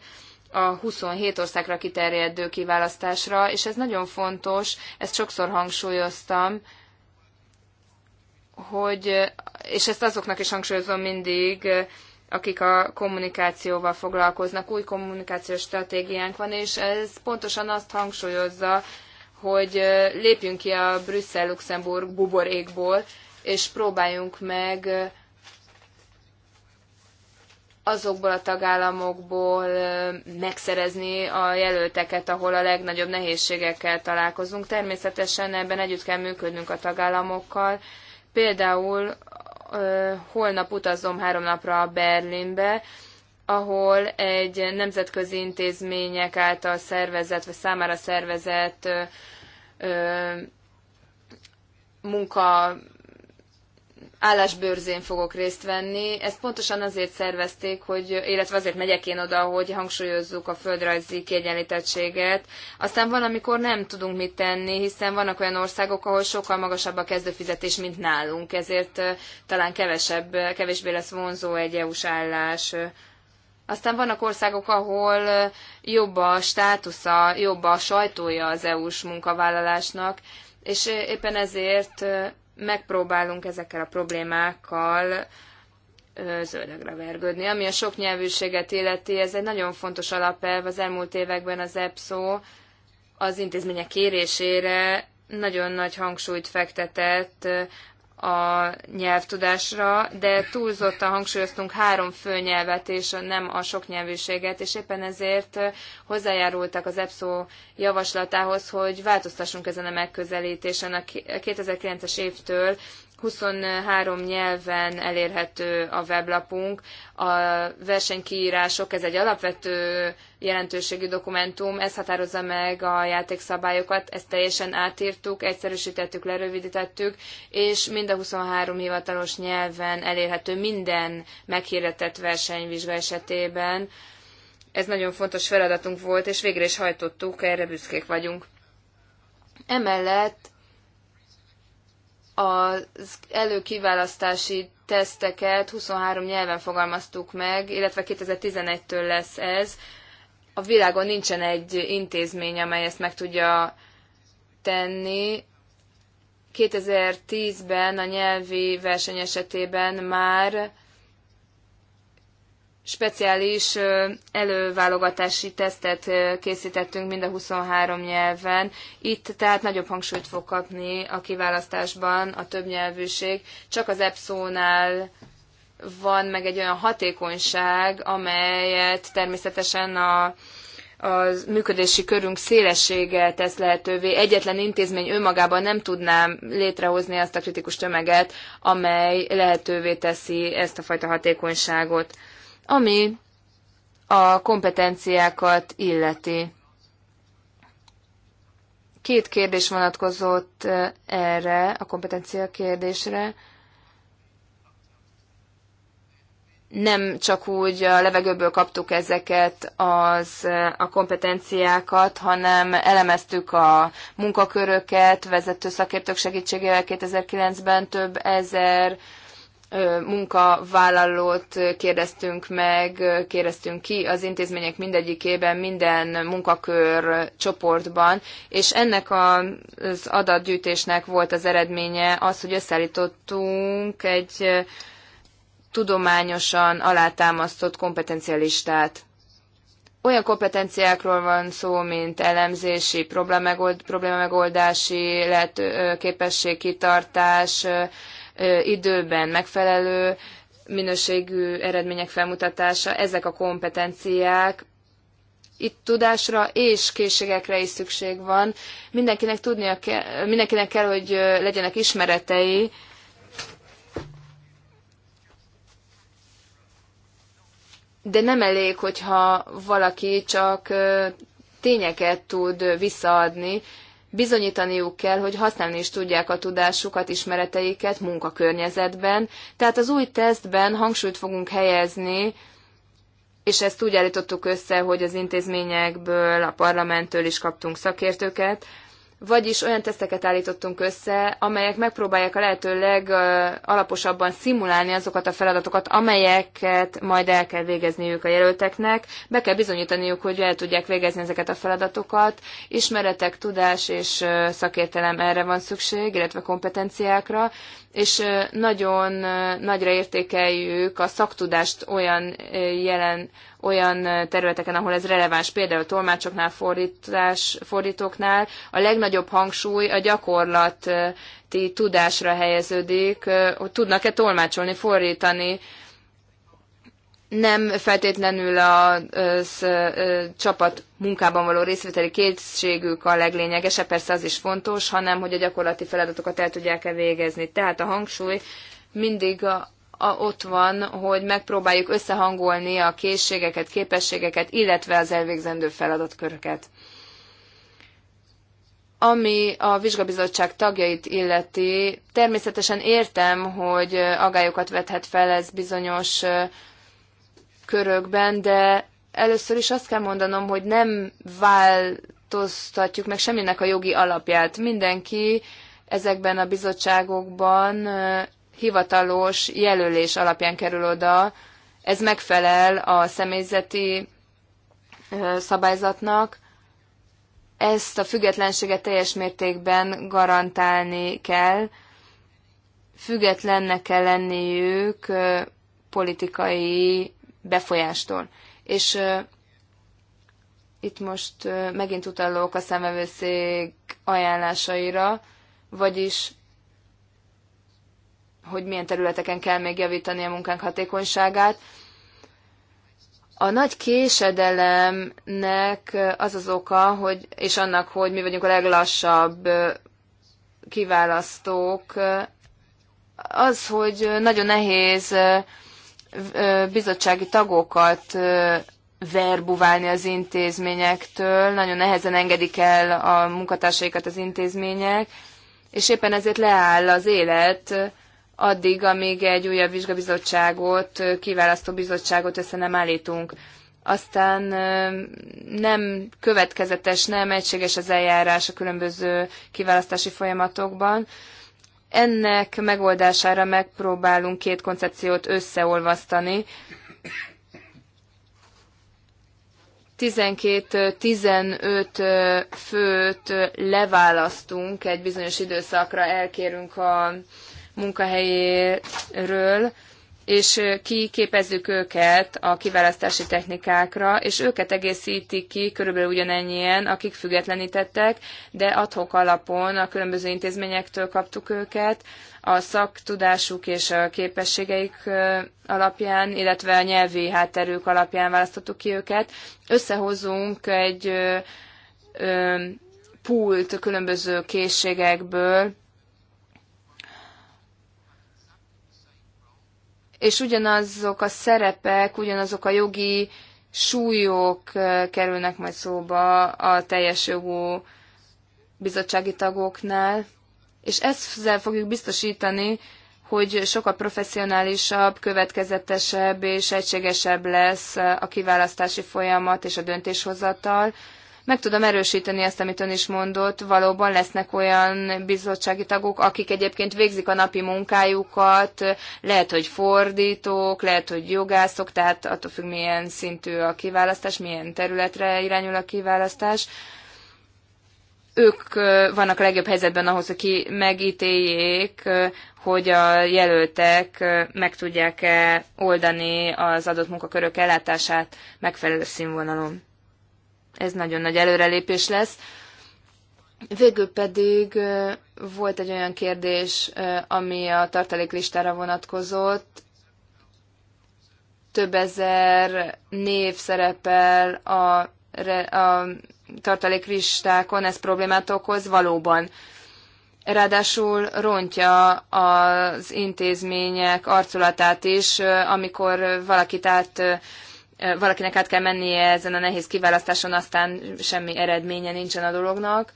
a 27 országra kiterjedő kiválasztásra, és ez nagyon fontos, ezt sokszor hangsúlyoztam, hogy, és ezt azoknak is hangsúlyozom mindig, akik a kommunikációval foglalkoznak, új kommunikációs stratégiánk van, és ez pontosan azt hangsúlyozza, hogy lépjünk ki a Brüsszel-Luxemburg buborékból, és próbáljunk meg azokból a tagállamokból megszerezni a jelölteket, ahol a legnagyobb nehézségekkel találkozunk. Természetesen ebben együtt kell működnünk a tagállamokkal. Például holnap utazom három napra Berlinbe, ahol egy nemzetközi intézmények által szervezett, vagy számára szervezett munka állásbőrzén fogok részt venni. Ezt pontosan azért szervezték, hogy, illetve azért megyek én oda, hogy hangsúlyozzuk a földrajzi kiegyenlítettséget. Aztán valamikor nem tudunk mit tenni, hiszen vannak olyan országok, ahol sokkal magasabb a kezdőfizetés, mint nálunk, ezért talán kevesebb, kevésbé lesz vonzó egy EU-s állás. Aztán vannak országok, ahol jobb a státusza, jobb a sajtója az EU-s munkavállalásnak, és éppen ezért megpróbálunk ezekkel a problémákkal zöldögre vergődni. Ami a sok nyelvűséget illeti, ez egy nagyon fontos alapelv. Az elmúlt években az EPSO az intézmények kérésére nagyon nagy hangsúlyt fektetett a nyelvtudásra, de túlzottan hangsúlyoztunk három főnyelvet és nem a sok nyelvűséget, és éppen ezért hozzájárultak az EPSZO javaslatához, hogy változtassunk ezen a megközelítésen. A 2009-es évtől 23 nyelven elérhető a weblapunk. A versenykiírások, ez egy alapvető jelentőségű dokumentum, ez határozza meg a játékszabályokat, ezt teljesen átírtuk, egyszerűsítettük, lerövidítettük, és mind a 23 hivatalos nyelven elérhető minden meghirdetett versenyvizsga esetében. Ez nagyon fontos feladatunk volt, és végre is hajtottuk, erre büszkék vagyunk. Emellett az előkiválasztási teszteket 23 nyelven fogalmaztuk meg, illetve 2011-től lesz ez. A világon nincsen egy intézmény, amely ezt meg tudja tenni. 2010-ben a nyelvi verseny esetében már speciális előválogatási tesztet készítettünk mind a 23 nyelven. Itt tehát nagyobb hangsúlyt fog kapni a kiválasztásban a többnyelvűség. Csak az epso nál van meg egy olyan hatékonyság, amelyet természetesen a a működési körünk szélessége tesz lehetővé. Egyetlen intézmény önmagában nem tudná létrehozni azt a kritikus tömeget, amely lehetővé teszi ezt a fajta hatékonyságot ami a kompetenciákat illeti. Két kérdés vonatkozott eh, erre, a kompetencia kérdésre. Nem csak úgy a levegőből kaptuk ezeket az, eh, a kompetenciákat, hanem elemeztük a munkaköröket, vezető szakértők segítségével 2009-ben több ezer munkavállalót kérdeztünk meg, kérdeztünk ki az intézmények mindegyikében, minden munkakör csoportban, és ennek az adatgyűjtésnek volt az eredménye az, hogy összeállítottunk egy tudományosan alátámasztott kompetencialistát. Olyan kompetenciákról van szó, mint elemzési, problémamegoldási lehet, képesség, kitartás, időben megfelelő minőségű eredmények felmutatása, ezek a kompetenciák, itt tudásra és készségekre is szükség van. Mindenkinek tudnia kell, mindenkinek kell, hogy legyenek ismeretei, de nem elég, hogyha valaki csak tényeket tud visszaadni, bizonyítaniuk kell, hogy használni is tudják a tudásukat, ismereteiket munkakörnyezetben. Tehát az új tesztben hangsúlyt fogunk helyezni, és ezt úgy állítottuk össze, hogy az intézményekből, a parlamenttől is kaptunk szakértőket, vagyis olyan teszteket állítottunk össze, amelyek megpróbálják a lehető legalaposabban szimulálni azokat a feladatokat, amelyeket majd el kell végezniük a jelölteknek. Be kell bizonyítaniuk, hogy el tudják végezni ezeket a feladatokat. Ismeretek, tudás és szakértelem erre van szükség, illetve kompetenciákra, és nagyon nagyra értékeljük a szaktudást olyan jelen olyan területeken, ahol ez releváns, például tolmácsoknál, fordítás, fordítóknál, a legnagyobb hangsúly a gyakorlati tudásra helyeződik, hogy tudnak-e tolmácsolni, fordítani, nem feltétlenül a az, csapat munkában való részvételi készségük a leglényegesebb, persze az is fontos, hanem hogy a gyakorlati feladatokat el tudják-e végezni. Tehát a hangsúly mindig a, ott van, hogy megpróbáljuk összehangolni a készségeket, képességeket, illetve az elvégzendő feladatköröket. Ami a vizsgabizottság tagjait illeti, természetesen értem, hogy agályokat vethet fel ez bizonyos körökben, de először is azt kell mondanom, hogy nem változtatjuk meg semminek a jogi alapját. Mindenki ezekben a bizottságokban hivatalos jelölés alapján kerül oda. Ez megfelel a személyzeti szabályzatnak. Ezt a függetlenséget teljes mértékben garantálni kell. Függetlennek kell lenniük politikai befolyástól. És itt most megint utalok a szemevőszék ajánlásaira, vagyis hogy milyen területeken kell még javítani a munkánk hatékonyságát. A nagy késedelemnek az az oka, hogy, és annak, hogy mi vagyunk a leglassabb kiválasztók, az, hogy nagyon nehéz bizottsági tagokat verbuválni az intézményektől, nagyon nehezen engedik el a munkatársaikat az intézmények, és éppen ezért leáll az élet addig, amíg egy újabb vizsgabizottságot, kiválasztó bizottságot össze nem állítunk. Aztán nem következetes, nem egységes az eljárás a különböző kiválasztási folyamatokban. Ennek megoldására megpróbálunk két koncepciót összeolvasztani, 12-15 főt leválasztunk egy bizonyos időszakra, elkérünk a munkahelyéről, és kiképezzük őket a kiválasztási technikákra, és őket egészítik ki körülbelül ugyanennyien, akik függetlenítettek, de adhok alapon a különböző intézményektől kaptuk őket, a szaktudásuk és a képességeik alapján, illetve a nyelvi hátterük alapján választottuk ki őket. Összehozunk egy pult különböző készségekből, és ugyanazok a szerepek, ugyanazok a jogi súlyok kerülnek majd szóba a teljes jogú bizottsági tagoknál, és ezzel fogjuk biztosítani, hogy sokkal professzionálisabb, következetesebb és egységesebb lesz a kiválasztási folyamat és a döntéshozatal, meg tudom erősíteni ezt, amit ön is mondott, valóban lesznek olyan bizottsági tagok, akik egyébként végzik a napi munkájukat, lehet, hogy fordítók, lehet, hogy jogászok, tehát attól függ, milyen szintű a kiválasztás, milyen területre irányul a kiválasztás ők vannak a legjobb helyzetben ahhoz, hogy ki megítéljék, hogy a jelöltek meg tudják-e oldani az adott munkakörök ellátását megfelelő színvonalon ez nagyon nagy előrelépés lesz. Végül pedig volt egy olyan kérdés, ami a tartaléklistára vonatkozott. Több ezer név szerepel a, a tartaléklistákon, ez problémát okoz valóban. Ráadásul rontja az intézmények arculatát is, amikor valakit át valakinek át kell mennie ezen a nehéz kiválasztáson, aztán semmi eredménye nincsen a dolognak.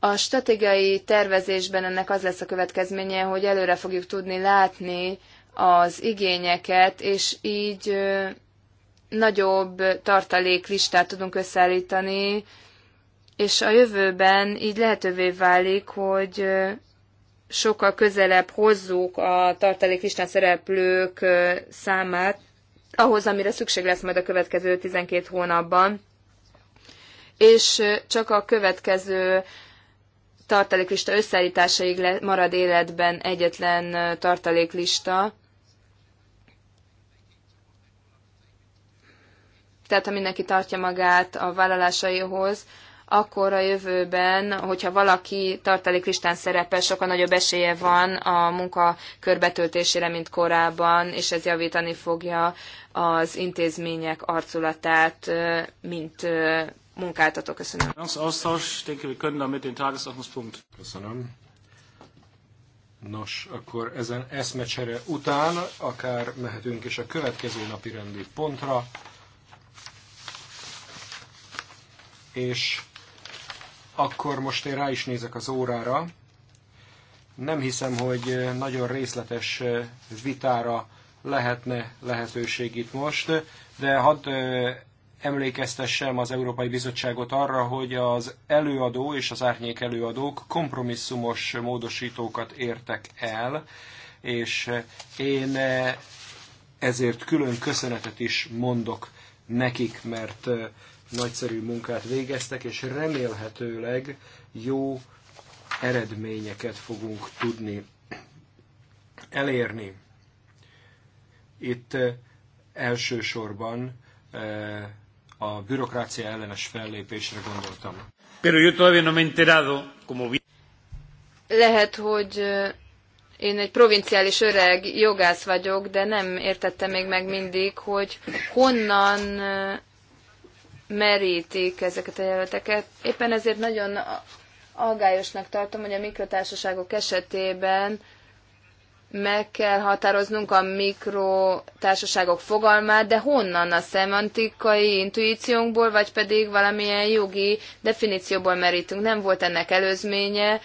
A stratégiai tervezésben ennek az lesz a következménye, hogy előre fogjuk tudni látni az igényeket, és így nagyobb tartaléklistát tudunk összeállítani, és a jövőben így lehetővé válik, hogy sokkal közelebb hozzuk a tartaléklistán szereplők számát ahhoz, amire szükség lesz majd a következő 12 hónapban, és csak a következő tartaléklista összeállításaig marad életben egyetlen tartaléklista. Tehát ha mindenki tartja magát a vállalásaihoz, akkor a jövőben, hogyha valaki tartalék listán szerepel, sokkal nagyobb esélye van a munka körbetöltésére, mint korábban, és ez javítani fogja az intézmények arculatát, mint munkáltató. Köszönöm. Köszönöm. Nos, akkor ezen eszmecsere után akár mehetünk is a következő napi rendi pontra, és akkor most én rá is nézek az órára. Nem hiszem, hogy eh, nagyon részletes eh, vitára lehetne lehetőség itt most, de hadd eh, emlékeztessem az Európai Bizottságot arra, hogy az előadó és az árnyék előadók kompromisszumos módosítókat értek el, és én ezért külön köszönetet is mondok nekik, mert nagyszerű munkát végeztek, és remélhetőleg jó eredményeket fogunk tudni elérni. Itt eh, elsősorban eh, a bürokrácia ellenes fellépésre gondoltam. Pero yo todavía no me he enterado, como vi... Lehet, hogy eh, én egy provinciális öreg jogász vagyok, de nem értettem még meg mindig, hogy honnan merítik ezeket a jelölteket. Éppen ezért nagyon aggályosnak tartom, hogy a mikrotársaságok esetében meg kell határoznunk a mikrotársaságok fogalmát, de honnan a szemantikai intuíciónkból, vagy pedig valamilyen jogi definícióból merítünk. Nem volt ennek előzménye,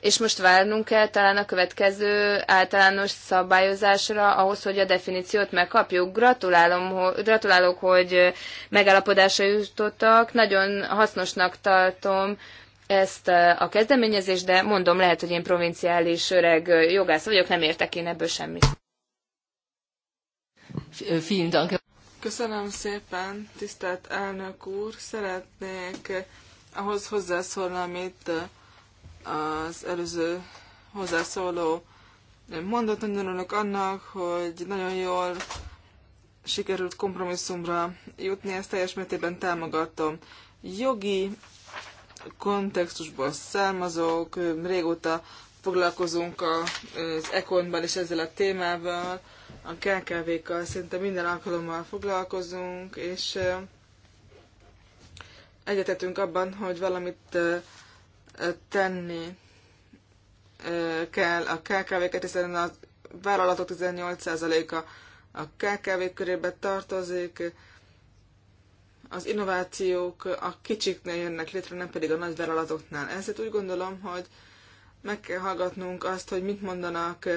és most várnunk kell talán a következő általános szabályozásra ahhoz, hogy a definíciót megkapjuk. Gratulálom, gratulálok, hogy megállapodásra jutottak. Nagyon hasznosnak tartom ezt eh, a kezdeményezést, de mondom, lehet, hogy én provinciális öreg eh, jogász vagyok, nem értek én ebből semmit. Köszönöm szépen, tisztelt elnök úr. Szeretnék eh, ahhoz hozzászólni, amit az előző hozzászóló mondott, nagyon örülök annak, hogy nagyon jól sikerült kompromisszumra jutni, ezt teljes mértékben támogatom. Jogi kontextusból származók, régóta foglalkozunk az Econban és ezzel a témával, a KKV-kkal szinte minden alkalommal foglalkozunk, és egyetetünk abban, hogy valamit tenni kell a KKV-ket, hiszen a vállalatok 18%-a a KKV körébe tartozik, az innovációk a kicsiknél jönnek létre, nem pedig a vállalatoknál. Ezért úgy gondolom, hogy meg kell hallgatnunk azt, hogy mit mondanak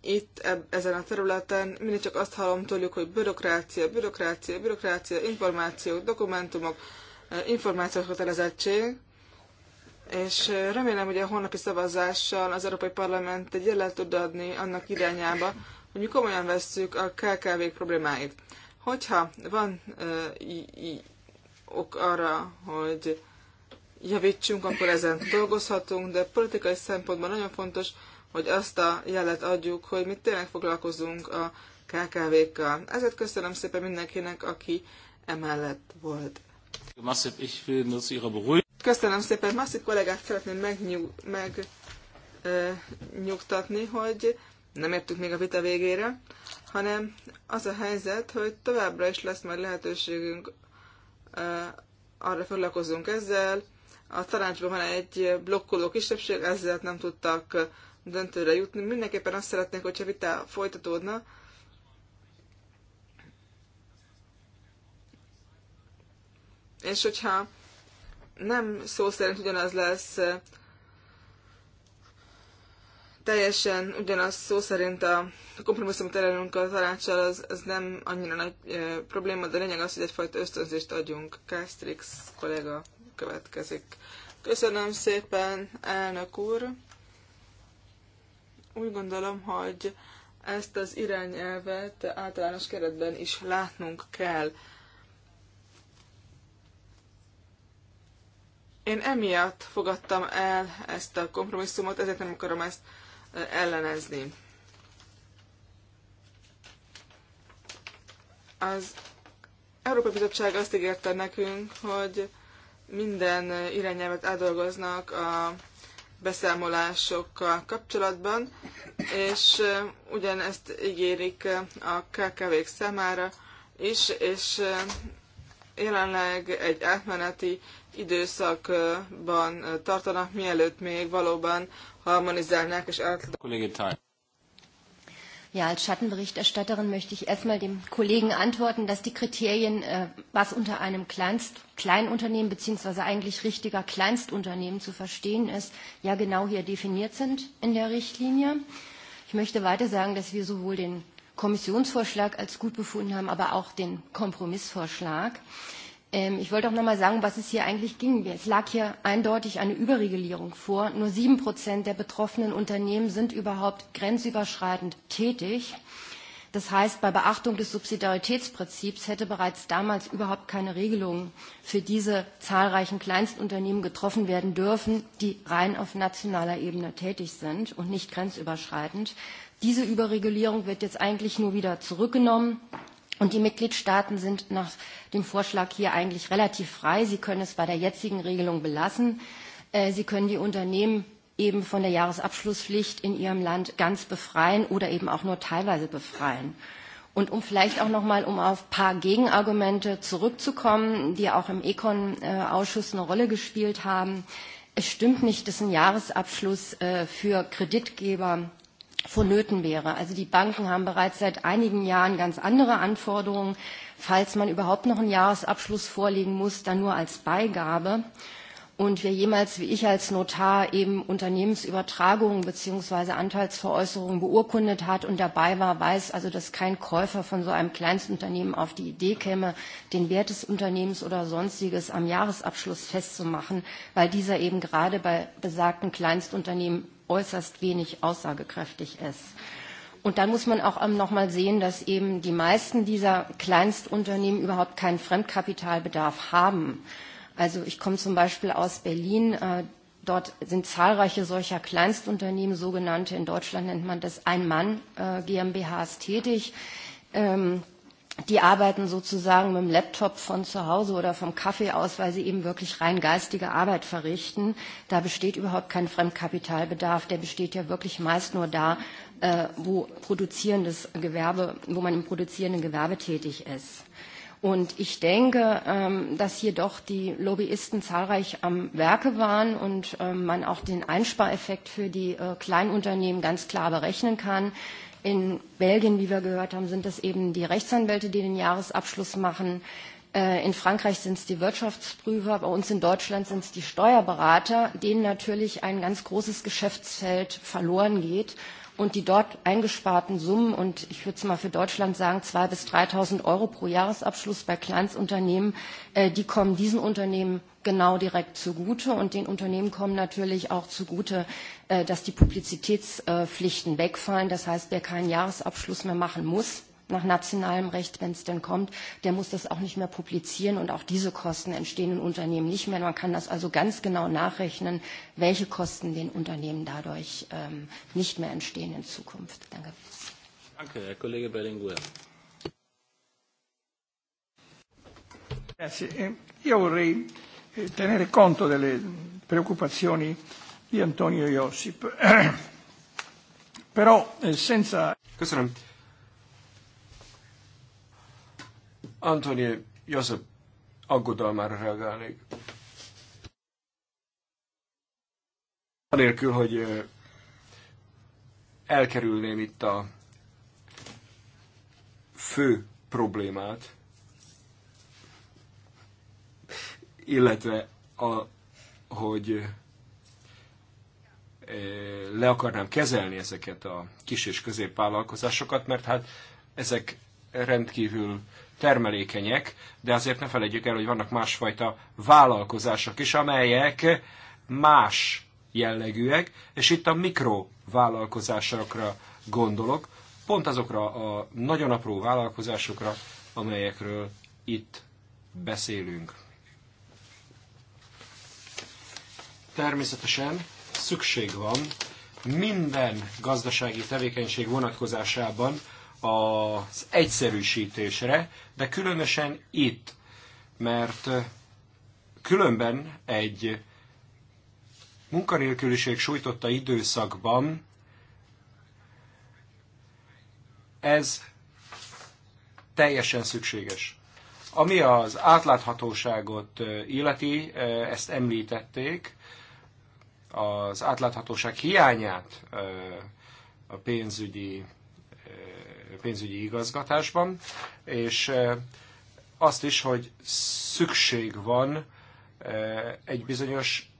itt, ezen a területen. Mindig csak azt hallom tőlük, hogy bürokrácia, bürokrácia, bürokrácia, információk, dokumentumok, információk kötelezettség és remélem, hogy a holnapi szavazással az Európai Parlament egy jelet tud adni annak irányába, hogy mi komolyan vesszük a kkv problémáit. Hogyha van ok arra, hogy javítsunk, akkor ezen dolgozhatunk, de politikai szempontban nagyon fontos, hogy azt a jelet adjuk, hogy mi tényleg foglalkozunk a KKV-kkal. Ezért köszönöm szépen mindenkinek, aki emellett volt. Köszönöm szépen. Másik kollégát szeretném megnyugtatni, meg, hogy nem értük még a vita végére, hanem az a helyzet, hogy továbbra is lesz majd lehetőségünk arra foglalkozunk ezzel. A tanácsban van egy blokkoló kisebbség, ezzel nem tudtak döntőre jutni. Mindenképpen azt szeretnék, hogyha vita folytatódna, és hogyha nem szó szerint ugyanaz lesz teljesen ugyanaz szó szerint a kompromisszumot elérünk a tanácssal, az, az nem annyira nagy e, probléma, de lényeg az, hogy egyfajta ösztönzést adjunk. Kástrix kollega következik. Köszönöm szépen, elnök úr! Úgy gondolom, hogy ezt az irányelvet általános keretben is látnunk kell. Én emiatt fogadtam el ezt a kompromisszumot, ezért nem akarom ezt ellenezni. Az Európai Bizottság azt ígérte nekünk, hogy minden irányelvet átdolgoznak a beszámolásokkal kapcsolatban, és ugyanezt ígérik a KKV-k számára is, és jelenleg egy átmeneti időszakban tartanak, mielőtt még valóban harmonizálnák és átlagokat. Ja, als Schattenberichterstatterin möchte ich erstmal dem Kollegen antworten, dass die Kriterien, äh, was unter einem Kleinst Kleinunternehmen bzw. eigentlich richtiger Kleinstunternehmen zu verstehen ist, ja genau hier definiert sind in der Richtlinie. Ich möchte weiter sagen, dass wir sowohl den Kommissionsvorschlag als gut befunden haben, aber auch den Kompromissvorschlag. Äh, Ähm, ich wollte auch nochmal sagen, was es hier eigentlich ging. Es lag hier eindeutig eine Überregulierung vor. Nur sieben Prozent der betroffenen Unternehmen sind überhaupt grenzüberschreitend tätig. Das heißt, bei Beachtung des Subsidiaritätsprinzips hätte bereits damals überhaupt keine Regelung für diese zahlreichen Kleinstunternehmen getroffen werden dürfen, die rein auf nationaler Ebene tätig sind und nicht grenzüberschreitend. Diese Überregulierung wird jetzt eigentlich nur wieder zurückgenommen Und die Mitgliedstaaten sind nach dem Vorschlag hier eigentlich relativ frei. Sie können es bei der jetzigen Regelung belassen. Äh, sie können die Unternehmen eben von der Jahresabschlusspflicht in ihrem Land ganz befreien oder eben auch nur teilweise befreien. Und um vielleicht auch nochmal, um auf ein paar Gegenargumente zurückzukommen, die auch im Econ-Ausschuss eine Rolle gespielt haben. Es stimmt nicht, dass ein Jahresabschluss äh, für Kreditgeber vonnöten wäre. Also die Banken haben bereits seit einigen Jahren ganz andere Anforderungen, falls man überhaupt noch einen Jahresabschluss vorlegen muss, dann nur als Beigabe. Und wer jemals, wie ich als Notar, eben Unternehmensübertragungen bzw. Anteilsveräußerungen beurkundet hat und dabei war, weiß also, dass kein Käufer von so einem Kleinstunternehmen auf die Idee käme, den Wert des Unternehmens oder sonstiges am Jahresabschluss festzumachen, weil dieser eben gerade bei besagten Kleinstunternehmen äußerst wenig aussagekräftig ist. Und dann muss man auch nochmal sehen, dass eben die meisten dieser Kleinstunternehmen überhaupt keinen Fremdkapitalbedarf haben. Also ich komme zum Beispiel aus Berlin. Äh, dort sind zahlreiche solcher Kleinstunternehmen, sogenannte, in Deutschland nennt man das Ein-Mann-GmbHs äh, tätig. Ähm, die arbeiten sozusagen mit dem Laptop von zu Hause oder vom Kaffee aus, weil sie eben wirklich rein geistige Arbeit verrichten. Da besteht überhaupt kein Fremdkapitalbedarf. Der besteht ja wirklich meist nur da, äh, wo produzierendes Gewerbe, wo man im produzierenden Gewerbe tätig ist. Und ich denke, ähm, dass hier doch die Lobbyisten zahlreich am Werke waren und ähm, man auch den Einspareffekt für die äh, Kleinunternehmen ganz klar berechnen kann. In Belgien, wie wir gehört haben, sind das eben die Rechtsanwälte, die den Jahresabschluss machen. Äh, in Frankreich sind es die Wirtschaftsprüfer, bei uns in Deutschland sind es die Steuerberater, denen natürlich ein ganz großes Geschäftsfeld verloren geht und die dort eingesparten Summen und ich würde es mal für Deutschland sagen, 2.000 bis 3.000 Euro pro Jahresabschluss bei Kleinstunternehmen, äh, die kommen diesen Unternehmen genau direkt zugute und den Unternehmen kommen natürlich auch zugute, äh, dass die Publizitätspflichten wegfallen. Das heißt, wer keinen Jahresabschluss mehr machen muss, nach nationalem Recht, wenn es denn kommt, der muss das auch nicht mehr publizieren und auch diese Kosten entstehen in Unternehmen nicht mehr. Man kann das also ganz genau nachrechnen, welche Kosten den Unternehmen dadurch ähm, nicht mehr entstehen in Zukunft. Danke. Danke, Herr Kollege Berlinguer. Grazie. Eh, io vorrei eh, tenere conto delle preoccupazioni di Antonio Josip, però eh, senza... Cosa non... Antoni, Josep aggodalmára reagálnék. Anélkül, hogy elkerülném itt a fő problémát, illetve a, hogy le akarnám kezelni ezeket a kis és középvállalkozásokat, mert hát ezek rendkívül termelékenyek, de azért ne felejtjük el, hogy vannak másfajta vállalkozások is, amelyek más jellegűek, és itt a mikrovállalkozásokra gondolok, pont azokra a nagyon apró vállalkozásokra, amelyekről itt beszélünk. Természetesen szükség van minden gazdasági tevékenység vonatkozásában az egyszerűsítésre, de különösen itt, mert különben egy munkanélküliség sújtotta időszakban ez teljesen szükséges. Ami az átláthatóságot illeti, ezt említették, az átláthatóság hiányát a pénzügyi pénzügyi igazgatásban, és azt is, hogy szükség van egy bizonyos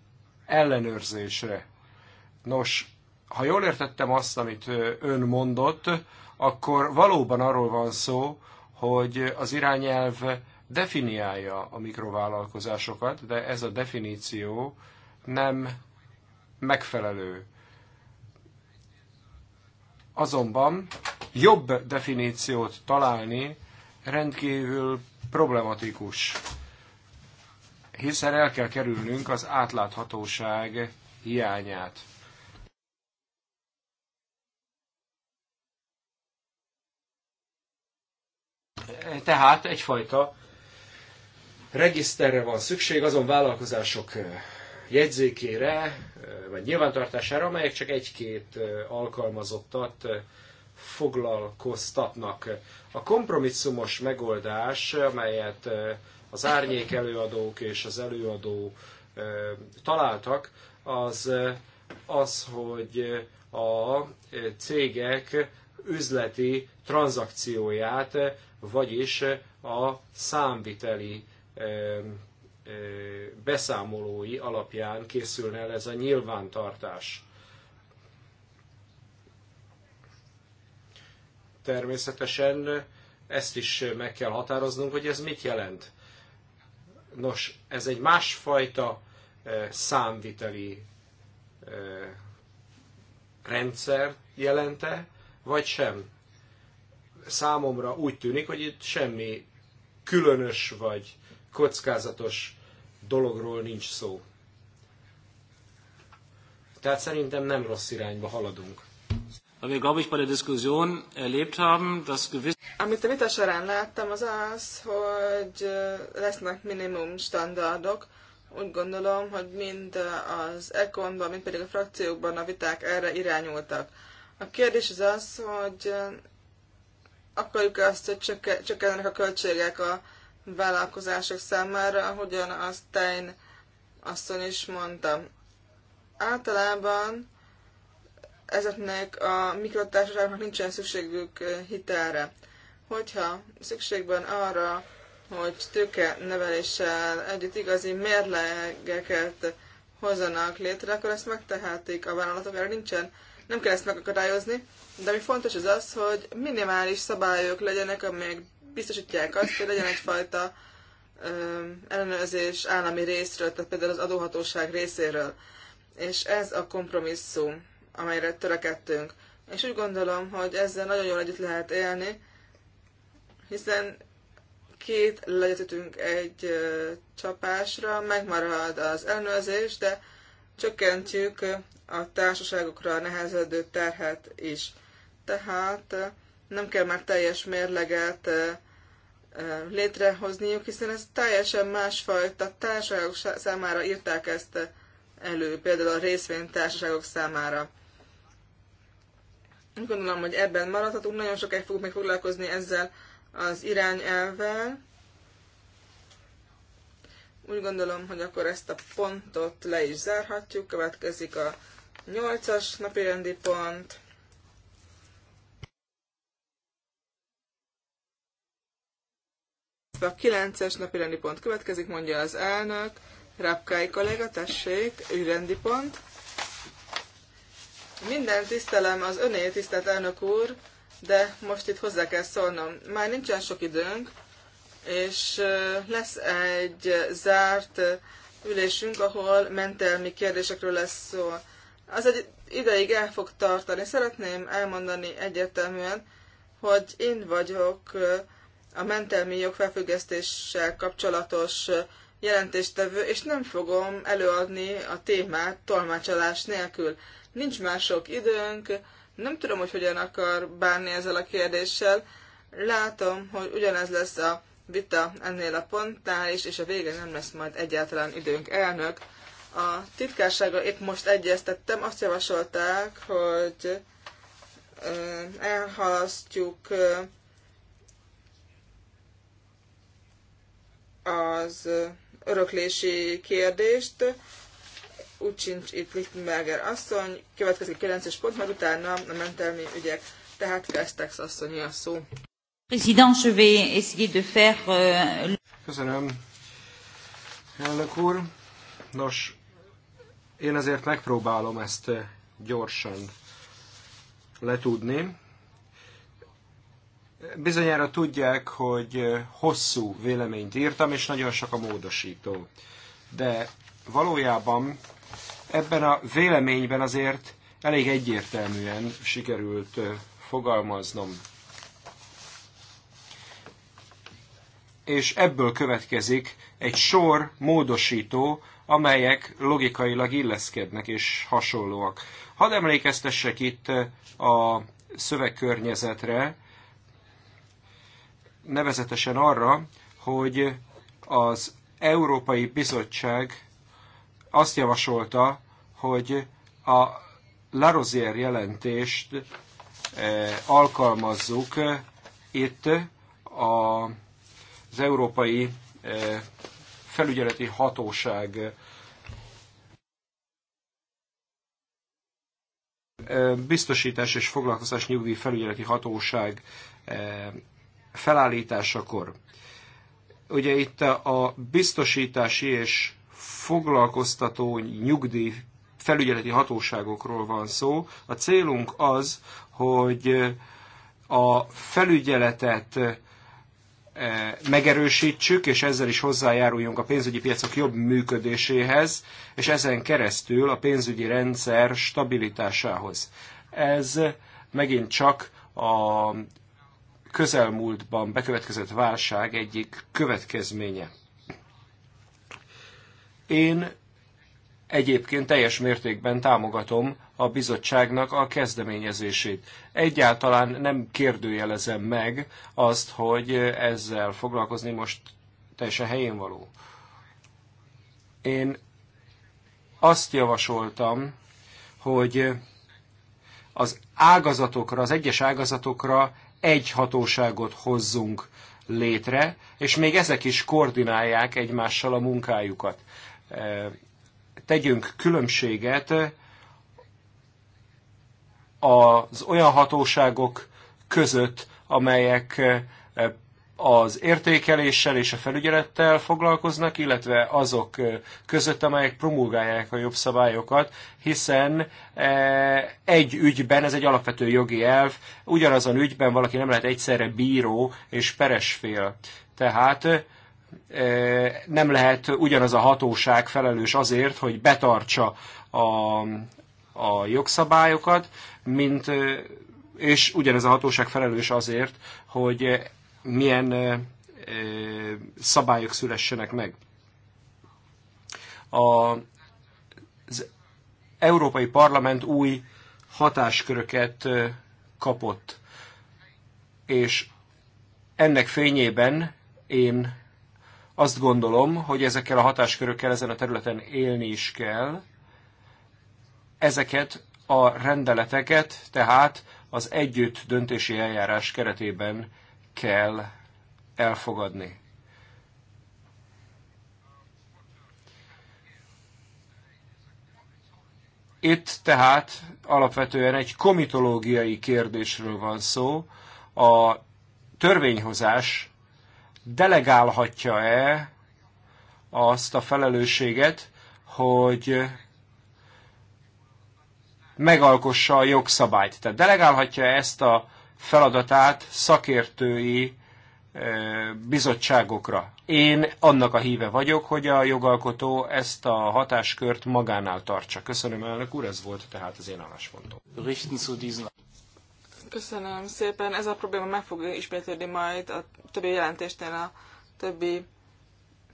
ellenőrzésre. Nos, ha jól értettem azt, amit ön mondott, akkor valóban arról van szó, hogy az irányelv definiálja a mikrovállalkozásokat, de ez a definíció nem megfelelő azonban jobb definíciót találni rendkívül problematikus, hiszen el kell kerülnünk az átláthatóság hiányát. Tehát egyfajta regiszterre van szükség azon vállalkozások jegyzékére, Eh, vagy nyilvántartására, amelyek csak egy-két eh, alkalmazottat eh, foglalkoztatnak. A kompromisszumos megoldás, amelyet az árnyék előadók és az előadó találtak, az az, hogy a cégek üzleti tranzakcióját, vagyis a számviteli beszámolói alapján készülne el ez a nyilvántartás. Természetesen ezt is meg kell határoznunk, hogy ez mit jelent. Nos, ez egy másfajta számviteli rendszer jelente, vagy sem. Számomra úgy tűnik, hogy itt semmi különös vagy kockázatos dologról nincs szó. Tehát szerintem nem rossz irányba haladunk. Amit a vita során láttam, az az, hogy lesznek minimum standardok. Úgy gondolom, hogy mind az ekonban, mind pedig a frakciókban a viták erre irányultak. A kérdés az az, hogy akarjuk azt, hogy csökkenjenek a költségek a vállalkozások számára, ahogyan a Stein asszony is mondta. Általában ezeknek a mikrotársaságoknak nincsen szükségük eh, hitelre. Hogyha szükség van arra, hogy tőke neveléssel együtt igazi mérlegeket hozzanak létre, akkor ezt megtehetik a vállalatok, erre nincsen, nem kell ezt megakadályozni, de ami fontos az az, hogy minimális szabályok legyenek, amelyek biztosítják azt, hogy legyen egyfajta ellenőrzés állami részről, tehát például az adóhatóság részéről. És ez a kompromisszum, amelyre törekedtünk. És úgy gondolom, hogy ezzel nagyon jól együtt lehet élni, hiszen két legyetütünk egy csapásra, megmarad az ellenőrzés, de csökkentjük a társaságokra nehezedő terhet is. Tehát nem kell már teljes mérleget létrehozniuk, hiszen ez teljesen másfajta társaságok számára írták ezt elő, például a részvénytársaságok számára. Gondolom, hogy ebben maradhatunk, nagyon sokáig fogunk még foglalkozni ezzel az irányelvvel. Úgy gondolom, hogy akkor ezt a pontot le is zárhatjuk, következik a nyolcas napi rendi pont. A kilences napi rendi pont következik, mondja az elnök. Rapkai kolléga, tessék, ügyrendi pont. Minden tisztelem az öné, tisztelt elnök úr, de most itt hozzá kell szólnom. Már nincsen sok időnk, és lesz egy zárt ülésünk, ahol mentelmi kérdésekről lesz szó. Az egy ideig el fog tartani. Szeretném elmondani egyértelműen, hogy én vagyok a mentelmi jog felfüggesztéssel kapcsolatos jelentéstevő, és nem fogom előadni a témát tolmácsolás nélkül. Nincs már sok időnk, nem tudom, hogy hogyan akar bánni ezzel a kérdéssel. Látom, hogy ugyanez lesz a vita ennél a pontnál is, és a vége nem lesz majd egyáltalán időnk elnök. A titkársággal épp most egyeztettem, azt javasolták, hogy elhalasztjuk az öröklési kérdést. Úgy sincs itt Lichtenberger asszony. Következik 9-es pont, mert utána a mentelmi ügyek. Tehát kezdtek asszonyi a szó. Euh, Köszönöm, elnök úr. Nos, én ezért megpróbálom ezt euh, gyorsan letudni. Bizonyára tudják, hogy hosszú véleményt írtam, és nagyon sok a módosító. De valójában ebben a véleményben azért elég egyértelműen sikerült fogalmaznom. És ebből következik egy sor módosító, amelyek logikailag illeszkednek és hasonlóak. Hadd emlékeztessek itt a szövegkörnyezetre, nevezetesen arra, hogy az Európai Bizottság azt javasolta, hogy a Larosier jelentést eh, alkalmazzuk itt az Európai eh, Felügyeleti Hatóság eh, biztosítás és foglalkozás nyugdíj felügyeleti hatóság felállításakor. Ugye itt a biztosítási és foglalkoztató nyugdíj felügyeleti hatóságokról van szó. A célunk az, hogy a felügyeletet e, megerősítsük, és ezzel is hozzájáruljunk a pénzügyi piacok jobb működéséhez, és ezen keresztül a pénzügyi rendszer stabilitásához. Ez megint csak a közelmúltban bekövetkezett válság egyik következménye. Én egyébként teljes mértékben támogatom a bizottságnak a kezdeményezését. Egyáltalán nem kérdőjelezem meg azt, hogy ezzel foglalkozni most teljesen helyén való. Én azt javasoltam, hogy az ágazatokra, az egyes ágazatokra egy hatóságot hozzunk létre, és még ezek is koordinálják egymással a munkájukat. E, tegyünk különbséget az olyan hatóságok között, amelyek e, az értékeléssel és a felügyelettel foglalkoznak, illetve azok között, amelyek promulgálják a jobb szabályokat, hiszen e, egy ügyben, ez egy alapvető jogi elv, ugyanazon ügyben valaki nem lehet egyszerre bíró és peresfél. Tehát nem lehet ugyanaz a hatóság felelős azért, hogy betartsa a, a jogszabályokat, mint és ugyanez a hatóság felelős azért, hogy milyen szabályok szülessenek meg. Az Európai Parlament új hatásköröket kapott, és ennek fényében én azt gondolom, hogy ezekkel a hatáskörökkel ezen a területen élni is kell. Ezeket a rendeleteket tehát az együtt döntési eljárás keretében kell elfogadni. Itt tehát alapvetően egy komitológiai kérdésről van szó. A törvényhozás delegálhatja-e azt a felelősséget, hogy megalkossa a jogszabályt. Tehát delegálhatja ezt a feladatát szakértői bizottságokra. Én annak a híve vagyok, hogy a jogalkotó ezt a hatáskört magánál tartsa. Köszönöm, elnök úr, ez volt tehát az én álláspontom. Köszönöm szépen. Ez a probléma meg fog ismétlődni majd a többi jelentésnél, a többi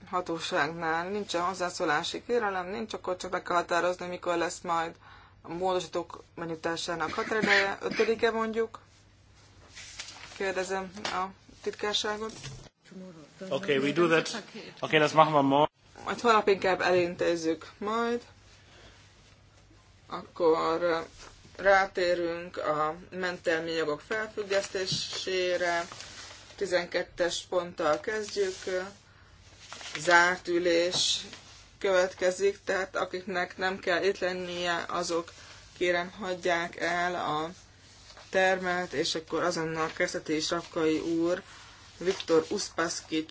hatóságnál. nincs, a hozzászólási kérelem, nincs, akkor csak meg kell határozni, mikor lesz majd a módosítók benyújtásának határideje, ötödike mondjuk. Kérdezem, a titkárságot. Okay, we do that. Okay, das machen wir morgen. Majd holnap inkább elintézzük majd. Akkor rátérünk a mentelmi jogok felfüggesztésére. 12-es ponttal kezdjük. Zárt ülés következik, tehát akiknek nem kell itt lennie, azok kérem hagyják el a termelt, és akkor azonnal kezdheti is Rapkai úr Viktor Uspaszkic